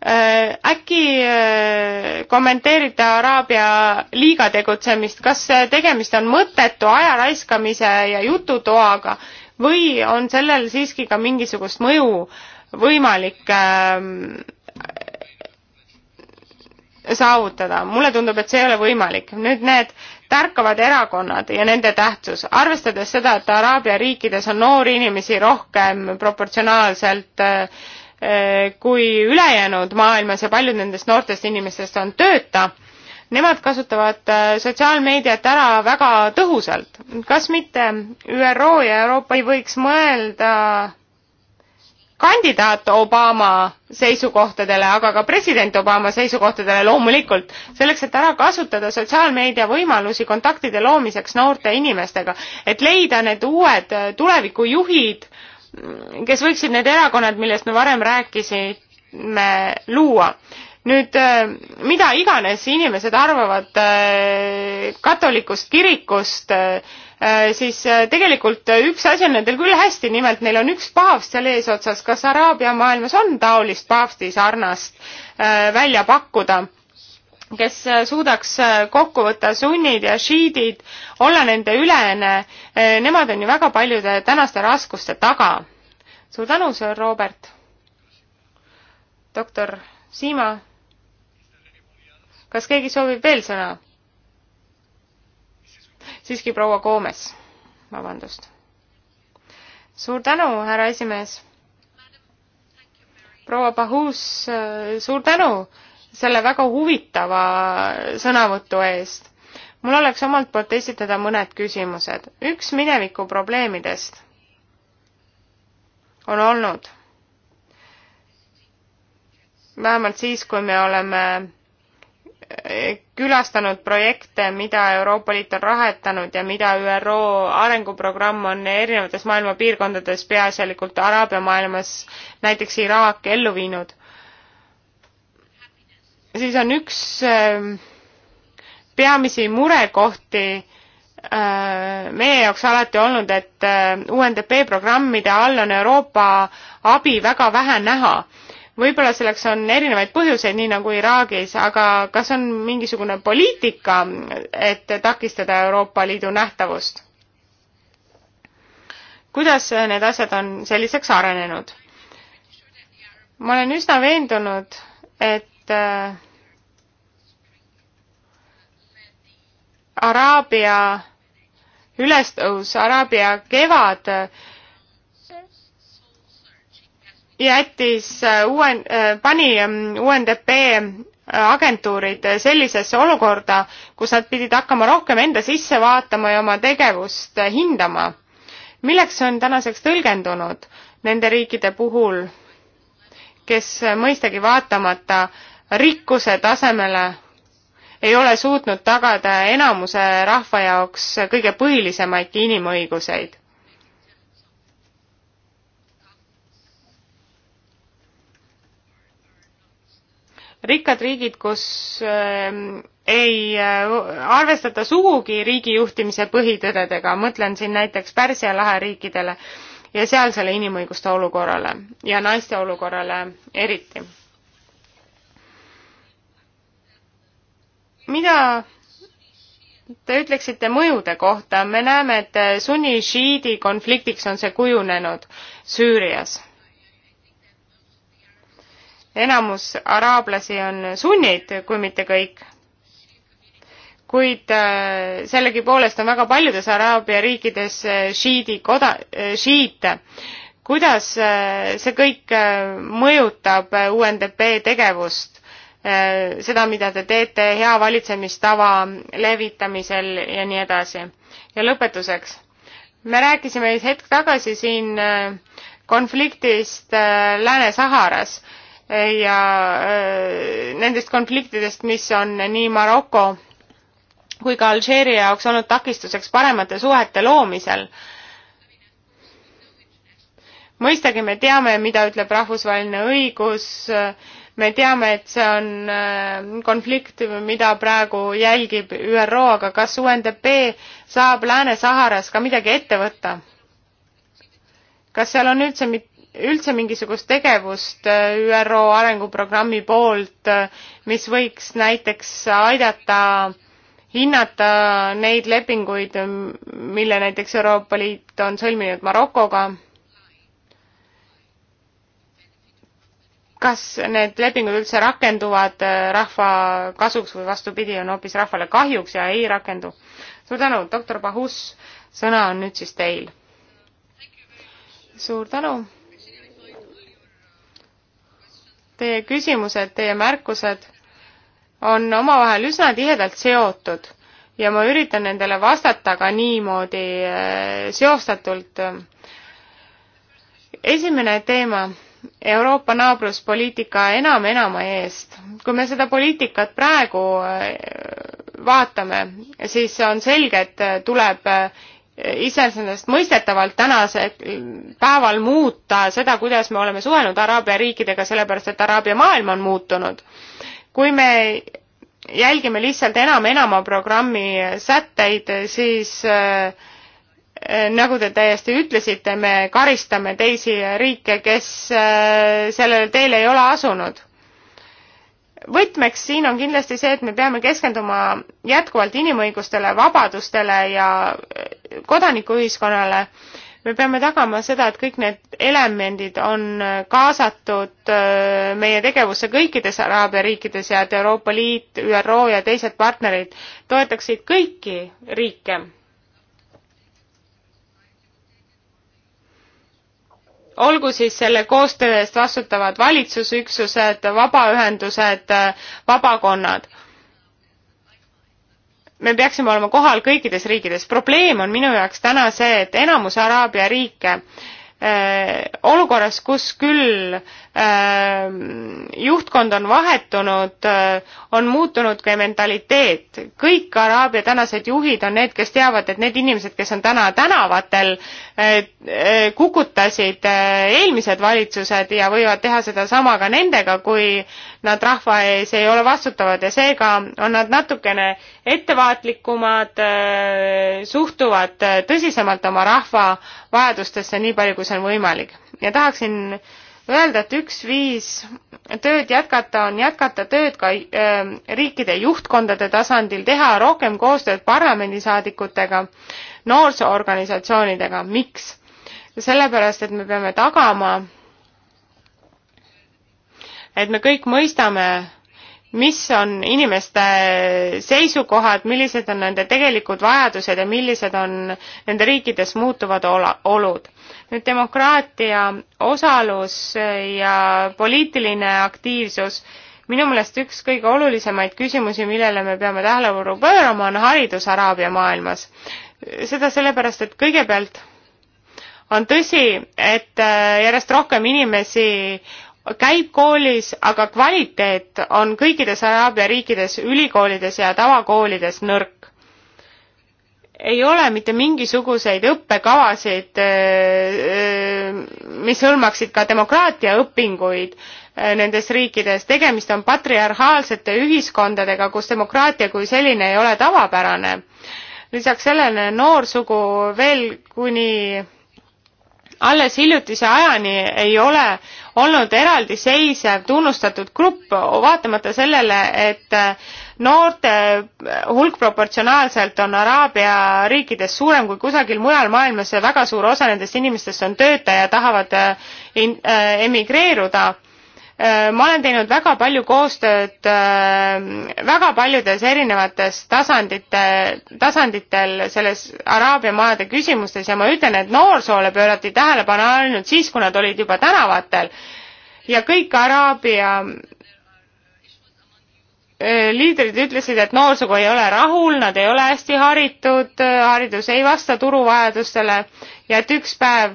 Äh, äkki äh, kommenteerite Araabia liiga tegutsemist, kas äh, tegemist on mõttetu aja raiskamise ja jututoaga või on sellel siiski ka mingisugust mõju võimalik ähm, saavutada, mulle tundub, et see ei ole võimalik. nüüd need tärkavad erakonnad ja nende tähtsus, arvestades seda, et Araabia riikides on noori inimesi rohkem proportsionaalselt äh, Äh, kui ülejäänud maailmas ja paljud nendest noortest inimestest on tööta, nemad kasutavad äh, sotsiaalmeediat ära väga tõhusalt. kas mitte ÜRO ja Euroopa ei võiks mõelda kandidaat Obama seisukohtadele, aga ka president Obama seisukohtadele loomulikult, selleks, et ära kasutada sotsiaalmeedia võimalusi kontaktide loomiseks noorte inimestega, et leida need uued tulevikujuhid äh, kes võiksid need erakonnad, millest me varem rääkisime, luua. nüüd äh, mida iganes inimesed arvavad äh, katolikust kirikust, äh, siis tegelikult üks asi on nendel küll hästi, nimelt neil on üks paavst seal eesotsas, kas Araabia maailmas on taolist paavsti sarnast välja pakkuda kes äh, suudaks äh, kokku võtta sunnid ja šiidid, olla nende ülene, äh, nemad on ju väga paljude tänaste raskuste taga. suur tänu, sõõr Robert. doktor Siima, kas keegi soovib veel sõna? siiski proua Koomes, vabandust. suur tänu, härra esimees. proua Pahus, suur tänu selle väga huvitava sõnavõtu eest. mul oleks omalt poolt esitada mõned küsimused. üks mineviku probleemidest on olnud, vähemalt siis, kui me oleme eh, külastanud projekte, mida Euroopa Liit on rahetanud ja mida ÜRO arenguprogramm on erinevates maailma piirkondades, peaasjalikult Araabia maailmas, näiteks Iraak, ellu viinud siis on üks ähm, peamisi murekohti äh, meie jaoks alati olnud, et äh, UNDP programmide all on Euroopa abi väga vähe näha. võib-olla selleks on erinevaid põhjuseid, nii nagu Iraagis, aga kas on mingisugune poliitika, et takistada Euroopa Liidu nähtavust? kuidas need asjad on selliseks arenenud? ma olen üsna veendunud, et et äh, Araabia ülestõus, Araabia kevad jättis äh, UN, äh, pani ähm, UNDP agentuurid sellisesse olukorda, kus nad pidid hakkama rohkem enda sisse vaatama ja oma tegevust hindama. milleks see on tänaseks tõlgendunud nende riikide puhul, kes mõistagi vaatamata äh, rikkuse tasemele ei ole suutnud tagada enamuse rahva jaoks kõige põhilisemaidki inimõiguseid. rikkad riigid, kus ähm, ei äh, arvestata sugugi riigi juhtimise põhitõdedega, mõtlen siin näiteks Pärsia lahe riikidele ja sealsele inimõiguste olukorrale ja naiste olukorrale eriti mida te ütleksite mõjude kohta? me näeme, et sunni-šiidi konfliktiks on see kujunenud Süürias. enamus araablasi on sunnid, kui mitte kõik. kuid äh, sellegipoolest on väga paljudes Araabia riikides äh, šiidi koda-, äh, šiite. kuidas see kõik mõjutab UNDP tegevust? Äh, seda, mida te teete hea valitsemistava levitamisel ja nii edasi. ja lõpetuseks, me rääkisime hetk tagasi siin äh, konfliktist äh, Lääne-Saharas ja nendest konfliktidest, mis on nii Maroko kui ka Alžeeria jaoks olnud takistuseks paremate suhete loomisel. mõistagi me teame, mida ütleb rahvusvaheline õigus äh, me teame, et see on äh, konflikt, mida praegu jälgib ÜRO, aga kas UNDP saab Lääne-Saharas ka midagi ette võtta? kas seal on üldse mit-, üldse mingisugust tegevust äh, ÜRO arenguprogrammi poolt, äh, mis võiks näiteks aidata hinnata neid lepinguid, mille näiteks Euroopa Liit on sõlminud Marokoga? kas need lepingud üldse rakenduvad äh, rahva kasuks või vastupidi, on hoopis rahvale kahjuks ja ei rakendu. suur tänu, doktor Bahus, sõna on nüüd siis teil. suur tänu. Teie küsimused, teie märkused on omavahel üsna tihedalt seotud ja ma üritan nendele vastata ka niimoodi äh, seostatult. esimene teema Euroopa naabruspoliitika enam enama eest. kui me seda poliitikat praegu äh, vaatame, siis on selge, et äh, tuleb äh, iseenesestmõistetavalt tänasel päeval muuta seda, kuidas me oleme suhelnud Araabia riikidega, sellepärast et Araabia maailm on muutunud. kui me jälgime lihtsalt enam enama programmi sätteid, siis äh, Äh, nagu te täiesti ütlesite, me karistame teisi riike, kes äh, sellele teele ei ole asunud. võtmeks siin on kindlasti see, et me peame keskenduma jätkuvalt inimõigustele, vabadustele ja äh, kodanikuühiskonnale. me peame tagama seda, et kõik need elemendid on kaasatud meie tegevusse kõikides Araabia riikides ja et Euroopa Liit, ÜRO ja teised partnerid toetaksid kõiki riike olgu siis selle koostöö eest vastutavad valitsusüksused, vabaühendused, vabakonnad. me peaksime olema kohal kõikides riikides. probleem on minu jaoks täna see, et enamus Araabia riike eh, olukorras, kus küll Ähm, juhtkond on vahetunud, äh, on muutunud ka mentaliteet. kõik Araabia tänased juhid on need, kes teavad, et need inimesed, kes on täna tänavatel, äh, äh, kukutasid eelmised valitsused ja võivad teha sedasama ka nendega, kui nad rahva ees ei ole vastutavad ja seega on nad natukene ettevaatlikumad, suhtuvad tõsisemalt oma rahva vajadustesse, nii palju kui see on võimalik. ja tahaksin öelda, et üks viis tööd jätkata on jätkata tööd ka ähm, riikide juhtkondade tasandil, teha rohkem koostööd parlamendisaadikutega, noorsoorganisatsioonidega. miks? sellepärast, et me peame tagama, et me kõik mõistame, mis on inimeste seisukohad, millised on nende tegelikud vajadused ja millised on nende riikides muutuvad olud nüüd demokraatia osalus ja poliitiline aktiivsus, minu meelest üks kõige olulisemaid küsimusi, millele me peame tähelepanu pöörama, on haridus Araabia maailmas. seda sellepärast, et kõigepealt on tõsi, et äh, järjest rohkem inimesi käib koolis, aga kvaliteet on kõikides Araabia riikides, ülikoolides ja tavakoolides nõrk ei ole mitte mingisuguseid õppekavasid, äh, äh, mis hõlmaksid ka demokraatiaõpinguid äh, nendes riikides. tegemist on patriarhaalsete ühiskondadega, kus demokraatia kui selline ei ole tavapärane. lisaks sellele noorsugu veel kuni alles hiljutise ajani ei ole olnud eraldiseisev tunnustatud grupp, vaatamata sellele, et noorte hulk proportsionaalselt on Araabia riikides suurem kui kusagil mujal maailmas ja väga suur osa nendest inimestest on töötaja ja tahavad äh, in, äh, emigreeruda äh,. ma olen teinud väga palju koostööd äh, väga paljudes erinevates tasandite, tasanditel selles Araabia maade küsimustes ja ma ütlen, et noorsoole pöörati tähelepanu ainult siis, kui nad olid juba tänavatel ja kõik Araabia Äh, liidrid ütlesid, et noorsugu ei ole rahul, nad ei ole hästi haritud, äh, haridus ei vasta turuvajadustele ja et üks päev,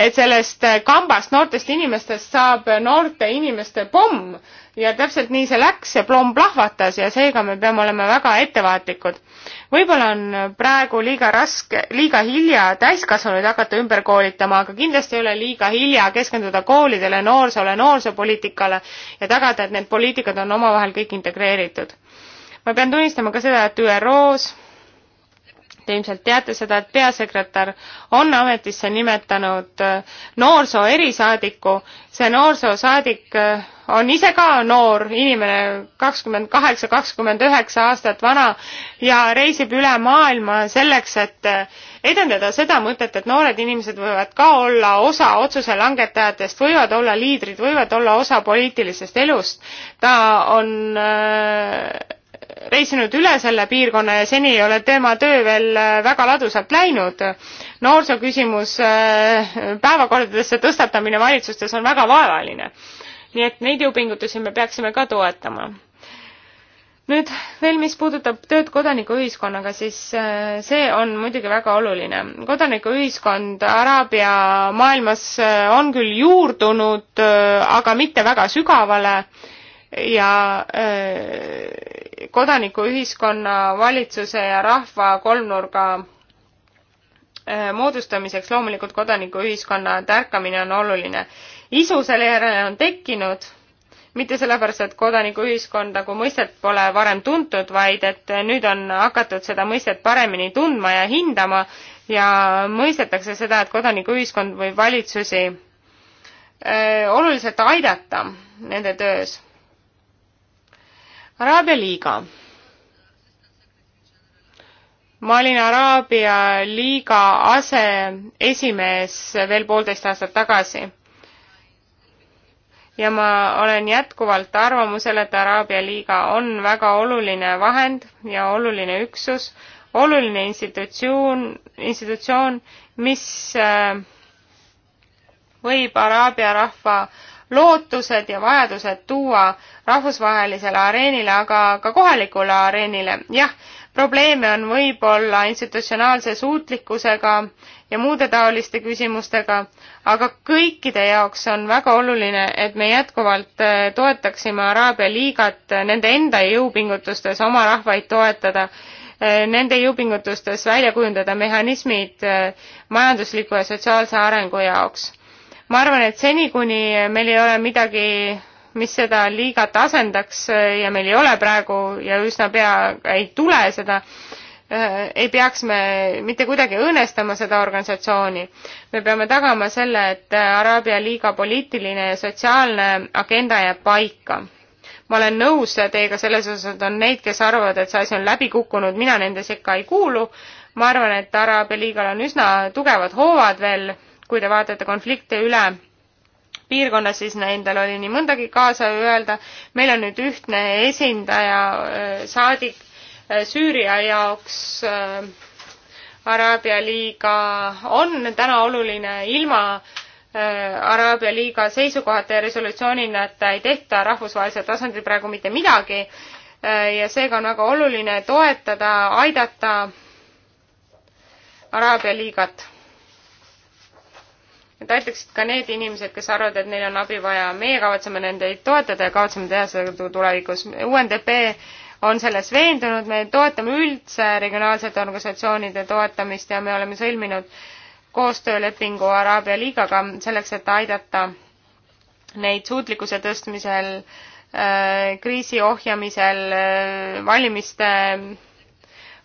et sellest kambast noortest inimestest saab noorte inimeste pomm ja täpselt nii see läks, see plomm plahvatas ja seega me peame olema väga ettevaatlikud. võib-olla on praegu liiga raske, liiga hilja täiskasvanuid hakata ümber koolitama, aga kindlasti ei ole liiga hilja keskenduda koolidele, noorsoole, noorsoopoliitikale ja tagada, et need poliitikad on omavahel kõik integreeritud. ma pean tunnistama ka seda, et ÜRO-s te ilmselt teate seda, et peasekretär on ametisse nimetanud äh, noorsoo erisaadiku. see noorsoosaadik äh, on ise ka noor inimene, kakskümmend kaheksa, kakskümmend üheksa aastat vana ja reisib üle maailma selleks, et edendada seda mõtet, et noored inimesed võivad ka olla osa otsuse langetajatest, võivad olla liidrid, võivad olla osa poliitilisest elust. ta on äh, reisinud üle selle piirkonna ja seni ei ole tema töö veel äh, väga ladusalt läinud. noorsooküsimus äh, päevakordadesse tõstatamine valitsustes on väga vaevaline nii et neid jõupingutusi me peaksime ka toetama nüüd veel, mis puudutab tööd kodanikuühiskonnaga, siis äh, see on muidugi väga oluline. kodanikuühiskond Araabia maailmas äh, on küll juurdunud, äh, aga mitte väga sügavale ja kodanikuühiskonna, valitsuse ja rahva kolmnurga moodustamiseks loomulikult kodanikuühiskonna tärkamine on oluline isu selle järele on tekkinud, mitte sellepärast, et kodanikuühiskonda kui mõistet pole varem tuntud, vaid et nüüd on hakatud seda mõistet paremini tundma ja hindama ja mõistetakse seda, et kodanikuühiskond võib valitsusi öö, oluliselt aidata nende töös. Araabia liiga ma olin Araabia liiga aseesimees veel poolteist aastat tagasi ja ma olen jätkuvalt arvamusel, et Araabia liiga on väga oluline vahend ja oluline üksus, oluline institutsioon, institutsioon, mis äh, võib araabia rahva lootused ja vajadused tuua rahvusvahelisele areenile, aga ka kohalikule areenile. jah, probleeme on võib-olla institutsionaalse suutlikkusega ja muude taoliste küsimustega, aga kõikide jaoks on väga oluline, et me jätkuvalt äh, toetaksime Araabia liigat äh, nende enda jõupingutustes oma rahvaid toetada, äh, nende jõupingutustes välja kujundada mehhanismid majandusliku ja sotsiaalse arengu jaoks ma arvan, et seni, kuni meil ei ole midagi mis seda liigat asendaks eh, ja meil ei ole praegu ja üsna pea ei tule seda, eh, ei peaks me mitte kuidagi õõnestama seda organisatsiooni. me peame tagama selle, et Araabia liiga poliitiline ja sotsiaalne agenda jääb paika. ma olen nõus teiega selles osas, et on neid, kes arvavad, et see asi on läbi kukkunud, mina nende sekka ei kuulu. ma arvan, et Araabia liigal on üsna tugevad hoovad veel, kui te vaatate konflikte üle piirkonnas, siis nendel oli nii mõndagi kaasa öelda. meil on nüüd ühtne esindaja, äh, saadik äh, Süüria jaoks. Äh, Araabia liiga on täna oluline ilma Araabia liiga seisukohata ja resolutsioonideta ei tehta rahvusvahelisel tasandil praegu mitte midagi ja seega on väga oluline toetada, aidata Araabia liigat et aitaksid ka need inimesed, kes arvavad, et neil on abi vaja. meie kavatseme nendeid toetada ja kavatseme teha seda tulevikus. UNDP on selles veendunud, me toetame üldse regionaalsete organisatsioonide toetamist ja me oleme sõlminud koostöölepingu Araabia liigaga selleks, et aidata neid suutlikkuse tõstmisel, äh, kriisi ohjamisel, äh, valimiste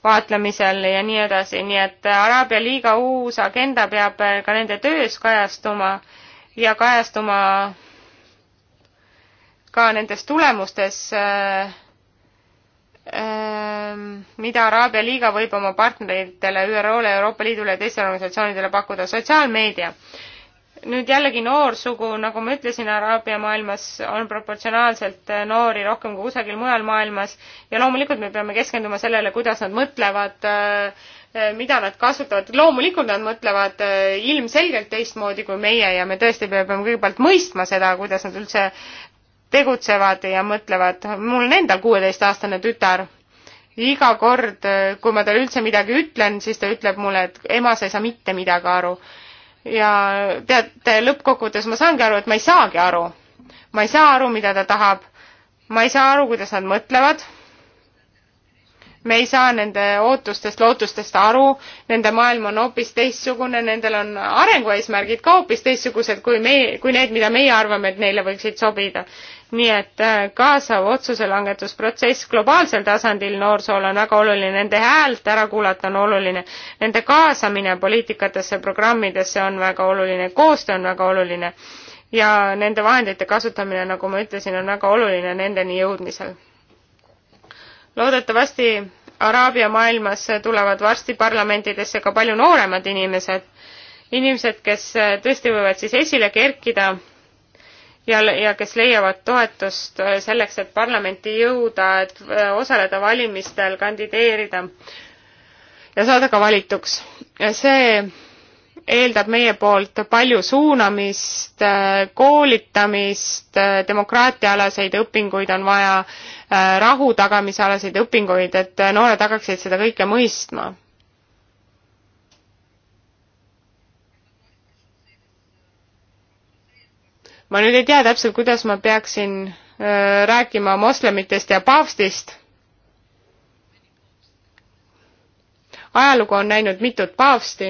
vaatlemisel ja nii edasi, nii et Araabia liiga uus agenda peab ka nende töös kajastuma ja kajastuma ka nendes tulemustes, ähm, mida Araabia liiga võib oma partneritele, ÜRO-le, Euroopa Liidule ja teistele organisatsioonidele pakkuda. sotsiaalmeedia nüüd jällegi noorsugu, nagu ma ütlesin, Araabia maailmas on proportsionaalselt äh, noori rohkem kui kusagil mujal maailmas ja loomulikult me peame keskenduma sellele, kuidas nad mõtlevad, äh, äh, mida nad kasutavad, loomulikult nad mõtlevad ilmselgelt teistmoodi kui meie ja me tõesti peame kõigepealt mõistma seda, kuidas nad üldse tegutsevad ja mõtlevad. mul on endal kuueteistaastane tütar iga kord, kui ma talle üldse midagi ütlen, siis ta ütleb mulle, et ema, sa ei saa mitte midagi aru ja teate, lõppkokkuvõttes ma saangi aru, et ma ei saagi aru. ma ei saa aru, mida ta tahab. ma ei saa aru, kuidas nad mõtlevad. me ei saa nende ootustest, lootustest aru, nende maailm on hoopis teistsugune, nendel on arengueesmärgid ka hoopis teistsugused kui meie, kui need, mida meie arvame, et neile võiksid sobida nii et äh, kaasav otsuselangetusprotsess globaalsel tasandil noorsool on väga oluline, nende häält ära kuulata on oluline, nende kaasamine poliitikatesse, programmidesse on väga oluline, koostöö on väga oluline ja nende vahendite kasutamine, nagu ma ütlesin, on väga oluline nendeni jõudmisel. loodetavasti Araabia maailmas tulevad varsti parlamentidesse ka palju nooremad inimesed, inimesed, kes äh, tõesti võivad siis esile kerkida ja, ja kes leiavad toetust äh, selleks, et parlamenti jõuda, et äh, osaleda valimistel, kandideerida ja saada ka valituks. see eeldab meie poolt palju suunamist, äh, koolitamist, demokraatiaalaseid õpinguid on vaja, rahu tagamise alaseid õpinguid, et noored hakkaksid seda kõike mõistma. ma nüüd ei tea täpselt, kuidas ma peaksin äh, rääkima moslemitest ja paavstist. ajalugu on näinud mitut paavsti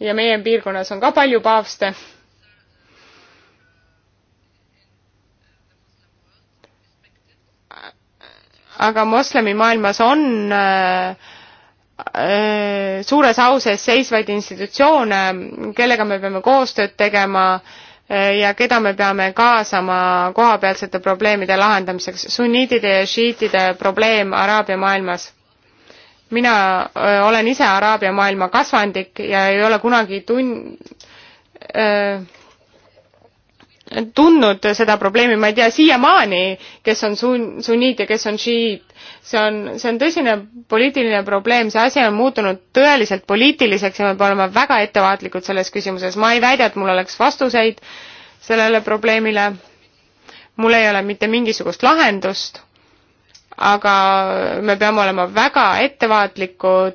ja meie piirkonnas on ka palju paavste. aga moslemimaailmas on äh, äh suures au sees seisvaid institutsioone, kellega me peame koostööd tegema äh, Eh, ja keda me peame kaasama kohapealsete probleemide lahendamiseks. sunniitide ja šiitide probleem Araabia maailmas. mina eh, olen ise Araabia maailma kasvandik ja ei ole kunagi tun-, eh, tundnud seda probleemi, ma ei tea siiamaani, kes on sun-, sunniit ja kes on šiit see on, see on tõsine poliitiline probleem, see asi on muutunud tõeliselt poliitiliseks ja me peame olema väga ettevaatlikud selles küsimuses. ma ei väida, et mul oleks vastuseid sellele probleemile. mul ei ole mitte mingisugust lahendust, aga me peame olema väga ettevaatlikud,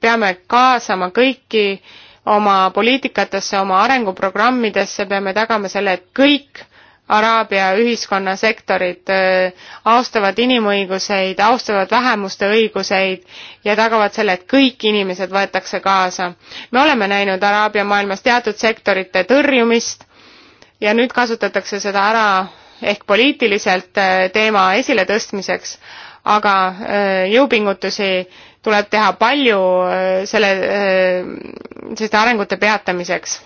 peame kaasama kõiki oma poliitikatesse, oma arenguprogrammidesse, peame tagama selle, et kõik Araabia ühiskonnasektorid äh, austavad inimõiguseid, austavad vähemuste õiguseid ja tagavad selle, et kõik inimesed võetakse kaasa. me oleme näinud Araabia maailmas teatud sektorite tõrjumist ja nüüd kasutatakse seda ära ehk poliitiliselt äh, teema esiletõstmiseks, aga äh, jõupingutusi tuleb teha palju selle, selliste arengute peatamiseks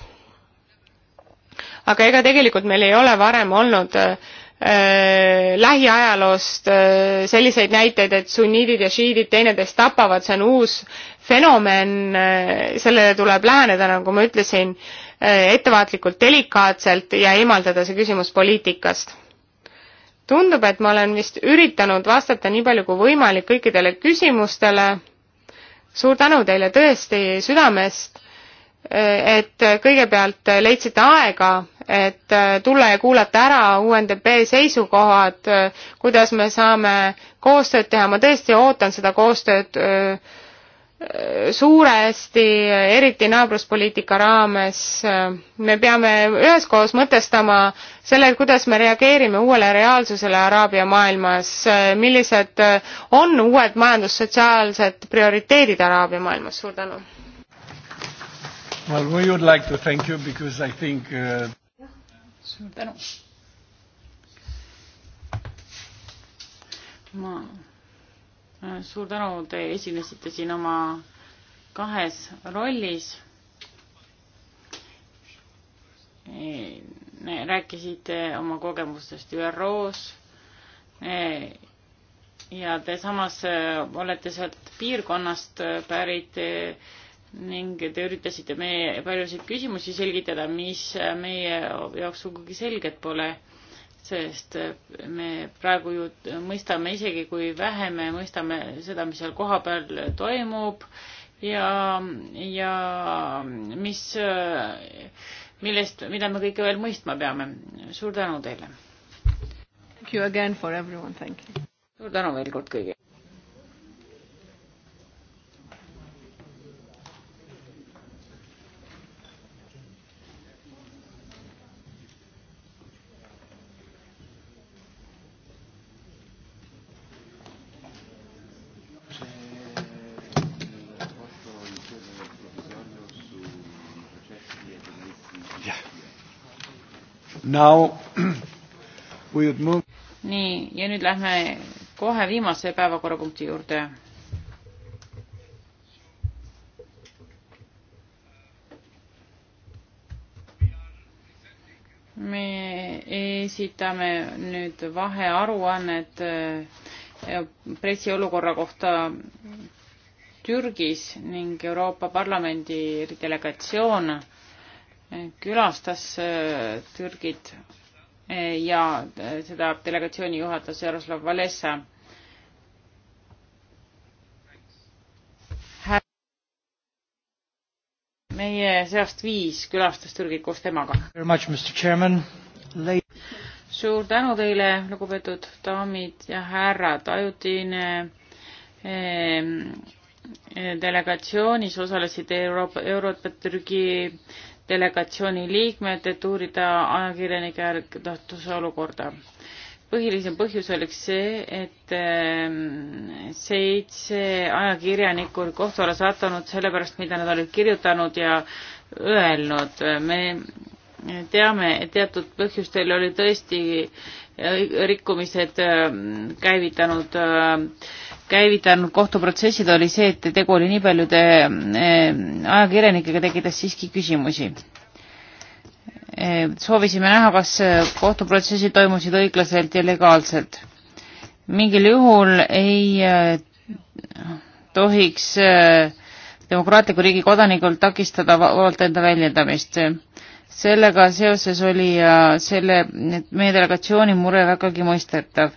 aga ega tegelikult meil ei ole varem olnud äh, äh, lähiajaloost äh, selliseid näiteid, et sunniidid ja šiidid teineteist tapavad, see on uus fenomen äh,, sellele tuleb läheneda, nagu ma ütlesin äh,, ettevaatlikult, delikaatselt ja eemaldada see küsimus poliitikast tundub, et ma olen vist üritanud vastata nii palju kui võimalik kõikidele küsimustele. suur tänu teile tõesti südamest, äh, et kõigepealt leidsite aega et äh, tulla ja kuulata ära UNDP seisukohad, äh, kuidas me saame koostööd teha, ma tõesti ootan seda koostööd äh, suuresti, eriti naabruspoliitika raames. me peame üheskoos mõtestama selle, kuidas me reageerime uuele reaalsusele Araabia maailmas, millised on uued majandussotsiaalsed prioriteedid Araabia maailmas, suur tänu! Well, we would like to thank you because I think uh suur tänu. ma, äh, suur tänu, te esinesite siin oma kahes rollis. Äh, rääkisite oma kogemustest ÜRO-s äh, ja te samas olete sealt piirkonnast pärit ning te üritasite meie paljusid küsimusi selgitada, mis meie jaoks sugugi selged pole, sest me praegu ju mõistame isegi, kui vähe me mõistame seda, mis seal kohapeal toimub ja, ja mis, millest, mida me kõike veel mõistma peame. suur tänu teile! suur tänu veel kord kõigile! nii, ja nüüd lähme kohe viimase päevakorrapunkti juurde. me esitame nüüd vahearuannet äh, pressiolukorra kohta Türgis ning Euroopa Parlamendi delegatsioon külastas äh, Türgit äh, ja äh, seda delegatsiooni juhatas Jaroslav Valesa. meie seast viis külastas Türgit koos temaga. suur tänu teile, lugupeetud daamid ja härrad, ajutine ehm, delegatsioonis osalesid Euroopa, Euroopa Türgi delegatsiooni liikmed, et uurida ajakirjanike hääletatuse olukorda. põhilisem põhjus oleks see, et ehm, seitse ajakirjanikku oli kohtu alla sattunud selle pärast, mida nad olid kirjutanud ja öelnud. me teame, et teatud põhjustel oli tõesti rikkumised äh, käivitanud, äh, käivitanud kohtuprotsessid, oli see, et tegu oli nii paljude äh, ajakirjanikega, tekitas siiski küsimusi. soovisime näha, kas kohtuprotsessid toimusid õiglaselt ja legaalselt. mingil juhul ei tohiks demokraatliku riigi kodanikult takistada vabalt enda väljendamist sellega seoses oli selle, meie delegatsiooni mure vägagi mõistetav.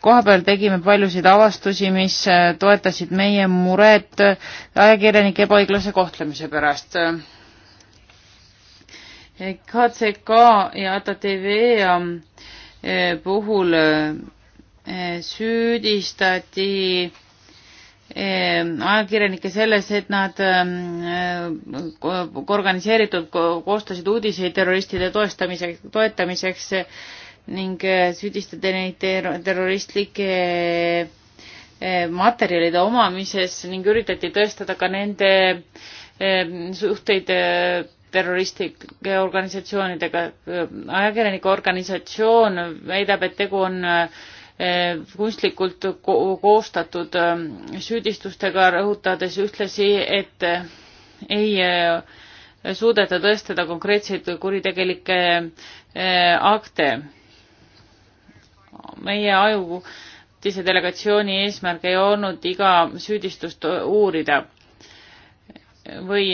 kohapeal tegime paljusid avastusi, mis äh, toetasid meie muret äh, ajakirjanike ebaõiglase kohtlemise pärast. KCK äh, ja ATTV puhul süüdistati Ehm, ajakirjanikke selles, et nad ehm, organiseeritud koostasid uudiseid terroristide toestamiseks, toetamiseks ning eh, süüdistati neid terroristlike eh, materjalide omamises ning üritati tõestada ka nende ehm, suhteid eh, terroristlike organisatsioonidega. ajakirjanike organisatsioon väidab, et tegu on äh, Eh, kunstlikult koostatud eh, süüdistustega, rõhutades ühtlasi, et eh, ei suudeta tõestada konkreetseid kuritegelikke akte. meie ajutise delegatsiooni eesmärk ei olnud iga süüdistust uurida või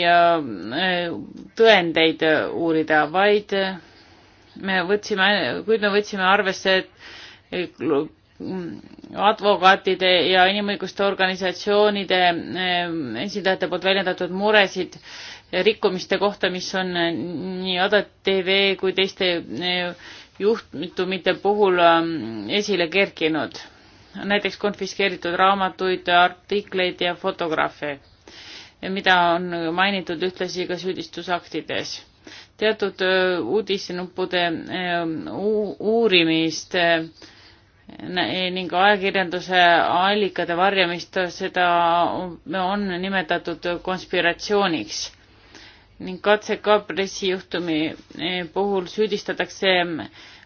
tõendeid uurida, vaid me võtsime, kuid me võtsime arvesse, et advokaatide ja inimõiguste organisatsioonide eh, esindajate poolt väljendatud muresid rikkumiste kohta, mis on nii Adat TV kui teiste eh, juhtumite puhul eh, esile kerkinud. näiteks konfiskeeritud raamatuid, artikleid ja fotograafe, mida on mainitud ühtlasi ka süüdistusaktides. teatud uudisnuppude uurimist Eh, ning ajakirjanduse allikate varjamist, seda on nimetatud konspiratsiooniks ning KCK pressijuhtumi eh, puhul süüdistatakse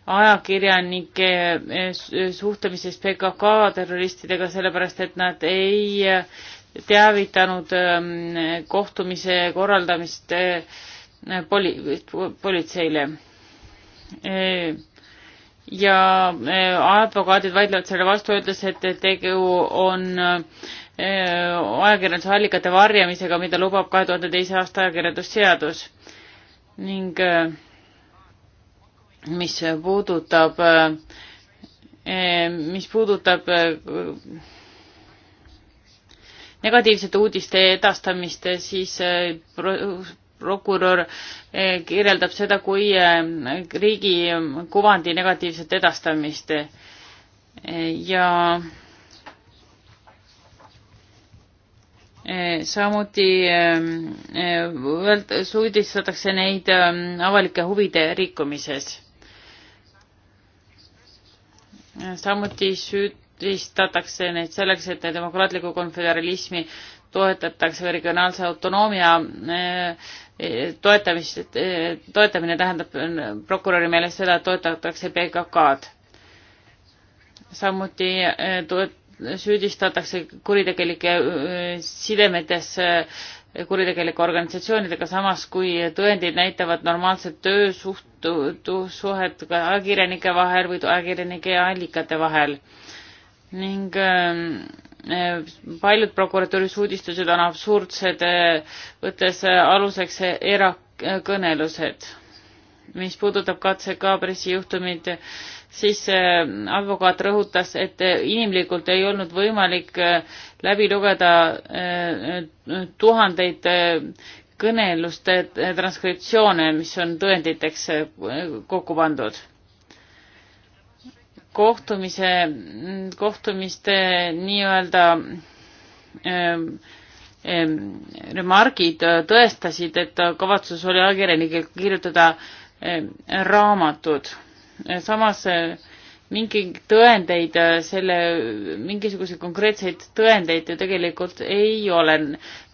ajakirjanike eh, suhtlemises PKK terroristidega, sellepärast et nad ei teavitanud ehm, kohtumise korraldamist poli-, politseile ja äh, advokaadid vaidlevad selle vastu, ütles, et tegu on äh, ajakirjanduse allikate varjamisega, mida lubab kahe tuhande teise aasta ajakirjandusseadus ning äh, mis puudutab, mis puudutab negatiivsete uudiste edastamist, siis prokurör eh, kirjeldab seda kui eh, riigi kuvandi negatiivset edastamist eh, ja samuti süüdistatakse neid avalike huvide rikkumises. samuti süüdistatakse neid selleks, et demokraatlikku konföderalismi toetatakse regionaalse autonoomia eh, eh, toetamist, eh, toetamine tähendab prokuröri meelest seda, et toetatakse PKK-d. samuti toet-, süüdistatakse kuritegelike sidemetes kuritegelike organisatsioonidega, samas kui tõendid näitavad normaalset töösuht-, suhet ka ajakirjanike vahel või ajakirjanike ja allikate vahel. ning ehm, paljud prokuratuuris uudistused on absurdsed, võttes aluseks erakõnelused. mis puudutab katse Kaabrisi juhtumit, siis äh, advokaat rõhutas, et inimlikult ei olnud võimalik äh, läbi lugeda äh, tuhandeid kõneluste transkriptsioone, mis on tõenditeks kokku pandud kohtumise, kohtumiste nii-öelda ähm, ähm, remargid tõestasid, et kavatsus oli ajakirjanikel kirjutada ähm, raamatud. samas äh, mingeid tõendeid äh, selle, mingisuguseid konkreetseid tõendeid ju tegelikult ei ole.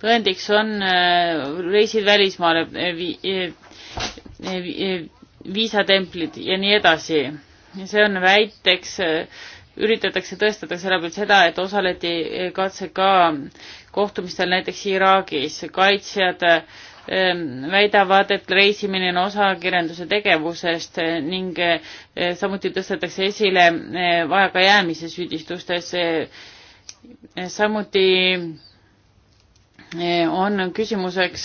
tõendiks on äh, reisid välismaale vi,, viisatemplid ja nii edasi see on väiteks, äh, üritatakse tõestada selle pealt seda, et osaleti KCK kohtumistel näiteks Iraagis, kaitsjad ähm, väidavad, et reisimine on osa kirjanduse tegevusest äh, ning äh, samuti tõstetakse esile vaega jäämise süüdistustes. samuti on küsimuseks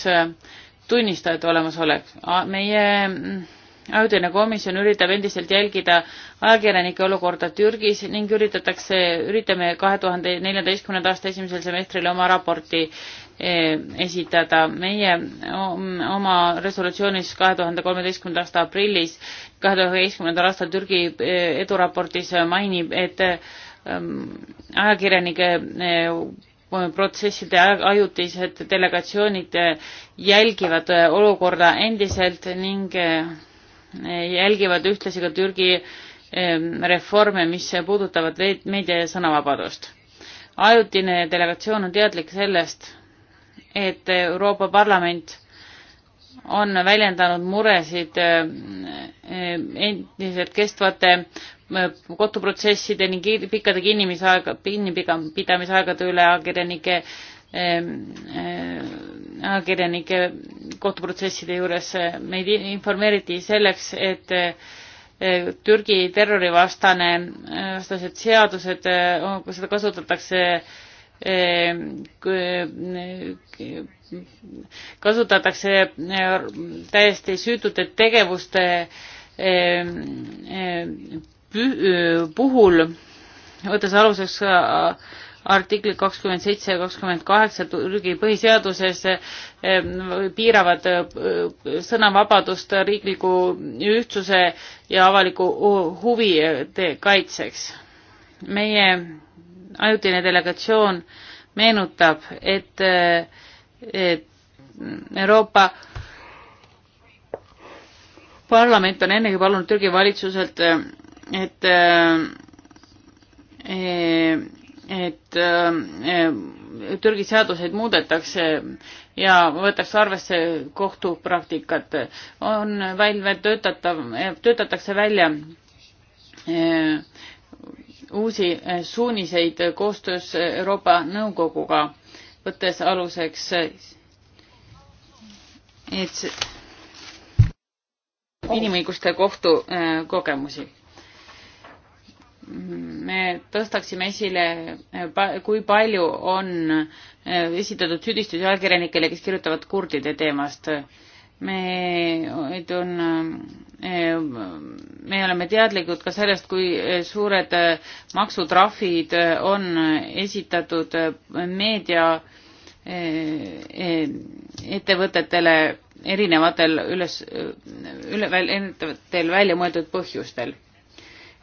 tunnistajate olemasolek. meie mm, ajutine komisjon üritab endiselt jälgida ajakirjanike olukorda Türgis ning üritatakse, üritame kahe tuhande neljateistkümnenda aasta esimesel semestril oma raporti eh, esitada. meie oma resolutsioonis kahe tuhande kolmeteistkümnenda aasta aprillis, kahe tuhande üheteistkümnendal aastal Türgi eh, eduraportis mainib, et ehm, ajakirjanike eh, protsesside ajutised delegatsioonid jälgivad olukorda endiselt ning jälgivad ühtlasi ka Türgi ehm, reforme, mis puudutavad meedia ja sõnavabadust. ajutine delegatsioon on teadlik sellest, et Euroopa Parlament on väljendanud muresid ehm, endiselt kestvate ehm, kohtuprotsesside ning pikkade kinnimisaega, kinnipidamisaegade üle ajakirjanike ajakirjanike kohtuprotsesside juures meid informeeriti selleks, et eh, Türgi terrorivastane, eh, vastased seadused, kui eh, seda kasutatakse kasutatakse täiesti süütute tegevuste puhul, võttes aluseks artiklid kakskümmend seitse ja kakskümmend kaheksa Türgi põhiseaduses eh, piiravad eh, sõnavabadust riikliku ühtsuse ja avaliku huvi eh, kaitseks. meie ajutine delegatsioon meenutab, et, et Euroopa parlament on ennegi palunud Türgi valitsuselt, et, et Ähm, et Türgi seaduseid muudetakse ja võetakse arvesse kohtupraktikat. on välja töötatav, töötatakse välja äh, uusi äh, suuniseid koostöös Euroopa Nõukoguga, võttes aluseks, et oh. inimõiguste kohtu äh, kogemusi me tõstaksime esile, kui palju on eh, esitatud süüdistusi ajakirjanikele, kes kirjutavad kurdide teemast. me, et on, eh, me oleme teadlikud ka sellest, kui eh, suured maksutrahvid on esitatud meedia ettevõtetele erinevatel üles, üle, erinevatel välja mõeldud põhjustel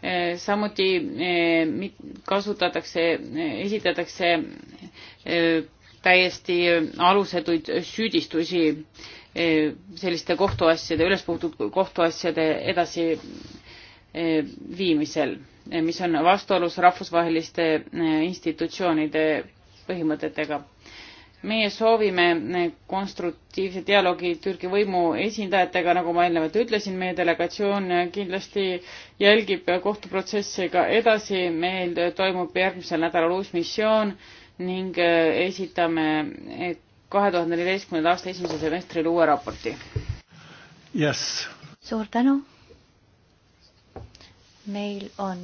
Eh, samuti eh, kasutatakse, eh, esitatakse täiesti alusetuid süüdistusi selliste kohtuasjade, ülespuhutud kohtuasjade edasiviimisel, mis on vastuolus rahvusvaheliste institutsioonide põhimõtetega meie soovime eh, konstruktiivse dialoogi Türgi võimu esindajatega, nagu ma eelnevalt ütlesin, meie delegatsioon eh, kindlasti jälgib eh, kohtuprotsessi ka edasi, meil toimub järgmisel nädalal uus missioon ning esitame kahe tuhande neljateistkümnenda aasta esimesel semestril uue raporti yes.. suur tänu. meil on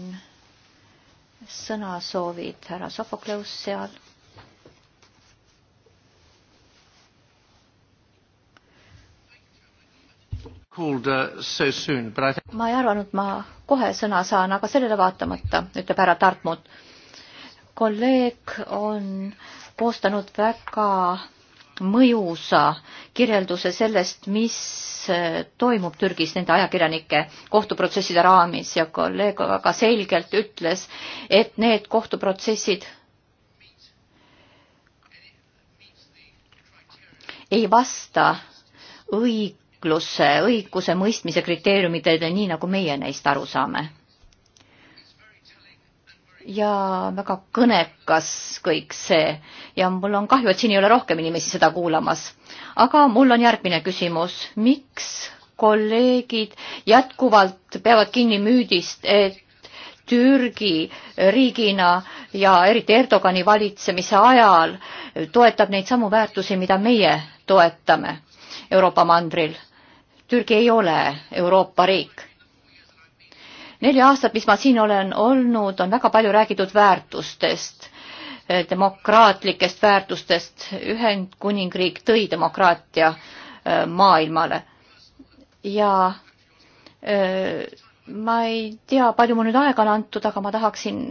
sõnasoovid härra Sofokleus seal Uh, ma ei arvanud, ma kohe sõna saan, aga sellele vaatamata, ütleb härra Tartmut. kolleeg on koostanud väga mõjusa kirjelduse sellest, mis toimub Türgis nende ajakirjanike kohtuprotsesside raamis ja kolleeg väga selgelt ütles, et need kohtuprotsessid ei vasta õig-, riikluse, õiguse mõistmise kriteeriumidele, nii nagu meie neist aru saame. ja väga kõnekas kõik see ja mul on kahju, et siin ei ole rohkem inimesi seda kuulamas. aga mul on järgmine küsimus, miks kolleegid jätkuvalt peavad kinni müüdist, et Türgi riigina ja eriti Erdogani valitsemise ajal toetab neid samu väärtusi, mida meie toetame Euroopa mandril. Türgi ei ole Euroopa riik. neli aastat, mis ma siin olen olnud, on väga palju räägitud väärtustest, eh, demokraatlikest väärtustest. Ühendkuningriik tõi demokraatia eh, maailmale ja eh, ma ei tea, palju mul nüüd aega on antud, aga ma tahaksin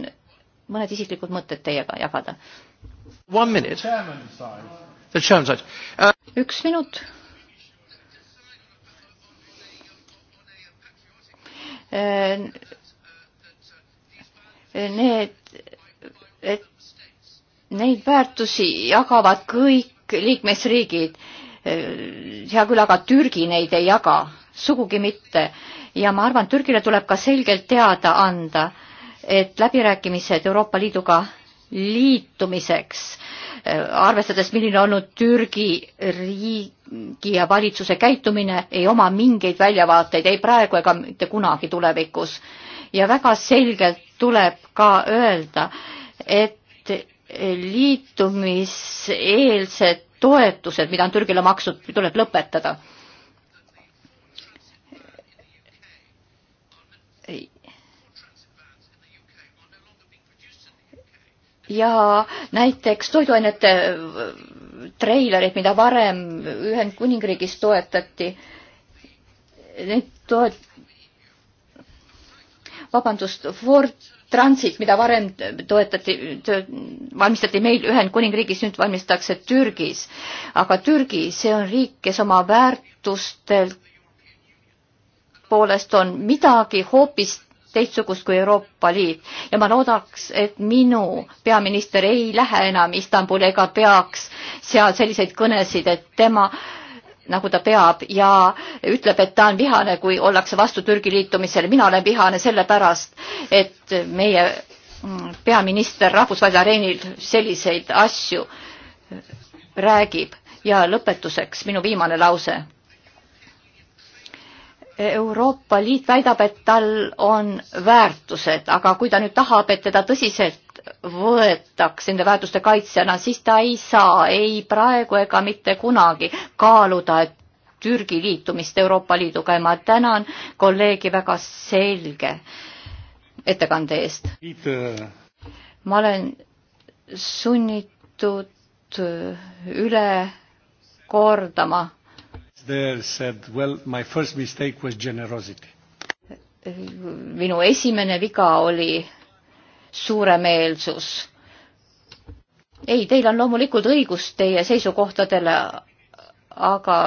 mõned isiklikud mõtted teiega jagada. Uh, üks minut. Äh, need, et neid väärtusi jagavad kõik liikmesriigid. Äh, hea küll, aga Türgi neid ei jaga, sugugi mitte. ja ma arvan, Türgile tuleb ka selgelt teada anda, et läbirääkimised Euroopa Liiduga liitumiseks, äh, arvestades, milline on olnud Türgi riik, Slovakkia valitsuse käitumine ei oma mingeid väljavaateid ei praegu ega mitte kunagi tulevikus. ja väga selgelt tuleb ka öelda, et liitumiseelsed toetused, mida on Türgile makstud, tuleb lõpetada. ja näiteks toiduainete treilereid, mida varem Ühendkuningriigis toetati. Neid toet-, vabandust, Ford Transit, mida varem toetati, valmistati meil Ühendkuningriigis, nüüd valmistatakse Türgis. aga Türgi, see on riik, kes oma väärtustelt poolest on midagi hoopis teistsugust kui Euroopa Liit ja ma loodaks, et minu peaminister ei lähe enam Istanbuli ega peaks seal selliseid kõnesid, et tema nagu ta peab ja ütleb, et ta on vihane, kui ollakse vastu Türgi liitumisele. mina olen vihane sellepärast, et meie mm, peaminister rahvusvahelisel areenil selliseid asju räägib ja lõpetuseks minu viimane lause Euroopa Liit väidab, et tal on väärtused, aga kui ta nüüd tahab, et teda tõsiselt võetaks nende väärtuste kaitsjana, siis ta ei saa ei praegu ega mitte kunagi kaaluda Türgi liitumist Euroopa Liiduga ja ma tänan kolleegi väga selge ettekande eest. Äh, ma olen sunnitud äh, üle kordama there said, well, my first mistake was generosity. minu esimene viga oli suuremeelsus. ei, teil on loomulikult õigus teie seisukohtadele, aga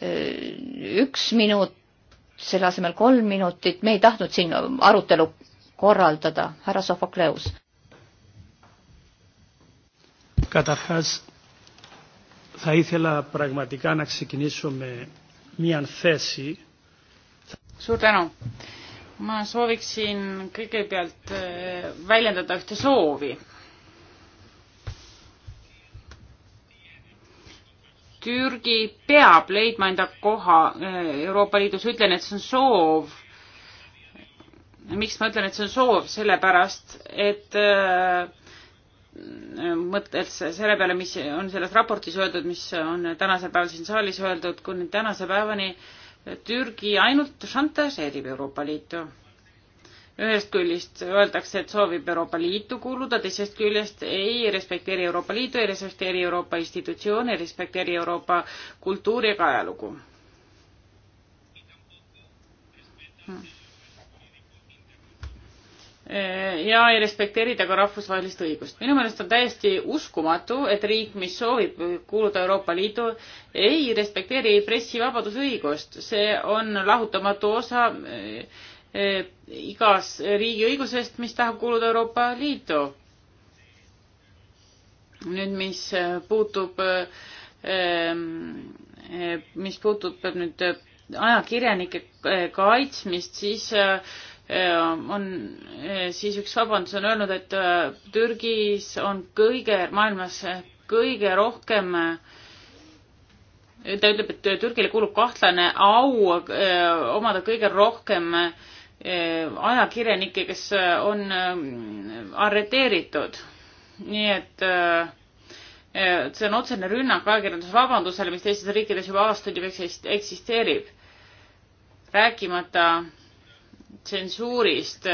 eh, üks minut, selle asemel kolm minutit, me ei tahtnud siin arutelu korraldada, härra Sofokleus. Καταρχάς Θα ήθελα πραγματικά να ξεκινήσω με μία θέση. Suur tänu. Ma sooviksin kõigepealt eh, väljendada ühte soovi. Türgi peab leidma enda koha eh, Euroopa Liidus. Ütlen, et see on soov. Miks ma ütlen, et see on soov? Sellepärast, et äh, mõttes selle peale, mis on selles raportis öeldud, mis on tänasel päeval siin saalis öeldud, kuni tänase päevani Türgi ainult šantažeerib Euroopa Liitu. ühest küljest öeldakse, et soovib Euroopa Liitu kuuluda, teisest küljest ei respekteeri Euroopa Liitu, ei respekteeri Euroopa institutsioone, ei respekteeri Euroopa kultuuri ega ajalugu hmm Äh, ja ei respekteerida ka rahvusvahelist õigust. minu meelest on täiesti uskumatu, et riik, mis soovib kuuluda Euroopa Liidu, ei respekteeri pressivabaduse õigust. see on lahutamatu osa äh, äh, igas riigi õigusest, mis tahab kuuluda Euroopa Liitu. nüüd, mis puutub, mis puudutab nüüd ajakirjanike kaitsmist, siis Äh, on äh, siis üks vabandus on öelnud, et äh, Türgis on kõige, maailmas kõige rohkem ta ütleb, et Türgile kuulub kahtlane au omada kõige rohkem ajakirjanikke, kes on arreteeritud. nii et see on otsene rünnak ajakirjandusvabandusele, mis teistes riikides juba aastaid juba eksisteerib. rääkimata tsensuurist,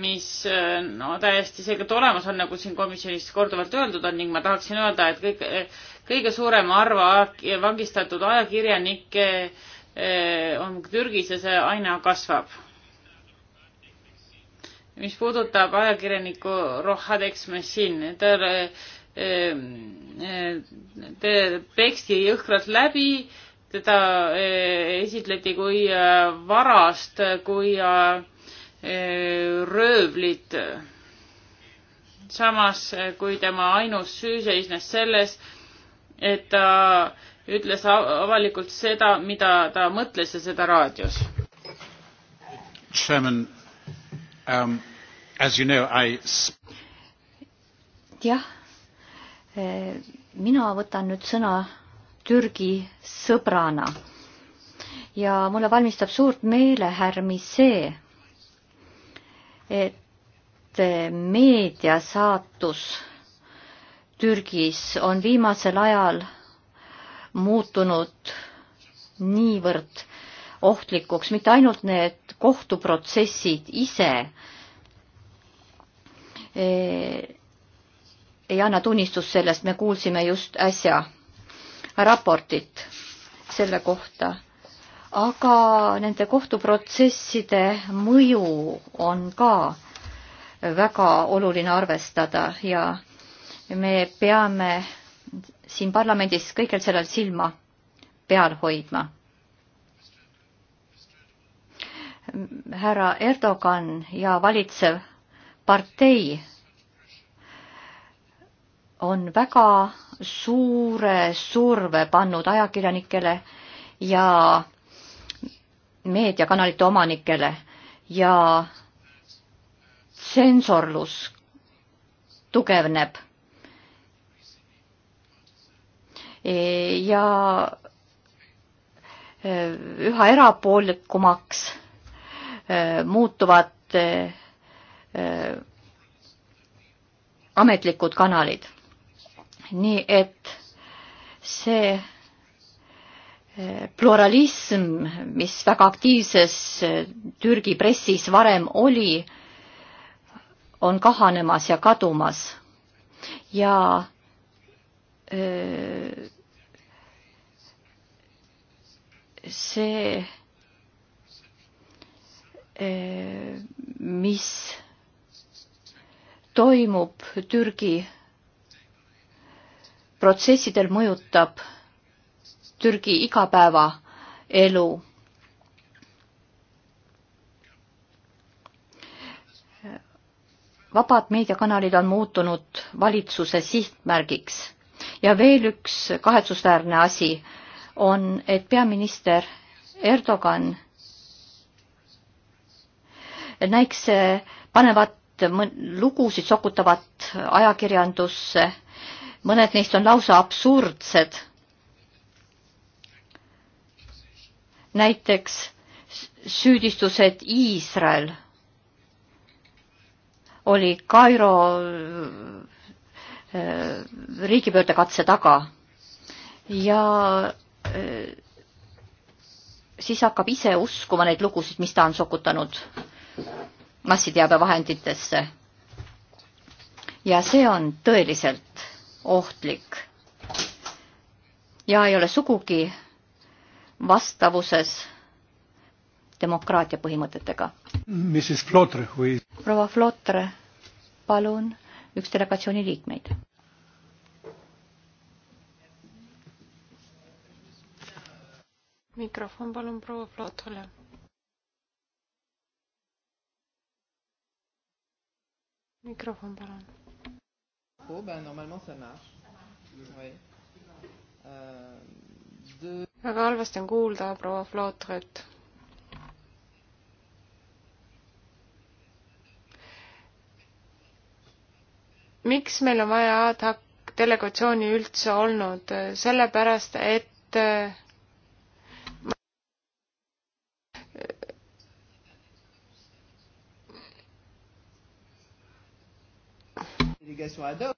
mis no täiesti selgelt olemas on, nagu siin komisjonis korduvalt öeldud on ning ma tahaksin öelda, et kõige, kõige suurema arva vangistatud ajakirjanikke eh, on Türgis ja see aina kasvab. mis puudutab ajakirjanikku Rohad Eksmessin, ta eh, eh, te, te peksti jõhkralt läbi teda eh, esitleti kui eh, varast, kui eh, röövlit. samas, kui tema ainus süü seisnes selles, et ta ütles avalikult seda, mida ta mõtles ja seda raadios. Chairman um,, as you know I. jah, mina võtan nüüd sõna Türgi sõbrana. ja mulle valmistab suurt meelehärmi see, et meedia saatus Türgis on viimasel ajal muutunud niivõrd ohtlikuks, mitte ainult need kohtuprotsessid ise eh, ei anna tunnistust sellest, me kuulsime just äsja raportit selle kohta. aga nende kohtuprotsesside mõju on ka väga oluline arvestada ja me peame siin parlamendis kõigil sellel silma peal hoidma. härra Erdogan ja valitsev partei on väga suure surve pannud ajakirjanikele ja meediakanalite omanikele ja tsensorlus tugevneb. E, ja e, üha erapoolikumaks e, muutuvad ametlikud kanalid nii et see eh, pluralism, mis väga aktiivses eh, Türgi pressis varem oli, on kahanemas ja kadumas ja öö, eh, see, mis toimub Türgi protsessidel mõjutab Türgi igapäevaelu. vabad meediakanalid on muutunud valitsuse sihtmärgiks ja veel üks kahetsusväärne asi on, et peaminister Erdogan näikse panevat lugusid sokutavat ajakirjandusse mõned neist on lausa absurdsed. näiteks süüdistused Iisrael oli Kairo äh, riigipöördekatse taga ja äh, siis hakkab ise uskuma neid lugusid, mis ta on sokutanud massiteabevahenditesse. ja see on tõeliselt ohtlik ja ei ole sugugi vastavuses demokraatia põhimõtetega. proua Flotre, palun, üks delegatsiooni liikmeid. mikrofon palun proua Flotole. mikrofon palun Oh, bah, normalement ça marche. Oui. Euh, de... väga halvasti on kuulda, proua Flootret. miks meil on vaja ad hoc delegatsiooni üldse olnud? sellepärast, et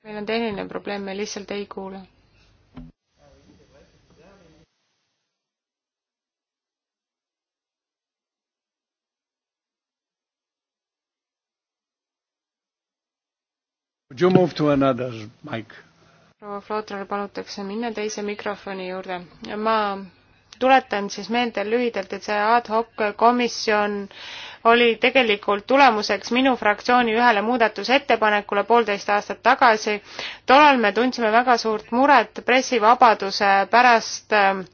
meil on tehniline probleem, me lihtsalt ei kuule. Would you move to another mic? proua Flotrale palutakse minna teise mikrofoni juurde. ma tuletan siis meelde lühidalt, et see ad hoc komisjon äh, oli tegelikult tulemuseks minu fraktsiooni ühele muudatusettepanekule poolteist aastat tagasi. tollal me tundsime väga suurt muret pressivabaduse pärast ähm,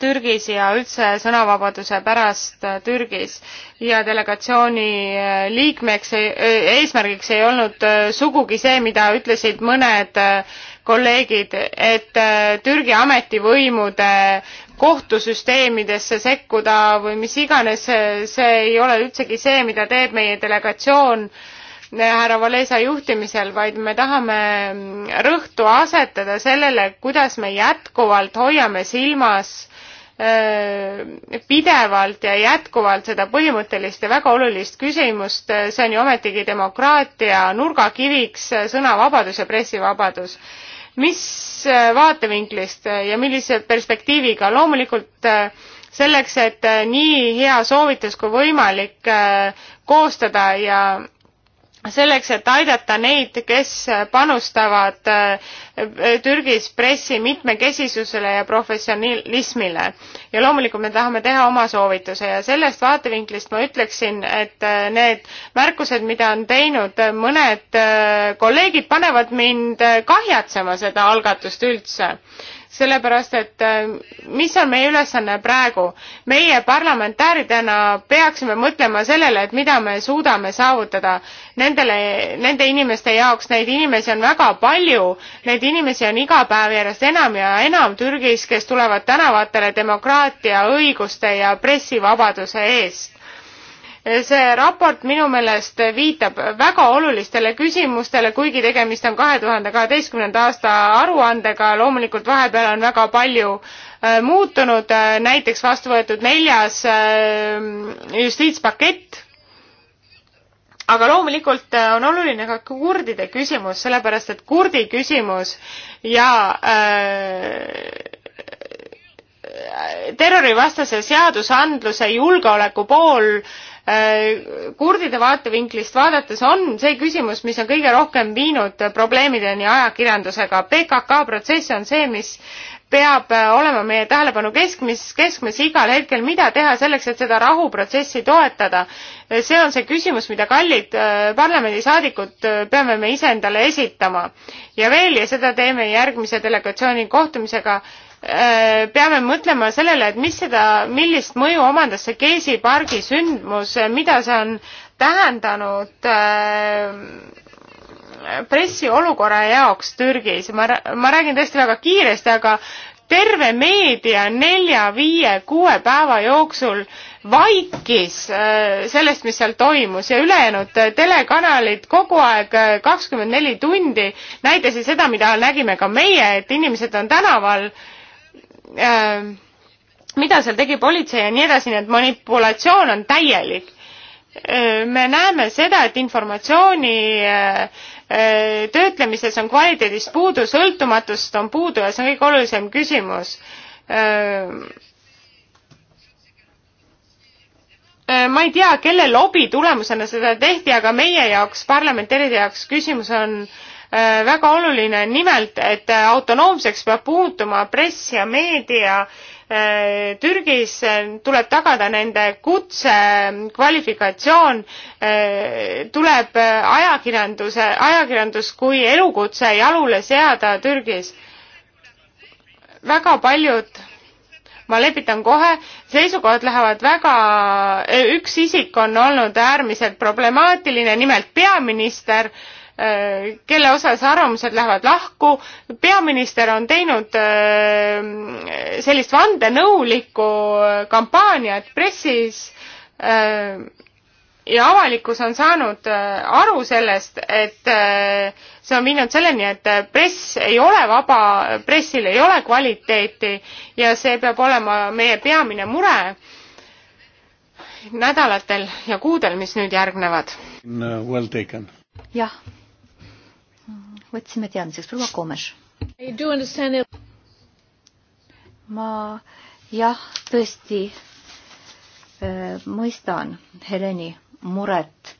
Türgis ja üldse sõnavabaduse pärast äh, Türgis ja delegatsiooni äh, liikmeks, äh, eesmärgiks ei olnud sugugi see, mida ütlesid mõned äh, kolleegid, et äh, Türgi ametivõimude kohtusüsteemidesse sekkuda või mis iganes, see ei ole üldsegi see, mida teeb meie delegatsioon äh, härra Valesa juhtimisel, vaid me tahame mm, rõhtu asetada sellele, kuidas me jätkuvalt hoiame silmas äh, pidevalt ja jätkuvalt seda põhimõttelist ja väga olulist küsimust, see on ju ometigi demokraatia nurgakiviks sõnavabadus ja pressivabadus mis äh, vaatevinklist äh, ja millise perspektiiviga? loomulikult äh, selleks, et nii hea soovitus kui võimalik koostada ja selleks, et aidata neid, kes panustavad äh, Türgis pressi mitmekesisusele ja professionalismile. ja loomulikult me tahame teha oma soovituse ja sellest vaatevinklist ma ütleksin, et äh, need märkused, mida on teinud mõned äh, kolleegid, panevad mind kahjatsema seda algatust üldse sellepärast et äh, mis on meie ülesanne praegu? meie parlamentääridena peaksime mõtlema sellele, et mida me suudame saavutada nendele, nende inimeste jaoks, neid inimesi on väga palju, neid inimesi on iga päev järjest enam ja enam Türgis, kes tulevad tänavatele demokraatia, õiguste ja pressivabaduse eest see raport minu meelest viitab väga olulistele küsimustele, kuigi tegemist on kahe tuhande kaheteistkümnenda aasta aruandega, loomulikult vahepeal on väga palju äh, muutunud, äh, näiteks vastu võetud neljas äh, justiitspakett, aga loomulikult on oluline ka kurdide küsimus, sellepärast et kurdi küsimus ja äh, terrorivastase seadusandluse julgeoleku pool äh, kurdide vaatevinklist vaadates on see küsimus, mis on kõige rohkem viinud probleemideni ajakirjandusega. PKK protsess on see, mis peab olema meie tähelepanu keskmis, keskmes igal hetkel, mida teha selleks, et seda rahuprotsessi toetada. see on see küsimus, mida kallid äh, parlamendisaadikud äh, peame me iseendale esitama. ja veel, ja seda teeme järgmise delegatsiooni kohtumisega Äh, peame mõtlema sellele, et mis seda, millist mõju omandas see Keisi pargi sündmus, mida see on tähendanud äh, pressiolukorra jaoks Türgis. ma, ma räägin tõesti väga kiiresti, aga terve meedia nelja-viie-kuue päeva jooksul vaikis äh, sellest, mis seal toimus ja ülejäänud telekanalid kogu aeg kakskümmend neli tundi näitasid seda, mida nägime ka meie, et inimesed on tänaval äh, Äh, mida seal tegi politsei ja nii edasi, nii et manipulatsioon on täielik. Äh, me näeme seda, et informatsiooni äh, töötlemises on kvaliteedist puudu, sõltumatust on puudu ja see on kõige olulisem küsimus ma ei tea, kelle lobi tulemusena seda tehti, aga meie jaoks, parlamentääride jaoks küsimus on äh, Äh, väga oluline, nimelt, et äh, autonoomseks peab muutuma press ja meedia. Äh, Türgis tuleb tagada nende kutse kvalifikatsioon, tuleb ajakirjanduse, ajakirjandus kui elukutse jalule seada Türgis. väga paljud ma lepitan kohe, seisukohad lähevad väga, üks isik on olnud äärmiselt problemaatiline, nimelt peaminister äh, Äh, kelle osas arvamused lähevad lahku. peaminister on teinud äh, sellist vandenõulikku äh, kampaaniat pressis ja avalikkus on saanud aru sellest, et see on viinud selleni, et press ei ole vaba, pressil ei ole kvaliteeti ja see peab olema meie peamine mure nädalatel ja kuudel, mis nüüd järgnevad. jah võtsime teadmiseks proua Komes. ma jah, tõesti äh, mõistan Heleni muret,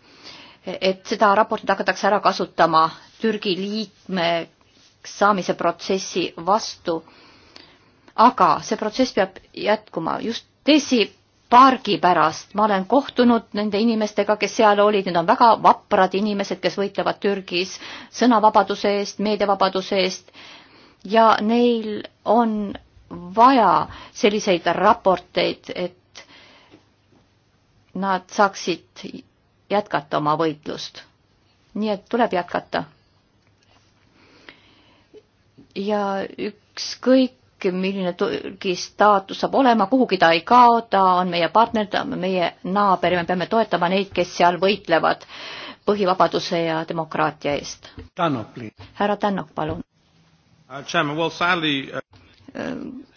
et seda raportit hakatakse ära kasutama Türgi liikmeks saamise protsessi vastu. aga see protsess peab jätkuma just teisipäeval pargi pärast, ma olen kohtunud nende inimestega, kes seal olid, need on väga vaprad inimesed, kes võitlevad Türgis sõnavabaduse eest, meediavabaduse eest ja neil on vaja selliseid raporteid, et nad saaksid jätkata oma võitlust. nii et tuleb jätkata. ja ükskõik, milline Türgi staatus saab olema, kuhugi ta ei kao, ta on meie partner, ta on meie naaber ja me peame toetama neid, kes seal võitlevad põhivabaduse ja demokraatia eest. härra Tännok, palun. Uh, uh,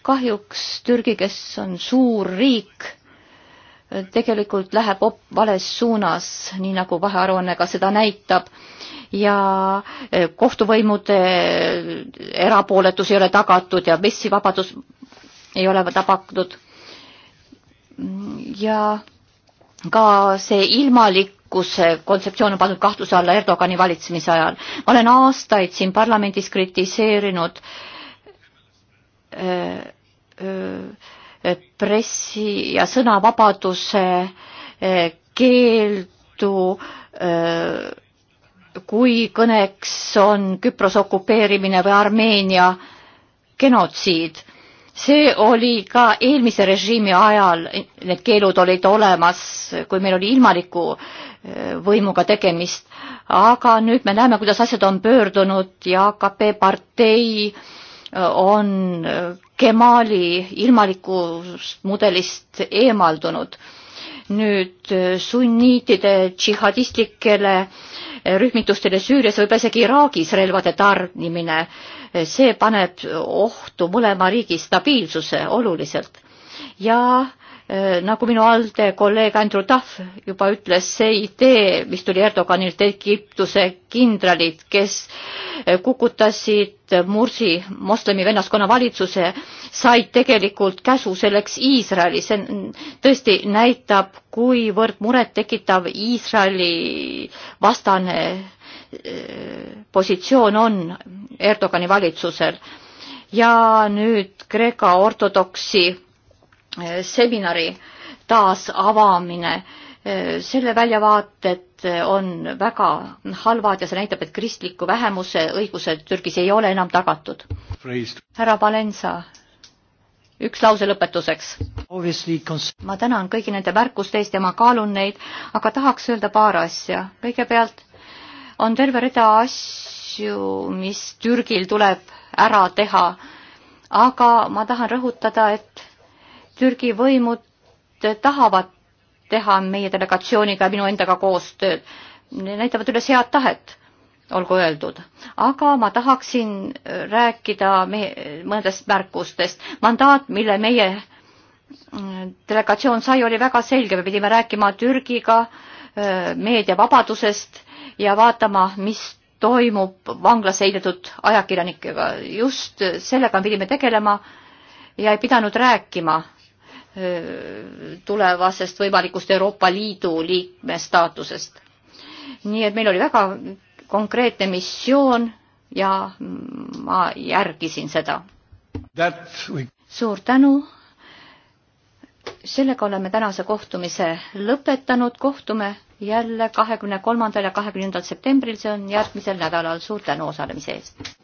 kahjuks Türgi, kes on suur riik, tegelikult läheb vales suunas, nii nagu vahearuanne ka seda näitab ja eh, kohtuvõimude eh, erapooletus ei ole tagatud ja messivabadus ei ole tabatud. Mm, ja ka see ilmalikkus kontseptsioon on pandud kahtluse alla Erdogani valitsemise ajal. ma olen aastaid siin parlamendis kritiseerinud öö, eh, öö, pressi ja sõnavabaduse keeldu öö, kui kõneks on Küprose okupeerimine või Armeenia genotsiid. see oli ka eelmise režiimi ajal, need keelud olid olemas, kui meil oli ilmaliku eh, võimuga tegemist, aga nüüd me näeme, kuidas asjad on pöördunud ja AKP partei eh, on Kemali ilmalikust mudelist eemaldunud nüüd äh, sunniitide džihadistlikele äh, rühmitustele Süürias, võib-olla isegi Iraagis relvade tarnimine, äh, see paneb ohtu mõlema riigi stabiilsuse oluliselt ja Äh, nagu minu ALDE kolleeg Andrew Duff juba ütles, see idee, mis tuli Erdoganilt, Egiptuse kindralid, kes äh, kukutasid Mursi moslemi vennaskonna valitsuse, said tegelikult käsu selleks Iisraeli, see tõesti näitab, kuivõrd murettekitav Iisraeli vastane äh, positsioon on Erdogani valitsusel. ja nüüd Kreeka ortodoksi Eh, seminari taasavamine, eh, selle väljavaated eh, on väga halvad ja see näitab, et kristliku vähemuse õigused Türgis ei ole enam tagatud. härra Valensa, üks lause lõpetuseks. ma tänan kõigi nende märkuste eest ja ma kaalun neid, aga tahaks öelda paar asja. kõigepealt on terve rida asju, mis Türgil tuleb ära teha, aga ma tahan rõhutada, et Türgi võimud tahavad teha meie delegatsiooniga ja minu endaga koostööd. näitavad üles head tahet, olgu öeldud. aga ma tahaksin rääkida me, mõnedest märkustest. mandaat, mille meie mm, delegatsioon sai, oli väga selge, me pidime rääkima Türgiga äh, meediavabadusest ja vaatama, mis toimub vanglas heidetud ajakirjanikega. just sellega pidime tegelema ja ei pidanud rääkima Äh, tulevasest võimalikust Euroopa Liidu liikme staatusest. nii et meil oli väga konkreetne missioon ja ma järgisin seda. suur tänu. sellega oleme tänase kohtumise lõpetanud, kohtume jälle kahekümne kolmandal ja kahekümnendal septembril, see on järgmisel nädalal. suur tänu osalemise eest!